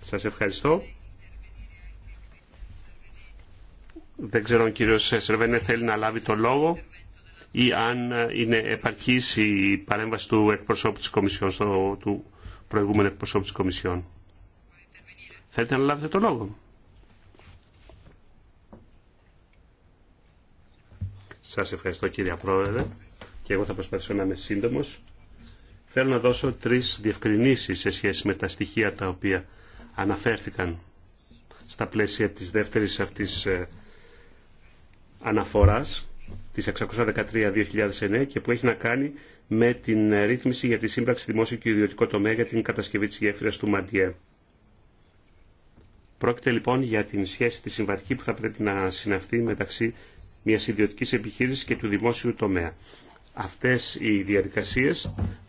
Σας ευχαριστώ. Δεν ξέρω αν ο κύριος Σερβένε θέλει να λάβει το λόγο ή αν είναι επαρκής η παρέμβαση του εκπροσώπου της Κομισιόν, του προηγούμενου εκπροσώπου της Κομισιόν. Θέλετε να λάβετε το λόγο. Σας ευχαριστώ κύριε Πρόεδρε και εγώ θα προσπαθήσω να είμαι σύντομο. Θέλω να δώσω τρεις διευκρινήσει σε σχέση με τα στοιχεία τα οποία αναφέρθηκαν στα πλαίσια της δεύτερης αυτής ε, αναφοράς της 613-2009 και που έχει να κάνει με την ρύθμιση για τη σύμπραξη δημόσιο και ιδιωτικό τομέα για την κατασκευή της γέφυρας του Μαντιέ. Πρόκειται λοιπόν για την σχέση τη συμβατική που θα πρέπει να συναυθεί μεταξύ μια ιδιωτική επιχείρηση και του δημόσιου τομέα. Αυτέ οι διαδικασίε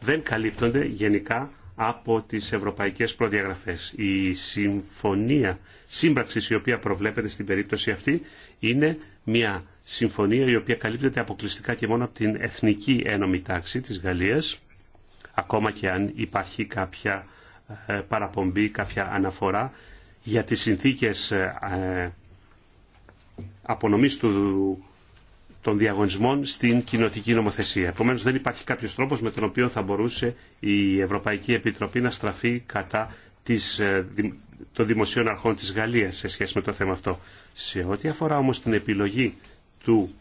δεν καλύπτονται γενικά από τις ευρωπαϊκές προδιαγραφές. Η συμφωνία σύμπραξης η οποία προβλέπεται στην περίπτωση αυτή είναι μια συμφωνία η οποία καλύπτεται αποκλειστικά και μόνο από την Εθνική Ένωμη Τάξη της Γαλλίας ακόμα και αν υπάρχει κάποια ε, παραπομπή, κάποια αναφορά για τις συνθήκες ε, ε, απονομής του των διαγωνισμών στην κοινοτική νομοθεσία. Επομένως δεν υπάρχει κάποιος τρόπος με τον οποίο θα μπορούσε η Ευρωπαϊκή Επιτροπή να στραφεί κατά της, ε, των δημοσίων αρχών της Γαλλίας σε σχέση με το θέμα αυτό. Σε ό,τι αφορά όμως την επιλογή του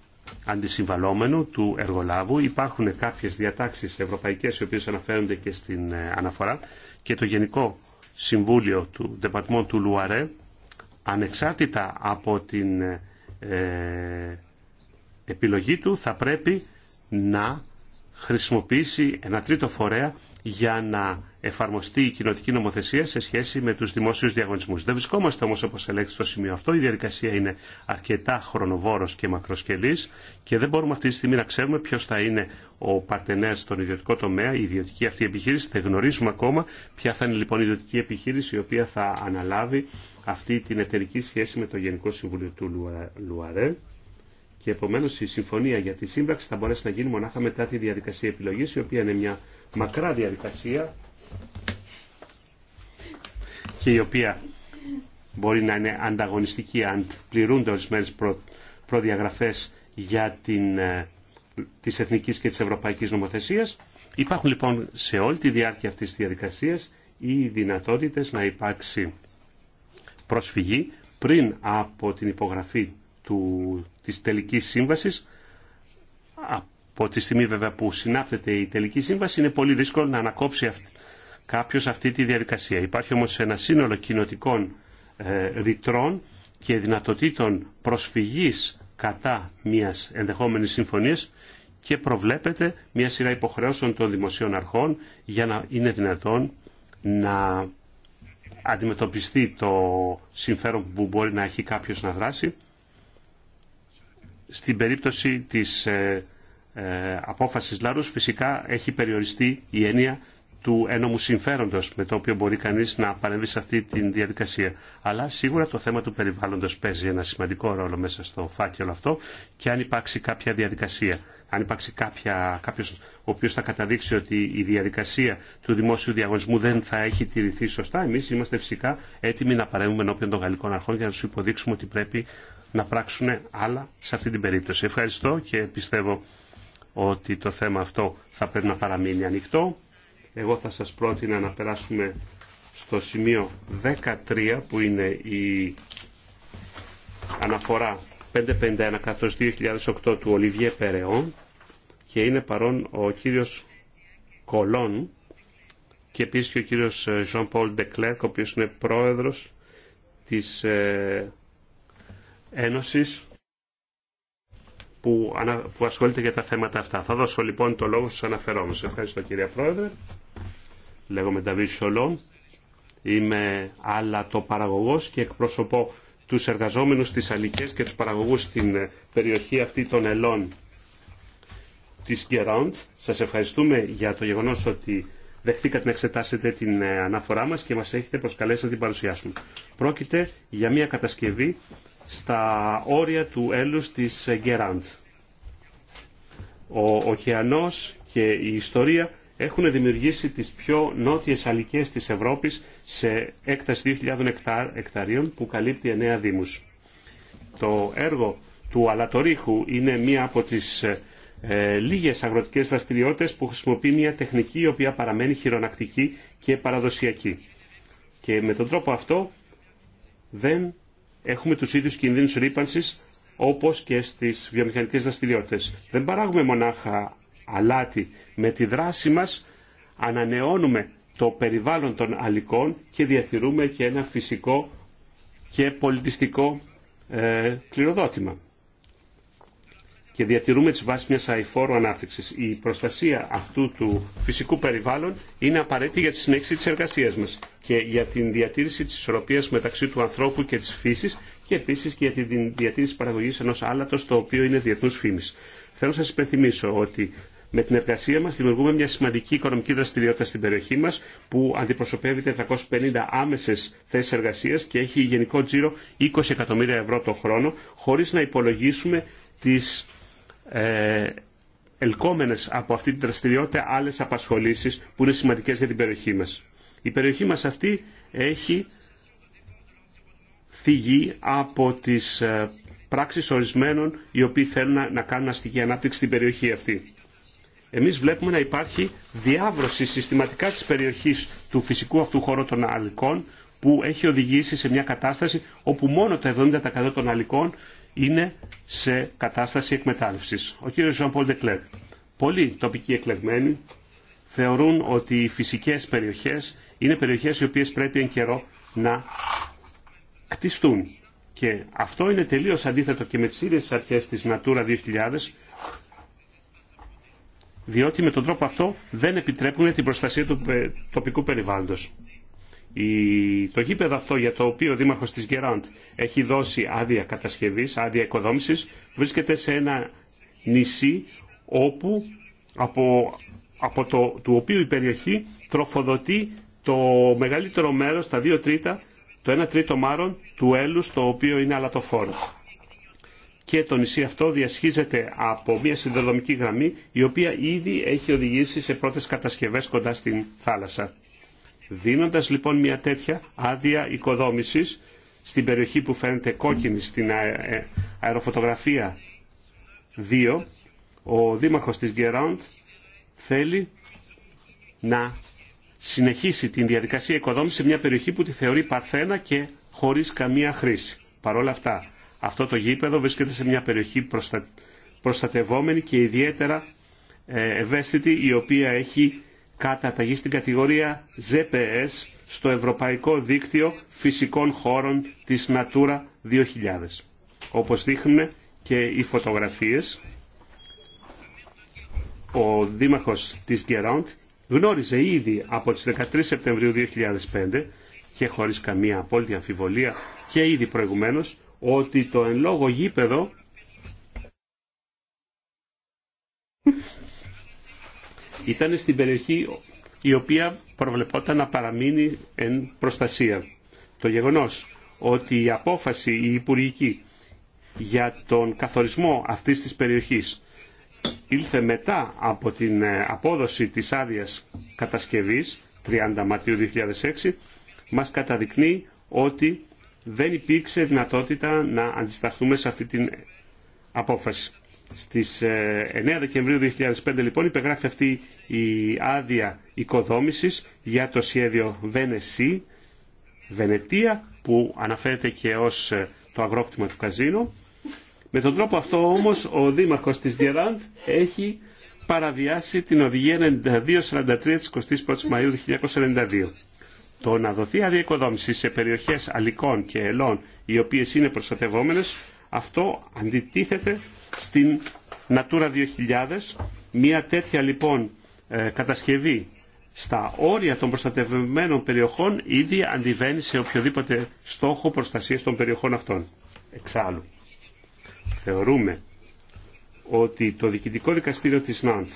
αντισυμβαλόμενου, του εργολάβου, υπάρχουν κάποιες διατάξεις ευρωπαϊκές οι οποίες αναφέρονται και στην ε, αναφορά και το Γενικό Συμβούλιο του Δεπατμόν του Λουαρέ ανεξάρτητα από την ε, επιλογή του θα πρέπει να χρησιμοποιήσει ένα τρίτο φορέα για να εφαρμοστεί η κοινοτική νομοθεσία σε σχέση με τους δημόσιους διαγωνισμούς. Δεν βρισκόμαστε όμως όπως ελέγξει στο σημείο αυτό. Η διαδικασία είναι αρκετά χρονοβόρος και μακροσκελής και δεν μπορούμε αυτή τη στιγμή να ξέρουμε ποιος θα είναι ο παρτενέας στον ιδιωτικό τομέα, η ιδιωτική αυτή επιχείρηση. Δεν γνωρίζουμε ακόμα ποια θα είναι λοιπόν η ιδιωτική επιχείρηση η οποία θα αναλάβει αυτή την εταιρική σχέση με το Γενικό Συμβούλιο του Λουαρέ και επομένω η συμφωνία για τη σύμπραξη θα μπορέσει να γίνει μονάχα μετά τη διαδικασία επιλογή, η οποία είναι μια μακρά διαδικασία και η οποία μπορεί να είναι ανταγωνιστική αν πληρούνται ορισμένε προ, προδιαγραφέ για την ε, της και τη Ευρωπαϊκή Νομοθεσία. Υπάρχουν λοιπόν σε όλη τη διάρκεια αυτή τη διαδικασία οι δυνατότητε να υπάρξει προσφυγή πριν από την υπογραφή του της τελικής σύμβασης. Από τη στιγμή βέβαια που συνάπτεται η τελική σύμβαση είναι πολύ δύσκολο να ανακόψει κάποιο κάποιος αυτή τη διαδικασία. Υπάρχει όμως ένα σύνολο κοινοτικών ε, ρητρών και δυνατοτήτων προσφυγής κατά μιας ενδεχόμενης συμφωνίας και προβλέπεται μια σειρά υποχρεώσεων των δημοσίων αρχών για να είναι δυνατόν να αντιμετωπιστεί το συμφέρον που μπορεί να έχει κάποιος να δράσει στην περίπτωση της ε, ε, απόφασης Λάρους φυσικά έχει περιοριστεί η έννοια του ένομου συμφέροντος με το οποίο μπορεί κανείς να παρεμβεί σε αυτή τη διαδικασία. Αλλά σίγουρα το θέμα του περιβάλλοντος παίζει ένα σημαντικό ρόλο μέσα στο φάκελο αυτό και αν υπάρξει κάποια διαδικασία, αν υπάρξει κάποια, κάποιος ο οποίος θα καταδείξει ότι η διαδικασία του δημόσιου διαγωνισμού δεν θα έχει τηρηθεί σωστά, εμείς είμαστε φυσικά έτοιμοι να παρέμβουμε ενώπιον των γαλλικών αρχών για να σου υποδείξουμε ότι πρέπει να πράξουν άλλα σε αυτή την περίπτωση. Ευχαριστώ και πιστεύω ότι το θέμα αυτό θα πρέπει να παραμείνει ανοιχτό. Εγώ θα σας πρότεινα να περάσουμε στο σημείο 13 που είναι η αναφορά 551 καθώς 2008 του Ολιβιέ Περαιών και είναι παρόν ο κύριος Κολόν και επίσης και ο κύριος Jean-Paul Declerc ο οποίος είναι πρόεδρος της ε, Ένωσης που, ανα, που ασχολείται για τα θέματα αυτά. Θα δώσω λοιπόν το λόγο στους αναφερόμενους. Ευχαριστώ κύριε Πρόεδρε. Λέγομαι Νταβίρ Σολό. Είμαι άλλα το παραγωγός και εκπροσωπώ τους εργαζόμενους στις Αλικές και τους παραγωγούς στην ε, περιοχή αυτή των Ελών της Γκεραντ. Σας ευχαριστούμε για το γεγονός ότι δεχτήκατε να εξετάσετε την ε, αναφορά μας και μας έχετε προσκαλέσει να την παρουσιάσουμε. Πρόκειται για μια κατασκευή στα όρια του έλους της Γκέραντ. Ο ωκεανός και η ιστορία έχουν δημιουργήσει τις πιο νότιες αλικές της Ευρώπης σε έκταση 2.000 εκταρίων που καλύπτει 9 δήμους. Το έργο του Αλατορίχου είναι μία από τις ε, λίγες αγροτικές δραστηριότητες που χρησιμοποιεί μία τεχνική η οποία παραμένει χειρονακτική και παραδοσιακή. Και με τον τρόπο αυτό δεν έχουμε τους ίδιους κινδύνους ρήπανσης όπως και στις βιομηχανικές δραστηριότητες. Δεν παράγουμε μονάχα αλάτι. Με τη δράση μας ανανεώνουμε το περιβάλλον των αλικών και διατηρούμε και ένα φυσικό και πολιτιστικό ε, κληροδότημα και διατηρούμε τις βάσεις μιας αηφόρου ανάπτυξης. Η προστασία αυτού του φυσικού περιβάλλον είναι απαραίτητη για τη συνέχιση της εργασίας μας και για την διατήρηση της ισορροπίας μεταξύ του ανθρώπου και της φύσης και επίσης και για τη διατήρηση παραγωγής ενός άλατος το οποίο είναι διεθνούς φήμης. Θέλω να σας υπενθυμίσω ότι με την εργασία μας δημιουργούμε μια σημαντική οικονομική δραστηριότητα στην περιοχή μας που αντιπροσωπεύει 450 άμεσες θέσεις εργασίας και έχει γενικό τζίρο 20 εκατομμύρια ευρώ το χρόνο χωρίς να υπολογίσουμε τις Ελκόμενε ελκόμενες από αυτή τη δραστηριότητα άλλες απασχολήσεις που είναι σημαντικές για την περιοχή μας. Η περιοχή μας αυτή έχει θυγεί από τις ε, πράξεις ορισμένων οι οποίοι θέλουν να κάνουν αστική ανάπτυξη στην περιοχή αυτή. Εμείς βλέπουμε να υπάρχει διάβρωση συστηματικά της περιοχής του φυσικού αυτού χώρου των αλικών που έχει οδηγήσει σε μια κατάσταση όπου μόνο το 70% των αλικών είναι σε κατάσταση εκμετάλλευσης. Ο κύριος Ζωάν Πολ Πολλοί τοπικοί εκλεγμένοι θεωρούν ότι οι φυσικές περιοχές είναι περιοχές οι οποίες πρέπει εν καιρό να κτιστούν. Και αυτό είναι τελείως αντίθετο και με τις ίδιες αρχές της Natura 2000, διότι με τον τρόπο αυτό δεν επιτρέπουν την προστασία του ε, τοπικού περιβάλλοντος το γήπεδο αυτό για το οποίο ο Δήμαρχος της Γκεράντ έχει δώσει άδεια κατασκευής, άδεια οικοδόμησης, βρίσκεται σε ένα νησί όπου από, από το, του οποίου η περιοχή τροφοδοτεί το μεγαλύτερο μέρος, τα δύο τρίτα, το ένα τρίτο μάρον του έλους το οποίο είναι αλατοφόρο. Και το νησί αυτό διασχίζεται από μια συνδρομική γραμμή η οποία ήδη έχει οδηγήσει σε πρώτες κατασκευές κοντά στην θάλασσα. Δίνοντας λοιπόν μια τέτοια άδεια οικοδόμησης στην περιοχή που φαίνεται κόκκινη στην ε, αεροφωτογραφία 2, ο δήμαρχος της Γκεραντ θέλει να συνεχίσει την διαδικασία οικοδόμησης σε μια περιοχή που τη θεωρεί παρθένα και χωρίς καμία χρήση. Παρ' όλα αυτά, αυτό το γήπεδο βρίσκεται σε μια περιοχή προστατευόμενη και ιδιαίτερα ε, ευαίσθητη, η οποία έχει καταταγή στην κατηγορία ZPS στο Ευρωπαϊκό Δίκτυο Φυσικών Χώρων της Natura 2000. Όπως δείχνουν και οι φωτογραφίες, ο δήμαρχος της Γκεραντ γνώριζε ήδη από τις 13 Σεπτεμβρίου 2005 και χωρίς καμία απόλυτη αμφιβολία και ήδη προηγουμένως ότι το εν λόγω γήπεδο ήταν στην περιοχή η οποία προβλεπόταν να παραμείνει εν προστασία. Το γεγονός ότι η απόφαση η υπουργική για τον καθορισμό αυτής της περιοχής ήλθε μετά από την ε, απόδοση της άδεια κατασκευής 30 Μαρτίου 2006 μας καταδεικνύει ότι δεν υπήρξε δυνατότητα να αντισταθούμε σε αυτή την απόφαση. Στις 9 ε, Δεκεμβρίου 2005 λοιπόν υπεγράφει αυτή η άδεια οικοδόμησης για το σχέδιο Βενεσί, Βενετία, που αναφέρεται και ως ε, το αγρόκτημα του καζίνου. Με τον τρόπο αυτό όμως ο δήμαρχος της Γεράντ έχει παραβιάσει την οδηγία 9243 της 21ης Μαΐου 1992. Το να δοθεί αδεια οικοδόμηση σε περιοχές αλικών και ελών οι οποίες είναι προστατευόμενες αυτό αντιτίθεται στην Natura 2000. Μια τέτοια λοιπόν ε, κατασκευή στα όρια των προστατευμένων περιοχών ήδη αντιβαίνει σε οποιοδήποτε στόχο προστασίας των περιοχών αυτών. Εξάλλου, θεωρούμε ότι το Διοικητικό Δικαστήριο της ΝΑΝΤ,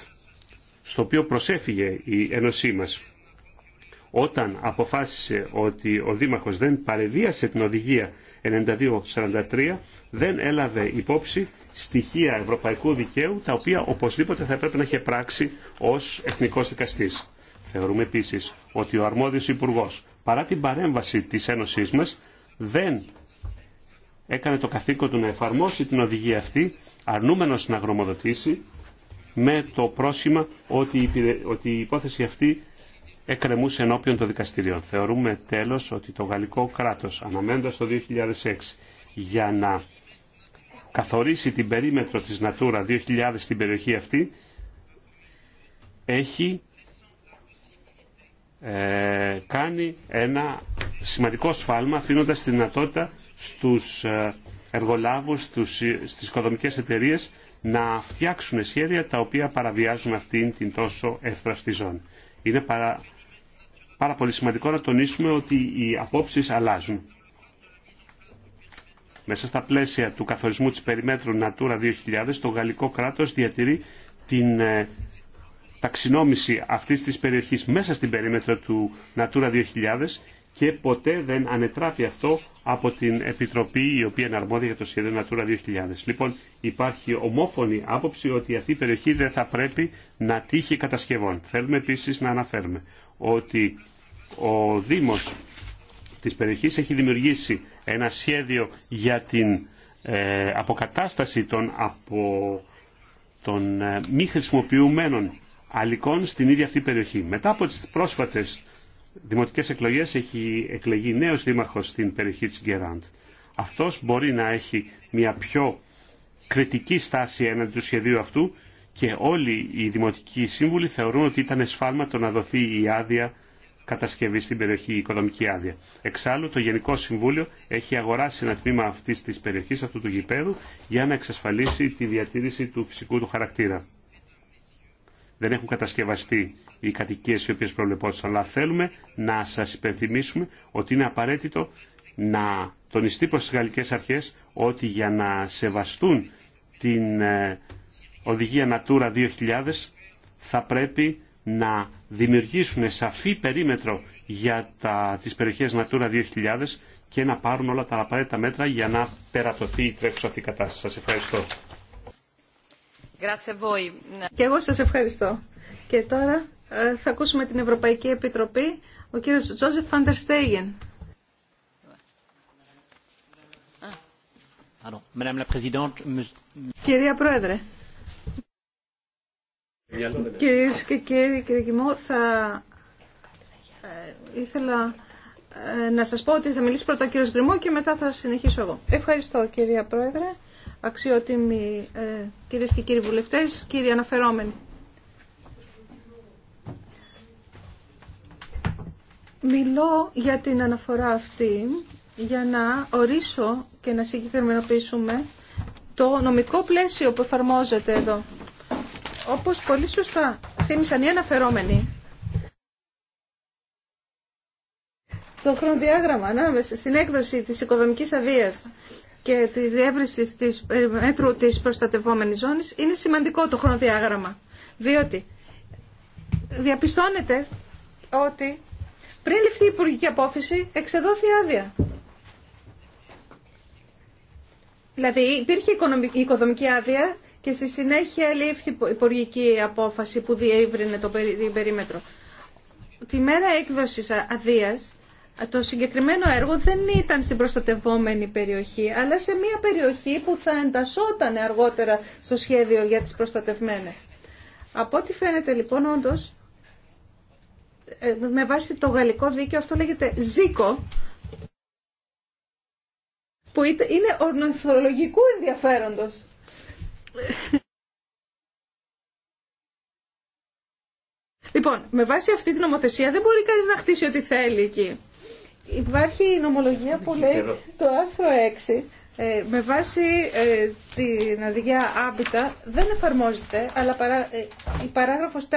στο οποίο προσέφυγε η Ένωσή μας, όταν αποφάσισε ότι ο Δήμαρχος δεν παρεβίασε την οδηγία 92-43 δεν έλαβε υπόψη στοιχεία ευρωπαϊκού δικαίου τα οποία οπωσδήποτε θα έπρεπε να είχε πράξει ως εθνικός δικαστής. Θεωρούμε επίσης ότι ο αρμόδιος υπουργό, παρά την παρέμβαση της Ένωσής μας δεν έκανε το καθήκον του να εφαρμόσει την οδηγία αυτή αρνούμενος να γνωμοδοτήσει με το πρόσχημα ότι η υπόθεση αυτή εκκρεμούσε ενώπιον των δικαστηρίων. Θεωρούμε τέλος ότι το γαλλικό κράτος αναμένοντας το 2006 για να καθορίσει την περίμετρο της Natura 2000 στην περιοχή αυτή έχει ε, κάνει ένα σημαντικό σφάλμα αφήνοντας τη δυνατότητα στους ε, εργολάβους, στους, στις οικοδομικές εταιρείες να φτιάξουν σχέδια τα οποία παραβιάζουν αυτήν την τόσο εύθραυστη ζώνη. Είναι παρα, πάρα πολύ σημαντικό να τονίσουμε ότι οι απόψεις αλλάζουν. Μέσα στα πλαίσια του καθορισμού της περιμέτρου Natura 2000, το γαλλικό κράτος διατηρεί την ε, ταξινόμηση αυτής της περιοχής μέσα στην περίμετρο του Natura 2000 και ποτέ δεν ανετράπει αυτό από την Επιτροπή η οποία είναι αρμόδια για το σχέδιο Natura 2000. Λοιπόν, υπάρχει ομόφωνη άποψη ότι αυτή η περιοχή δεν θα πρέπει να τύχει κατασκευών. Θέλουμε επίσης να αναφέρουμε ότι ο Δήμος της περιοχής έχει δημιουργήσει ένα σχέδιο για την ε, αποκατάσταση των, απο, των ε, μη χρησιμοποιουμένων αλικών στην ίδια αυτή περιοχή. Μετά από τις πρόσφατες δημοτικές εκλογές έχει εκλεγεί νέος δήμαρχος στην περιοχή της Γκεράντ. Αυτός μπορεί να έχει μια πιο κριτική στάση έναντι του σχεδίου αυτού και όλοι οι δημοτικοί σύμβουλοι θεωρούν ότι ήταν εσφάλματο να δοθεί η άδεια κατασκευή στην περιοχή, η οικονομική άδεια. Εξάλλου, το Γενικό Συμβούλιο έχει αγοράσει ένα τμήμα αυτή τη περιοχή, αυτού του γηπέδου, για να εξασφαλίσει τη διατήρηση του φυσικού του χαρακτήρα. Δεν έχουν κατασκευαστεί οι κατοικίε οι οποίε προβλεπόταν, αλλά θέλουμε να σα υπενθυμίσουμε ότι είναι απαραίτητο να τονιστεί προ τι γαλλικέ αρχέ ότι για να σεβαστούν την ε, οδηγία Natura 2000 θα πρέπει να δημιουργήσουν σαφή περίμετρο για τα, τις περιοχές Natura 2000 και να πάρουν όλα τα απαραίτητα μέτρα για να περατωθεί η τρέχουσα αυτή κατάσταση. Σας ευχαριστώ. Και εγώ σας ευχαριστώ. Και τώρα ε, θα ακούσουμε την Ευρωπαϊκή Επιτροπή, ο κύριος Τζόζεφ Φαντερστέγεν. Ah. Κυρία Πρόεδρε, Κυρίε και κύριοι, κύριε Κιμό, θα ε, ήθελα ε, να σας πω ότι θα μιλήσει πρώτα ο κύριος Γκριμό και μετά θα συνεχίσω εγώ. Ευχαριστώ κυρία Πρόεδρε, αξιότιμοι ε, κυρίες και κύριοι βουλευτές, κύριοι αναφερόμενοι. Μιλώ για την αναφορά αυτή για να ορίσω και να συγκεκριμενοποιήσουμε το νομικό πλαίσιο που εφαρμόζεται εδώ όπως πολύ σωστά θύμισαν οι αναφερόμενοι, το χρονοδιάγραμμα ανάμεσα στην έκδοση της οικοδομικής αδείας και τη διεύρυνση της μέτρου της προστατευόμενης ζώνης είναι σημαντικό το χρονοδιάγραμμα. Διότι διαπιστώνεται ότι πριν ληφθεί η υπουργική απόφαση εξεδόθη άδεια. Δηλαδή υπήρχε η οικοδομική άδεια και στη συνέχεια λήφθη υπουργική απόφαση που διεύρυνε το περίμετρο. Τη μέρα έκδοσης αδείας το συγκεκριμένο έργο δεν ήταν στην προστατευόμενη περιοχή, αλλά σε μια περιοχή που θα εντασσόταν αργότερα στο σχέδιο για τις προστατευμένες. Από ό,τι φαίνεται λοιπόν όντως, ε, με βάση το γαλλικό δίκαιο αυτό λέγεται ζήκο, που είναι ορνοθρολογικού ενδιαφέροντος. Λοιπόν, με βάση αυτή την νομοθεσία δεν μπορεί κανείς να χτίσει ό,τι θέλει εκεί. Υπάρχει η νομολογία που λέει το άρθρο 6 ε, με βάση ε, την οδηγία Άμπιτα δεν εφαρμόζεται, αλλά ε, η παράγραφος 4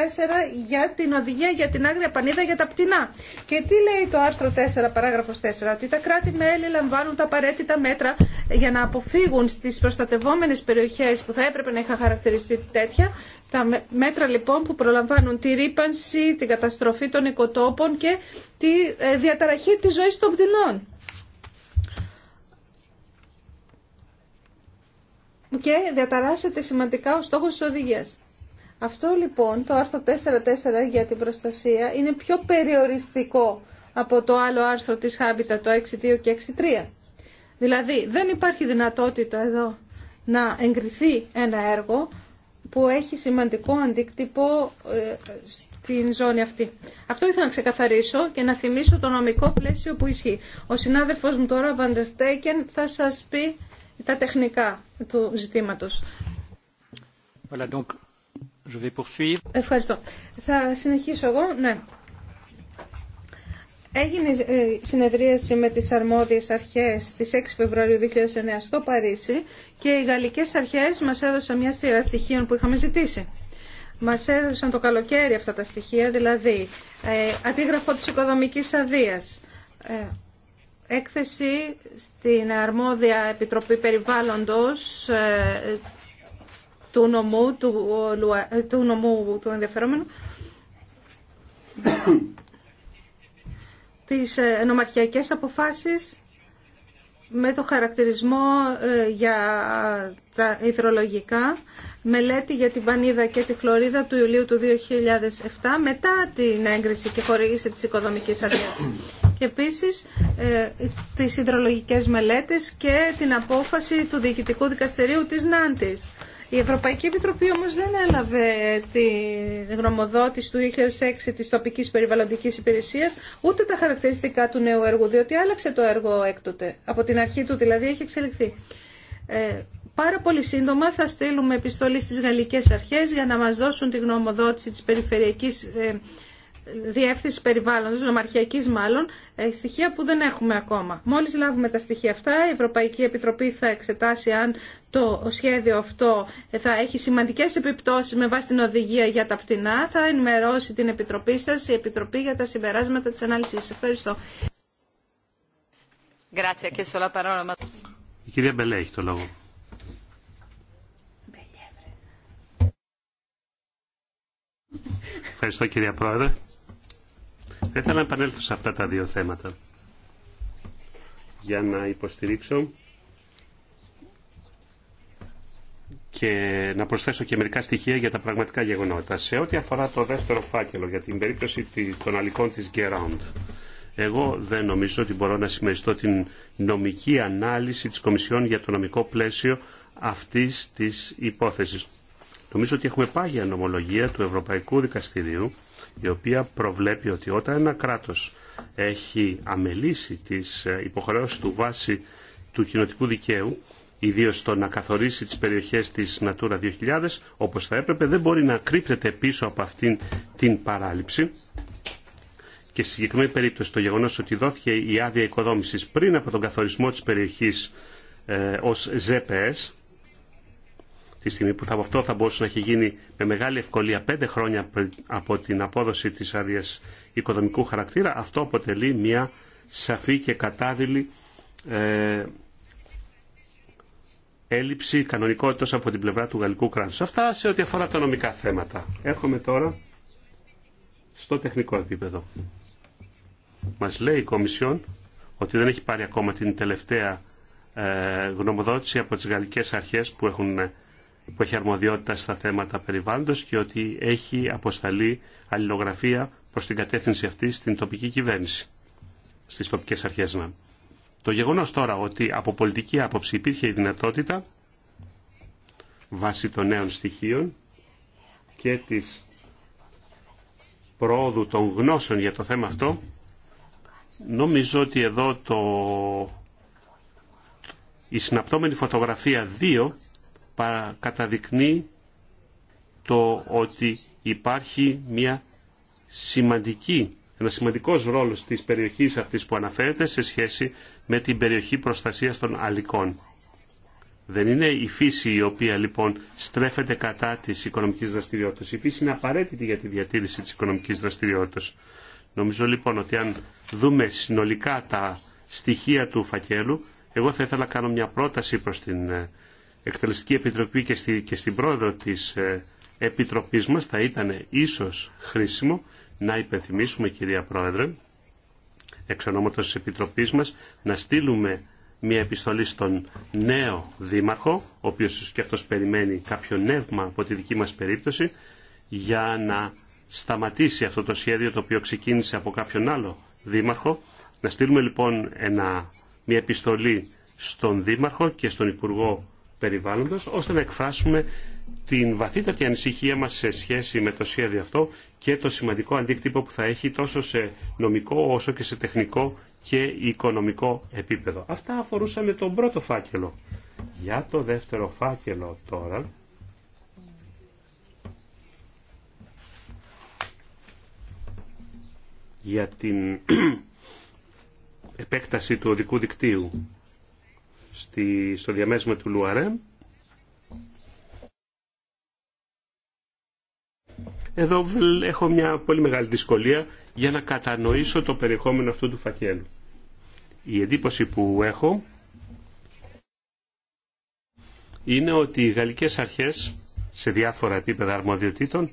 για την οδηγία για την άγρια πανίδα για τα πτηνά. Και τι λέει το άρθρο 4 παράγραφος 4, ότι τα κράτη-μέλη λαμβάνουν τα απαραίτητα μέτρα για να αποφύγουν στις προστατευόμενες περιοχές που θα έπρεπε να είχαν χαρακτηριστεί τέτοια, τα μέτρα λοιπόν που προλαμβάνουν τη ρήπανση, την καταστροφή των οικοτόπων και τη διαταραχή της ζωής των πτηνών. και διαταράσσεται σημαντικά ο στόχος της οδηγίας. Αυτό λοιπόν το άρθρο 4.4 για την προστασία είναι πιο περιοριστικό από το άλλο άρθρο της Habitat, το 6.2 και 6.3. Δηλαδή δεν υπάρχει δυνατότητα εδώ να εγκριθεί ένα έργο που έχει σημαντικό αντίκτυπο ε, στην ζώνη αυτή. Αυτό ήθελα να ξεκαθαρίσω και να θυμίσω το νομικό πλαίσιο που ισχύει. Ο συνάδελφος μου τώρα, Βαντεστέκεν, θα σας πει τα τεχνικά του ζητήματος. Voilà, donc, je vais poursuivre. Ευχαριστώ. Θα συνεχίσω εγώ. Ναι. Έγινε ε, συνεδρίαση με τις αρμόδιες αρχές στις 6 Φεβρουαρίου 2009 στο Παρίσι και οι γαλλικές αρχές μας έδωσαν μια σειρά στοιχείων που είχαμε ζητήσει. Μας έδωσαν το καλοκαίρι αυτά τα στοιχεία, δηλαδή ε, αντίγραφο της οικοδομικής αδείας, ε, έκθεση στην αρμόδια Επιτροπή Περιβάλλοντος ε, του νομού του, του, νομού, του ενδιαφερόμενου τις ε, νομαρχιακές αποφάσεις με το χαρακτηρισμό ε, για τα υδρολογικά, μελέτη για την Πανίδα και τη Χλωρίδα του Ιουλίου του 2007, μετά την έγκριση και χορήγηση της οικοδομικής αδείας και επίσης ε, τις υδρολογικές μελέτες και την απόφαση του Διοικητικού Δικαστηρίου της Νάντης. Η Ευρωπαϊκή Επιτροπή όμως δεν έλαβε τη γνωμοδότηση του 2006 της τοπικής περιβαλλοντικής υπηρεσίας ούτε τα χαρακτηριστικά του νέου έργου, διότι άλλαξε το έργο έκτοτε. Από την αρχή του δηλαδή έχει εξελιχθεί. Ε, πάρα πολύ σύντομα θα στείλουμε επιστολή στις γαλλικές αρχές για να μας δώσουν τη γνωμοδότηση της περιφερειακής ε, διεύθυνση περιβάλλοντος, νομαρχιακής μάλλον, ε, στοιχεία που δεν έχουμε ακόμα. Μόλις λάβουμε τα στοιχεία αυτά, η Ευρωπαϊκή Επιτροπή θα εξετάσει αν το σχέδιο αυτό θα έχει σημαντικές επιπτώσεις με βάση την οδηγία για τα πτηνά. Θα ενημερώσει την Επιτροπή σας, η Επιτροπή για τα συμπεράσματα της ανάλυση. Ευχαριστώ. Η κυρία Μπελέ έχει το λόγο. Ευχαριστώ κυρία Πρόεδρε. Θα ήθελα να επανέλθω σε αυτά τα δύο θέματα για να υποστηρίξω και να προσθέσω και μερικά στοιχεία για τα πραγματικά γεγονότα. Σε ό,τι αφορά το δεύτερο φάκελο για την περίπτωση των αλικών της Γκεράουντ, εγώ δεν νομίζω ότι μπορώ να συμμεριστώ την νομική ανάλυση της Κομισιόν για το νομικό πλαίσιο αυτής της υπόθεσης. Νομίζω ότι έχουμε πάγια νομολογία του Ευρωπαϊκού Δικαστηρίου η οποία προβλέπει ότι όταν ένα κράτος έχει αμελήσει τις ε, υποχρεώσεις του βάση του κοινοτικού δικαίου, ιδίως το να καθορίσει τις περιοχές της Natura 2000 όπως θα έπρεπε, δεν μπορεί να κρύπτεται πίσω από αυτήν την παράληψη. Και στη συγκεκριμένη περίπτωση το γεγονός ότι δόθηκε η άδεια οικοδόμησης πριν από τον καθορισμό της περιοχής ε, ως ZPS, τη στιγμή που θα, αυτό θα μπορούσε να έχει γίνει με μεγάλη ευκολία πέντε χρόνια από την απόδοση της άδεια οικοδομικού χαρακτήρα, αυτό αποτελεί μια σαφή και κατάδυλη ε, έλλειψη κανονικότητας από την πλευρά του γαλλικού κράτους. Αυτά σε ό,τι αφορά τα νομικά θέματα. Έρχομαι τώρα στο τεχνικό επίπεδο. Μας λέει η Κομισιόν ότι δεν έχει πάρει ακόμα την τελευταία ε, γνωμοδότηση από τις γαλλικές αρχές που έχουν ε, που έχει αρμοδιότητα στα θέματα περιβάλλοντος και ότι έχει αποσταλεί αλληλογραφία προς την κατεύθυνση αυτή στην τοπική κυβέρνηση, στις τοπικές αρχές να. Το γεγονός τώρα ότι από πολιτική άποψη υπήρχε η δυνατότητα βάσει των νέων στοιχείων και της προόδου των γνώσεων για το θέμα αυτό, νομίζω ότι εδώ το... η συναπτώμενη φωτογραφία 2 καταδεικνύει το ότι υπάρχει μια σημαντική, ένα σημαντικός ρόλος της περιοχής αυτής που αναφέρεται σε σχέση με την περιοχή προστασίας των αλικών. Δεν είναι η φύση η οποία λοιπόν στρέφεται κατά της οικονομικής δραστηριότητας. Η φύση είναι απαραίτητη για τη διατήρηση της οικονομικής δραστηριότητας. Νομίζω λοιπόν ότι αν δούμε συνολικά τα στοιχεία του φακέλου, εγώ θα ήθελα να κάνω μια πρόταση προς την ε, Εκτελεστική Επιτροπή και, και στην πρόεδρο της ε, Επιτροπής μας θα ήταν ίσως χρήσιμο να υπενθυμίσουμε κυρία Πρόεδρε εξ ονόματος της Επιτροπής μας να στείλουμε μια επιστολή στον νέο δήμαρχο, ο οποίος και αυτός περιμένει κάποιο νεύμα από τη δική μας περίπτωση, για να σταματήσει αυτό το σχέδιο το οποίο ξεκίνησε από κάποιον άλλο δήμαρχο. Να στείλουμε λοιπόν ένα, μια επιστολή στον δήμαρχο και στον Υπουργό περιβάλλοντος, ώστε να εκφράσουμε την βαθύτατη ανησυχία μας σε σχέση με το σχέδιο αυτό και το σημαντικό αντίκτυπο που θα έχει τόσο σε νομικό όσο και σε τεχνικό και οικονομικό επίπεδο. Αυτά αφορούσαν τον πρώτο φάκελο. Για το δεύτερο φάκελο τώρα... για την επέκταση του οδικού δικτύου στο διαμέσμα του Λουαρέ. Εδώ έχω μια πολύ μεγάλη δυσκολία για να κατανοήσω το περιεχόμενο αυτού του φακέλου. Η εντύπωση που έχω είναι ότι οι γαλλικές αρχές σε διάφορα επίπεδα αρμοδιοτήτων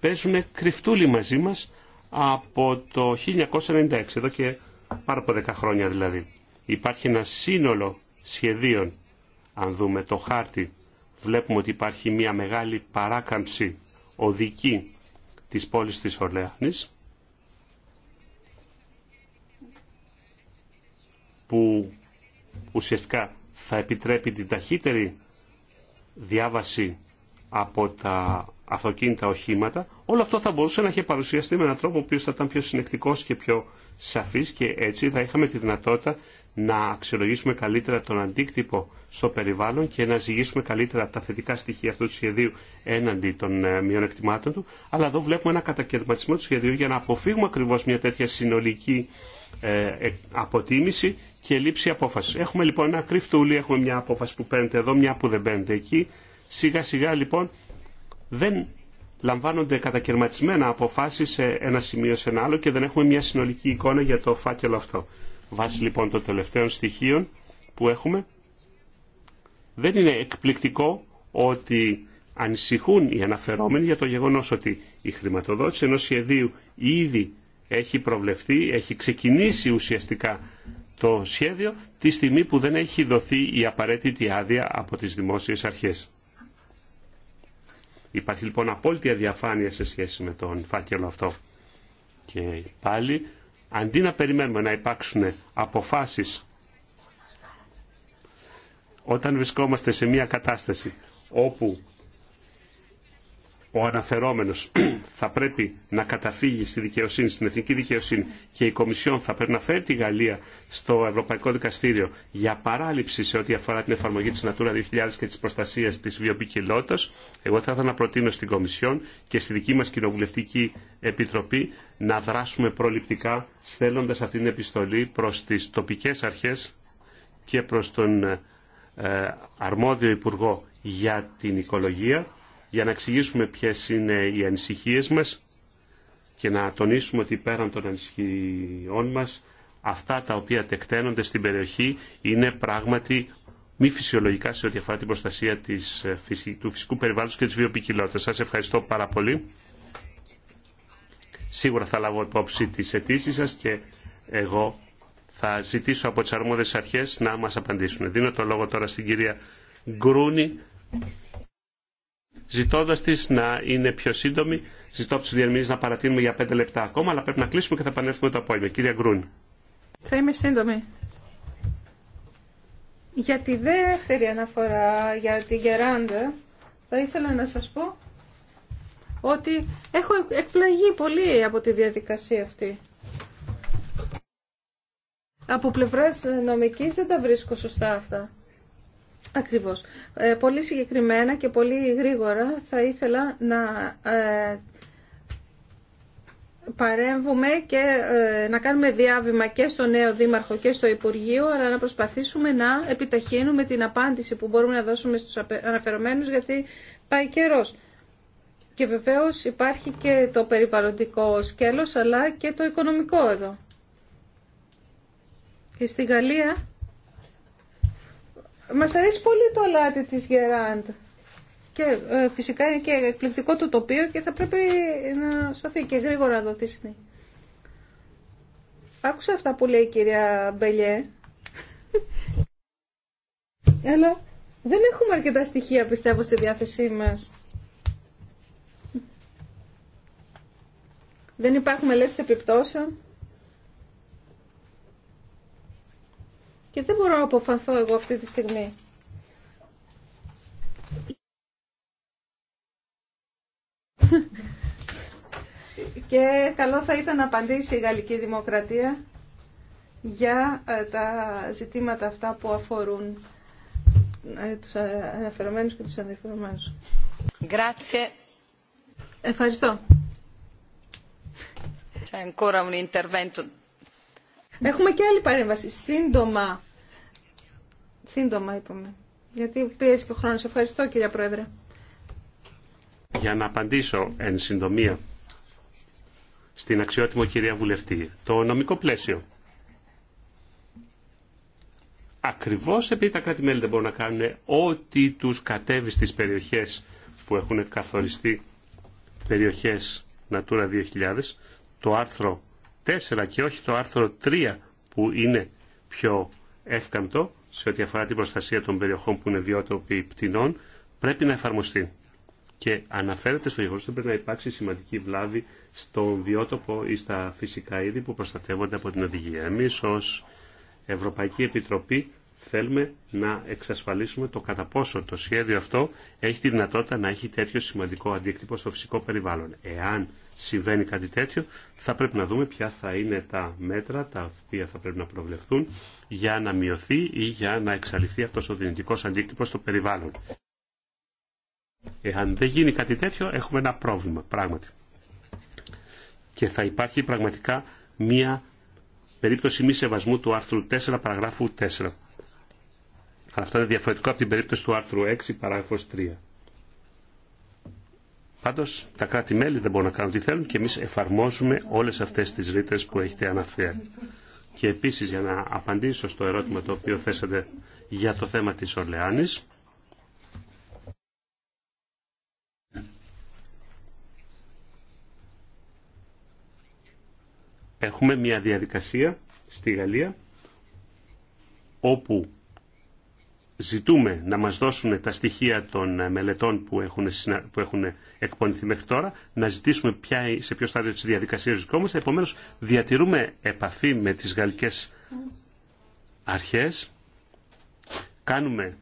παίζουν κρυφτούλι μαζί μας από το 1996, εδώ και πάρα από 10 χρόνια δηλαδή. Υπάρχει ένα σύνολο σχεδίων. Αν δούμε το χάρτη, βλέπουμε ότι υπάρχει μια μεγάλη παράκαμψη οδική της πόλης της Ορλεάνης, που ουσιαστικά θα επιτρέπει την ταχύτερη διάβαση από τα αυτοκίνητα οχήματα, όλο αυτό θα μπορούσε να είχε παρουσιαστεί με έναν τρόπο ο οποίος θα ήταν πιο συνεκτικός και πιο σαφής και έτσι θα είχαμε τη δυνατότητα να αξιολογήσουμε καλύτερα τον αντίκτυπο στο περιβάλλον και να ζυγίσουμε καλύτερα τα θετικά στοιχεία αυτού του σχεδίου έναντι των ε, μειονεκτημάτων του. Αλλά εδώ βλέπουμε ένα κατακαιρματισμό του σχεδίου για να αποφύγουμε ακριβώ μια τέτοια συνολική ε, ε, αποτίμηση και λήψη απόφαση. Έχουμε λοιπόν ένα κρυφτούλι, έχουμε μια απόφαση που παίρνεται εδώ, μια που δεν παίρνεται εκεί. Σιγά σιγά λοιπόν δεν λαμβάνονται κατακαιρματισμένα αποφάσει σε ένα σημείο σε ένα άλλο και δεν έχουμε μια συνολική εικόνα για το φάκελο αυτό. Βάσει λοιπόν των τελευταίων στοιχείων που έχουμε, δεν είναι εκπληκτικό ότι ανησυχούν οι αναφερόμενοι για το γεγονός ότι η χρηματοδότηση ενός σχεδίου ήδη έχει προβλεφθεί, έχει ξεκινήσει ουσιαστικά το σχέδιο τη στιγμή που δεν έχει δοθεί η απαραίτητη άδεια από τις δημόσιες αρχές. Υπάρχει λοιπόν απόλυτη αδιαφάνεια σε σχέση με τον φάκελο αυτό. Και αντί να περιμένουμε να υπάρξουν αποφάσεις όταν βρισκόμαστε σε μια κατάσταση όπου ο αναφερόμενος θα πρέπει να καταφύγει στη δικαιοσύνη, στην εθνική δικαιοσύνη και η Κομισιόν θα πρέπει να φέρει τη Γαλλία στο Ευρωπαϊκό Δικαστήριο για παράληψη σε ό,τι αφορά την εφαρμογή της Natura 2000 και της προστασίας της βιοποικιλότητας, εγώ θα ήθελα να προτείνω στην Κομισιόν και στη δική μας Κοινοβουλευτική Επιτροπή να δράσουμε προληπτικά στέλνοντας αυτή την επιστολή προς τις τοπικές αρχές και προς τον ε, αρμόδιο Υπουργό για την Οικολογία για να εξηγήσουμε ποιες είναι οι ανησυχίες μας και να τονίσουμε ότι πέραν των ανησυχιών μας αυτά τα οποία τεκταίνονται στην περιοχή είναι πράγματι μη φυσιολογικά σε ό,τι αφορά την προστασία της, ε, του φυσικού περιβάλλοντος και της βιοποικιλότητας. Σας ευχαριστώ πάρα πολύ. Σίγουρα θα λάβω υπόψη τις αιτήσει σας και εγώ θα ζητήσω από τις αρμόδες αρχές να μας απαντήσουν. Δίνω το λόγο τώρα στην κυρία Γκρούνη Ζητώντα τη να είναι πιο σύντομη. Ζητώ από του διερμηνείς να παρατείνουμε για πέντε λεπτά ακόμα, αλλά πρέπει να κλείσουμε και θα επανέλθουμε το απόγευμα. Κύριε Γκρούν. Θα είμαι σύντομη. Για τη δεύτερη αναφορά, για τη Γεράντα, θα ήθελα να σας πω ότι έχω εκπλαγεί πολύ από τη διαδικασία αυτή. Από πλευράς νομικής δεν τα βρίσκω σωστά αυτά. Ακριβώς. Ε, πολύ συγκεκριμένα και πολύ γρήγορα θα ήθελα να ε, παρέμβουμε και ε, να κάνουμε διάβημα και στο νέο Δήμαρχο και στο Υπουργείο, αλλά να προσπαθήσουμε να επιταχύνουμε την απάντηση που μπορούμε να δώσουμε στους αναφερομένους, γιατί πάει καιρός. Και βεβαίως υπάρχει και το περιβαλλοντικό σκέλος, αλλά και το οικονομικό εδώ. Και στη Γαλλία Μα αρέσει πολύ το αλάτι της Γεράντ. Και ε, φυσικά είναι και εκπληκτικό το τοπίο και θα πρέπει να σωθεί και γρήγορα να δοθεί Άκουσα αυτά που λέει η κυρία Μπελιέ. Αλλά δεν έχουμε αρκετά στοιχεία πιστεύω στη διάθεσή μας. Δεν υπάρχουν μελέτες επιπτώσεων. και δεν μπορώ να αποφανθώ εγώ αυτή τη στιγμή. Και καλό θα ήταν να απαντήσει η Γαλλική Δημοκρατία για ε, τα ζητήματα αυτά που αφορούν ε, τους αναφερομένους και τους αναφερομένους. Ευχαριστώ. C'è ancora un intervento Έχουμε και άλλη παρέμβαση. Σύντομα. Σύντομα είπαμε. Γιατί πίεσε και ο χρόνος. Ευχαριστώ κυρία Πρόεδρε. Για να απαντήσω εν συντομία στην αξιότιμο κυρία Βουλευτή. Το νομικό πλαίσιο. Ακριβώς επειδή τα κράτη-μέλη δεν μπορούν να κάνουν ό,τι τους κατέβει στις περιοχές που έχουν καθοριστεί περιοχές Natura 2000, το άρθρο 4 και όχι το άρθρο 3 που είναι πιο εύκαμπτο σε ό,τι αφορά την προστασία των περιοχών που είναι βιότοποι πτηνών πρέπει να εφαρμοστεί. Και αναφέρεται στο γεγονό ότι πρέπει να υπάρξει σημαντική βλάβη στον βιότοπο ή στα φυσικά είδη που προστατεύονται από την οδηγία. Εμεί ω Ευρωπαϊκή Επιτροπή θέλουμε να εξασφαλίσουμε το κατά πόσο το σχέδιο αυτό έχει τη δυνατότητα να έχει τέτοιο σημαντικό αντίκτυπο στο φυσικό περιβάλλον. Εάν συμβαίνει κάτι τέτοιο, θα πρέπει να δούμε ποια θα είναι τα μέτρα τα οποία θα πρέπει να προβλεφθούν για να μειωθεί ή για να εξαλειφθεί αυτός ο δυνητικός αντίκτυπος στο περιβάλλον. Εάν δεν γίνει κάτι τέτοιο έχουμε ένα πρόβλημα πράγματι. Και θα υπάρχει πραγματικά μία περίπτωση μη σεβασμού του άρθρου 4 παραγράφου 4. Αλλά αυτό είναι διαφορετικό από την περίπτωση του άρθρου 6 παράγραφος 3. Πάντω τα κράτη-μέλη δεν μπορούν να κάνουν τι θέλουν και εμείς εφαρμόζουμε όλες αυτές τις ρήτρε που έχετε αναφέρει. Και επίσης για να απαντήσω στο ερώτημα το οποίο θέσατε για το θέμα της Ορλεάνης, έχουμε μια διαδικασία στη Γαλλία όπου ζητούμε να μας δώσουν τα στοιχεία των μελετών που έχουν, που έχουν εκπονηθεί μέχρι τώρα, να ζητήσουμε ποια, σε ποιο στάδιο της διαδικασίας βρισκόμαστε. Επομένως, διατηρούμε επαφή με τις γαλλικές αρχές, κάνουμε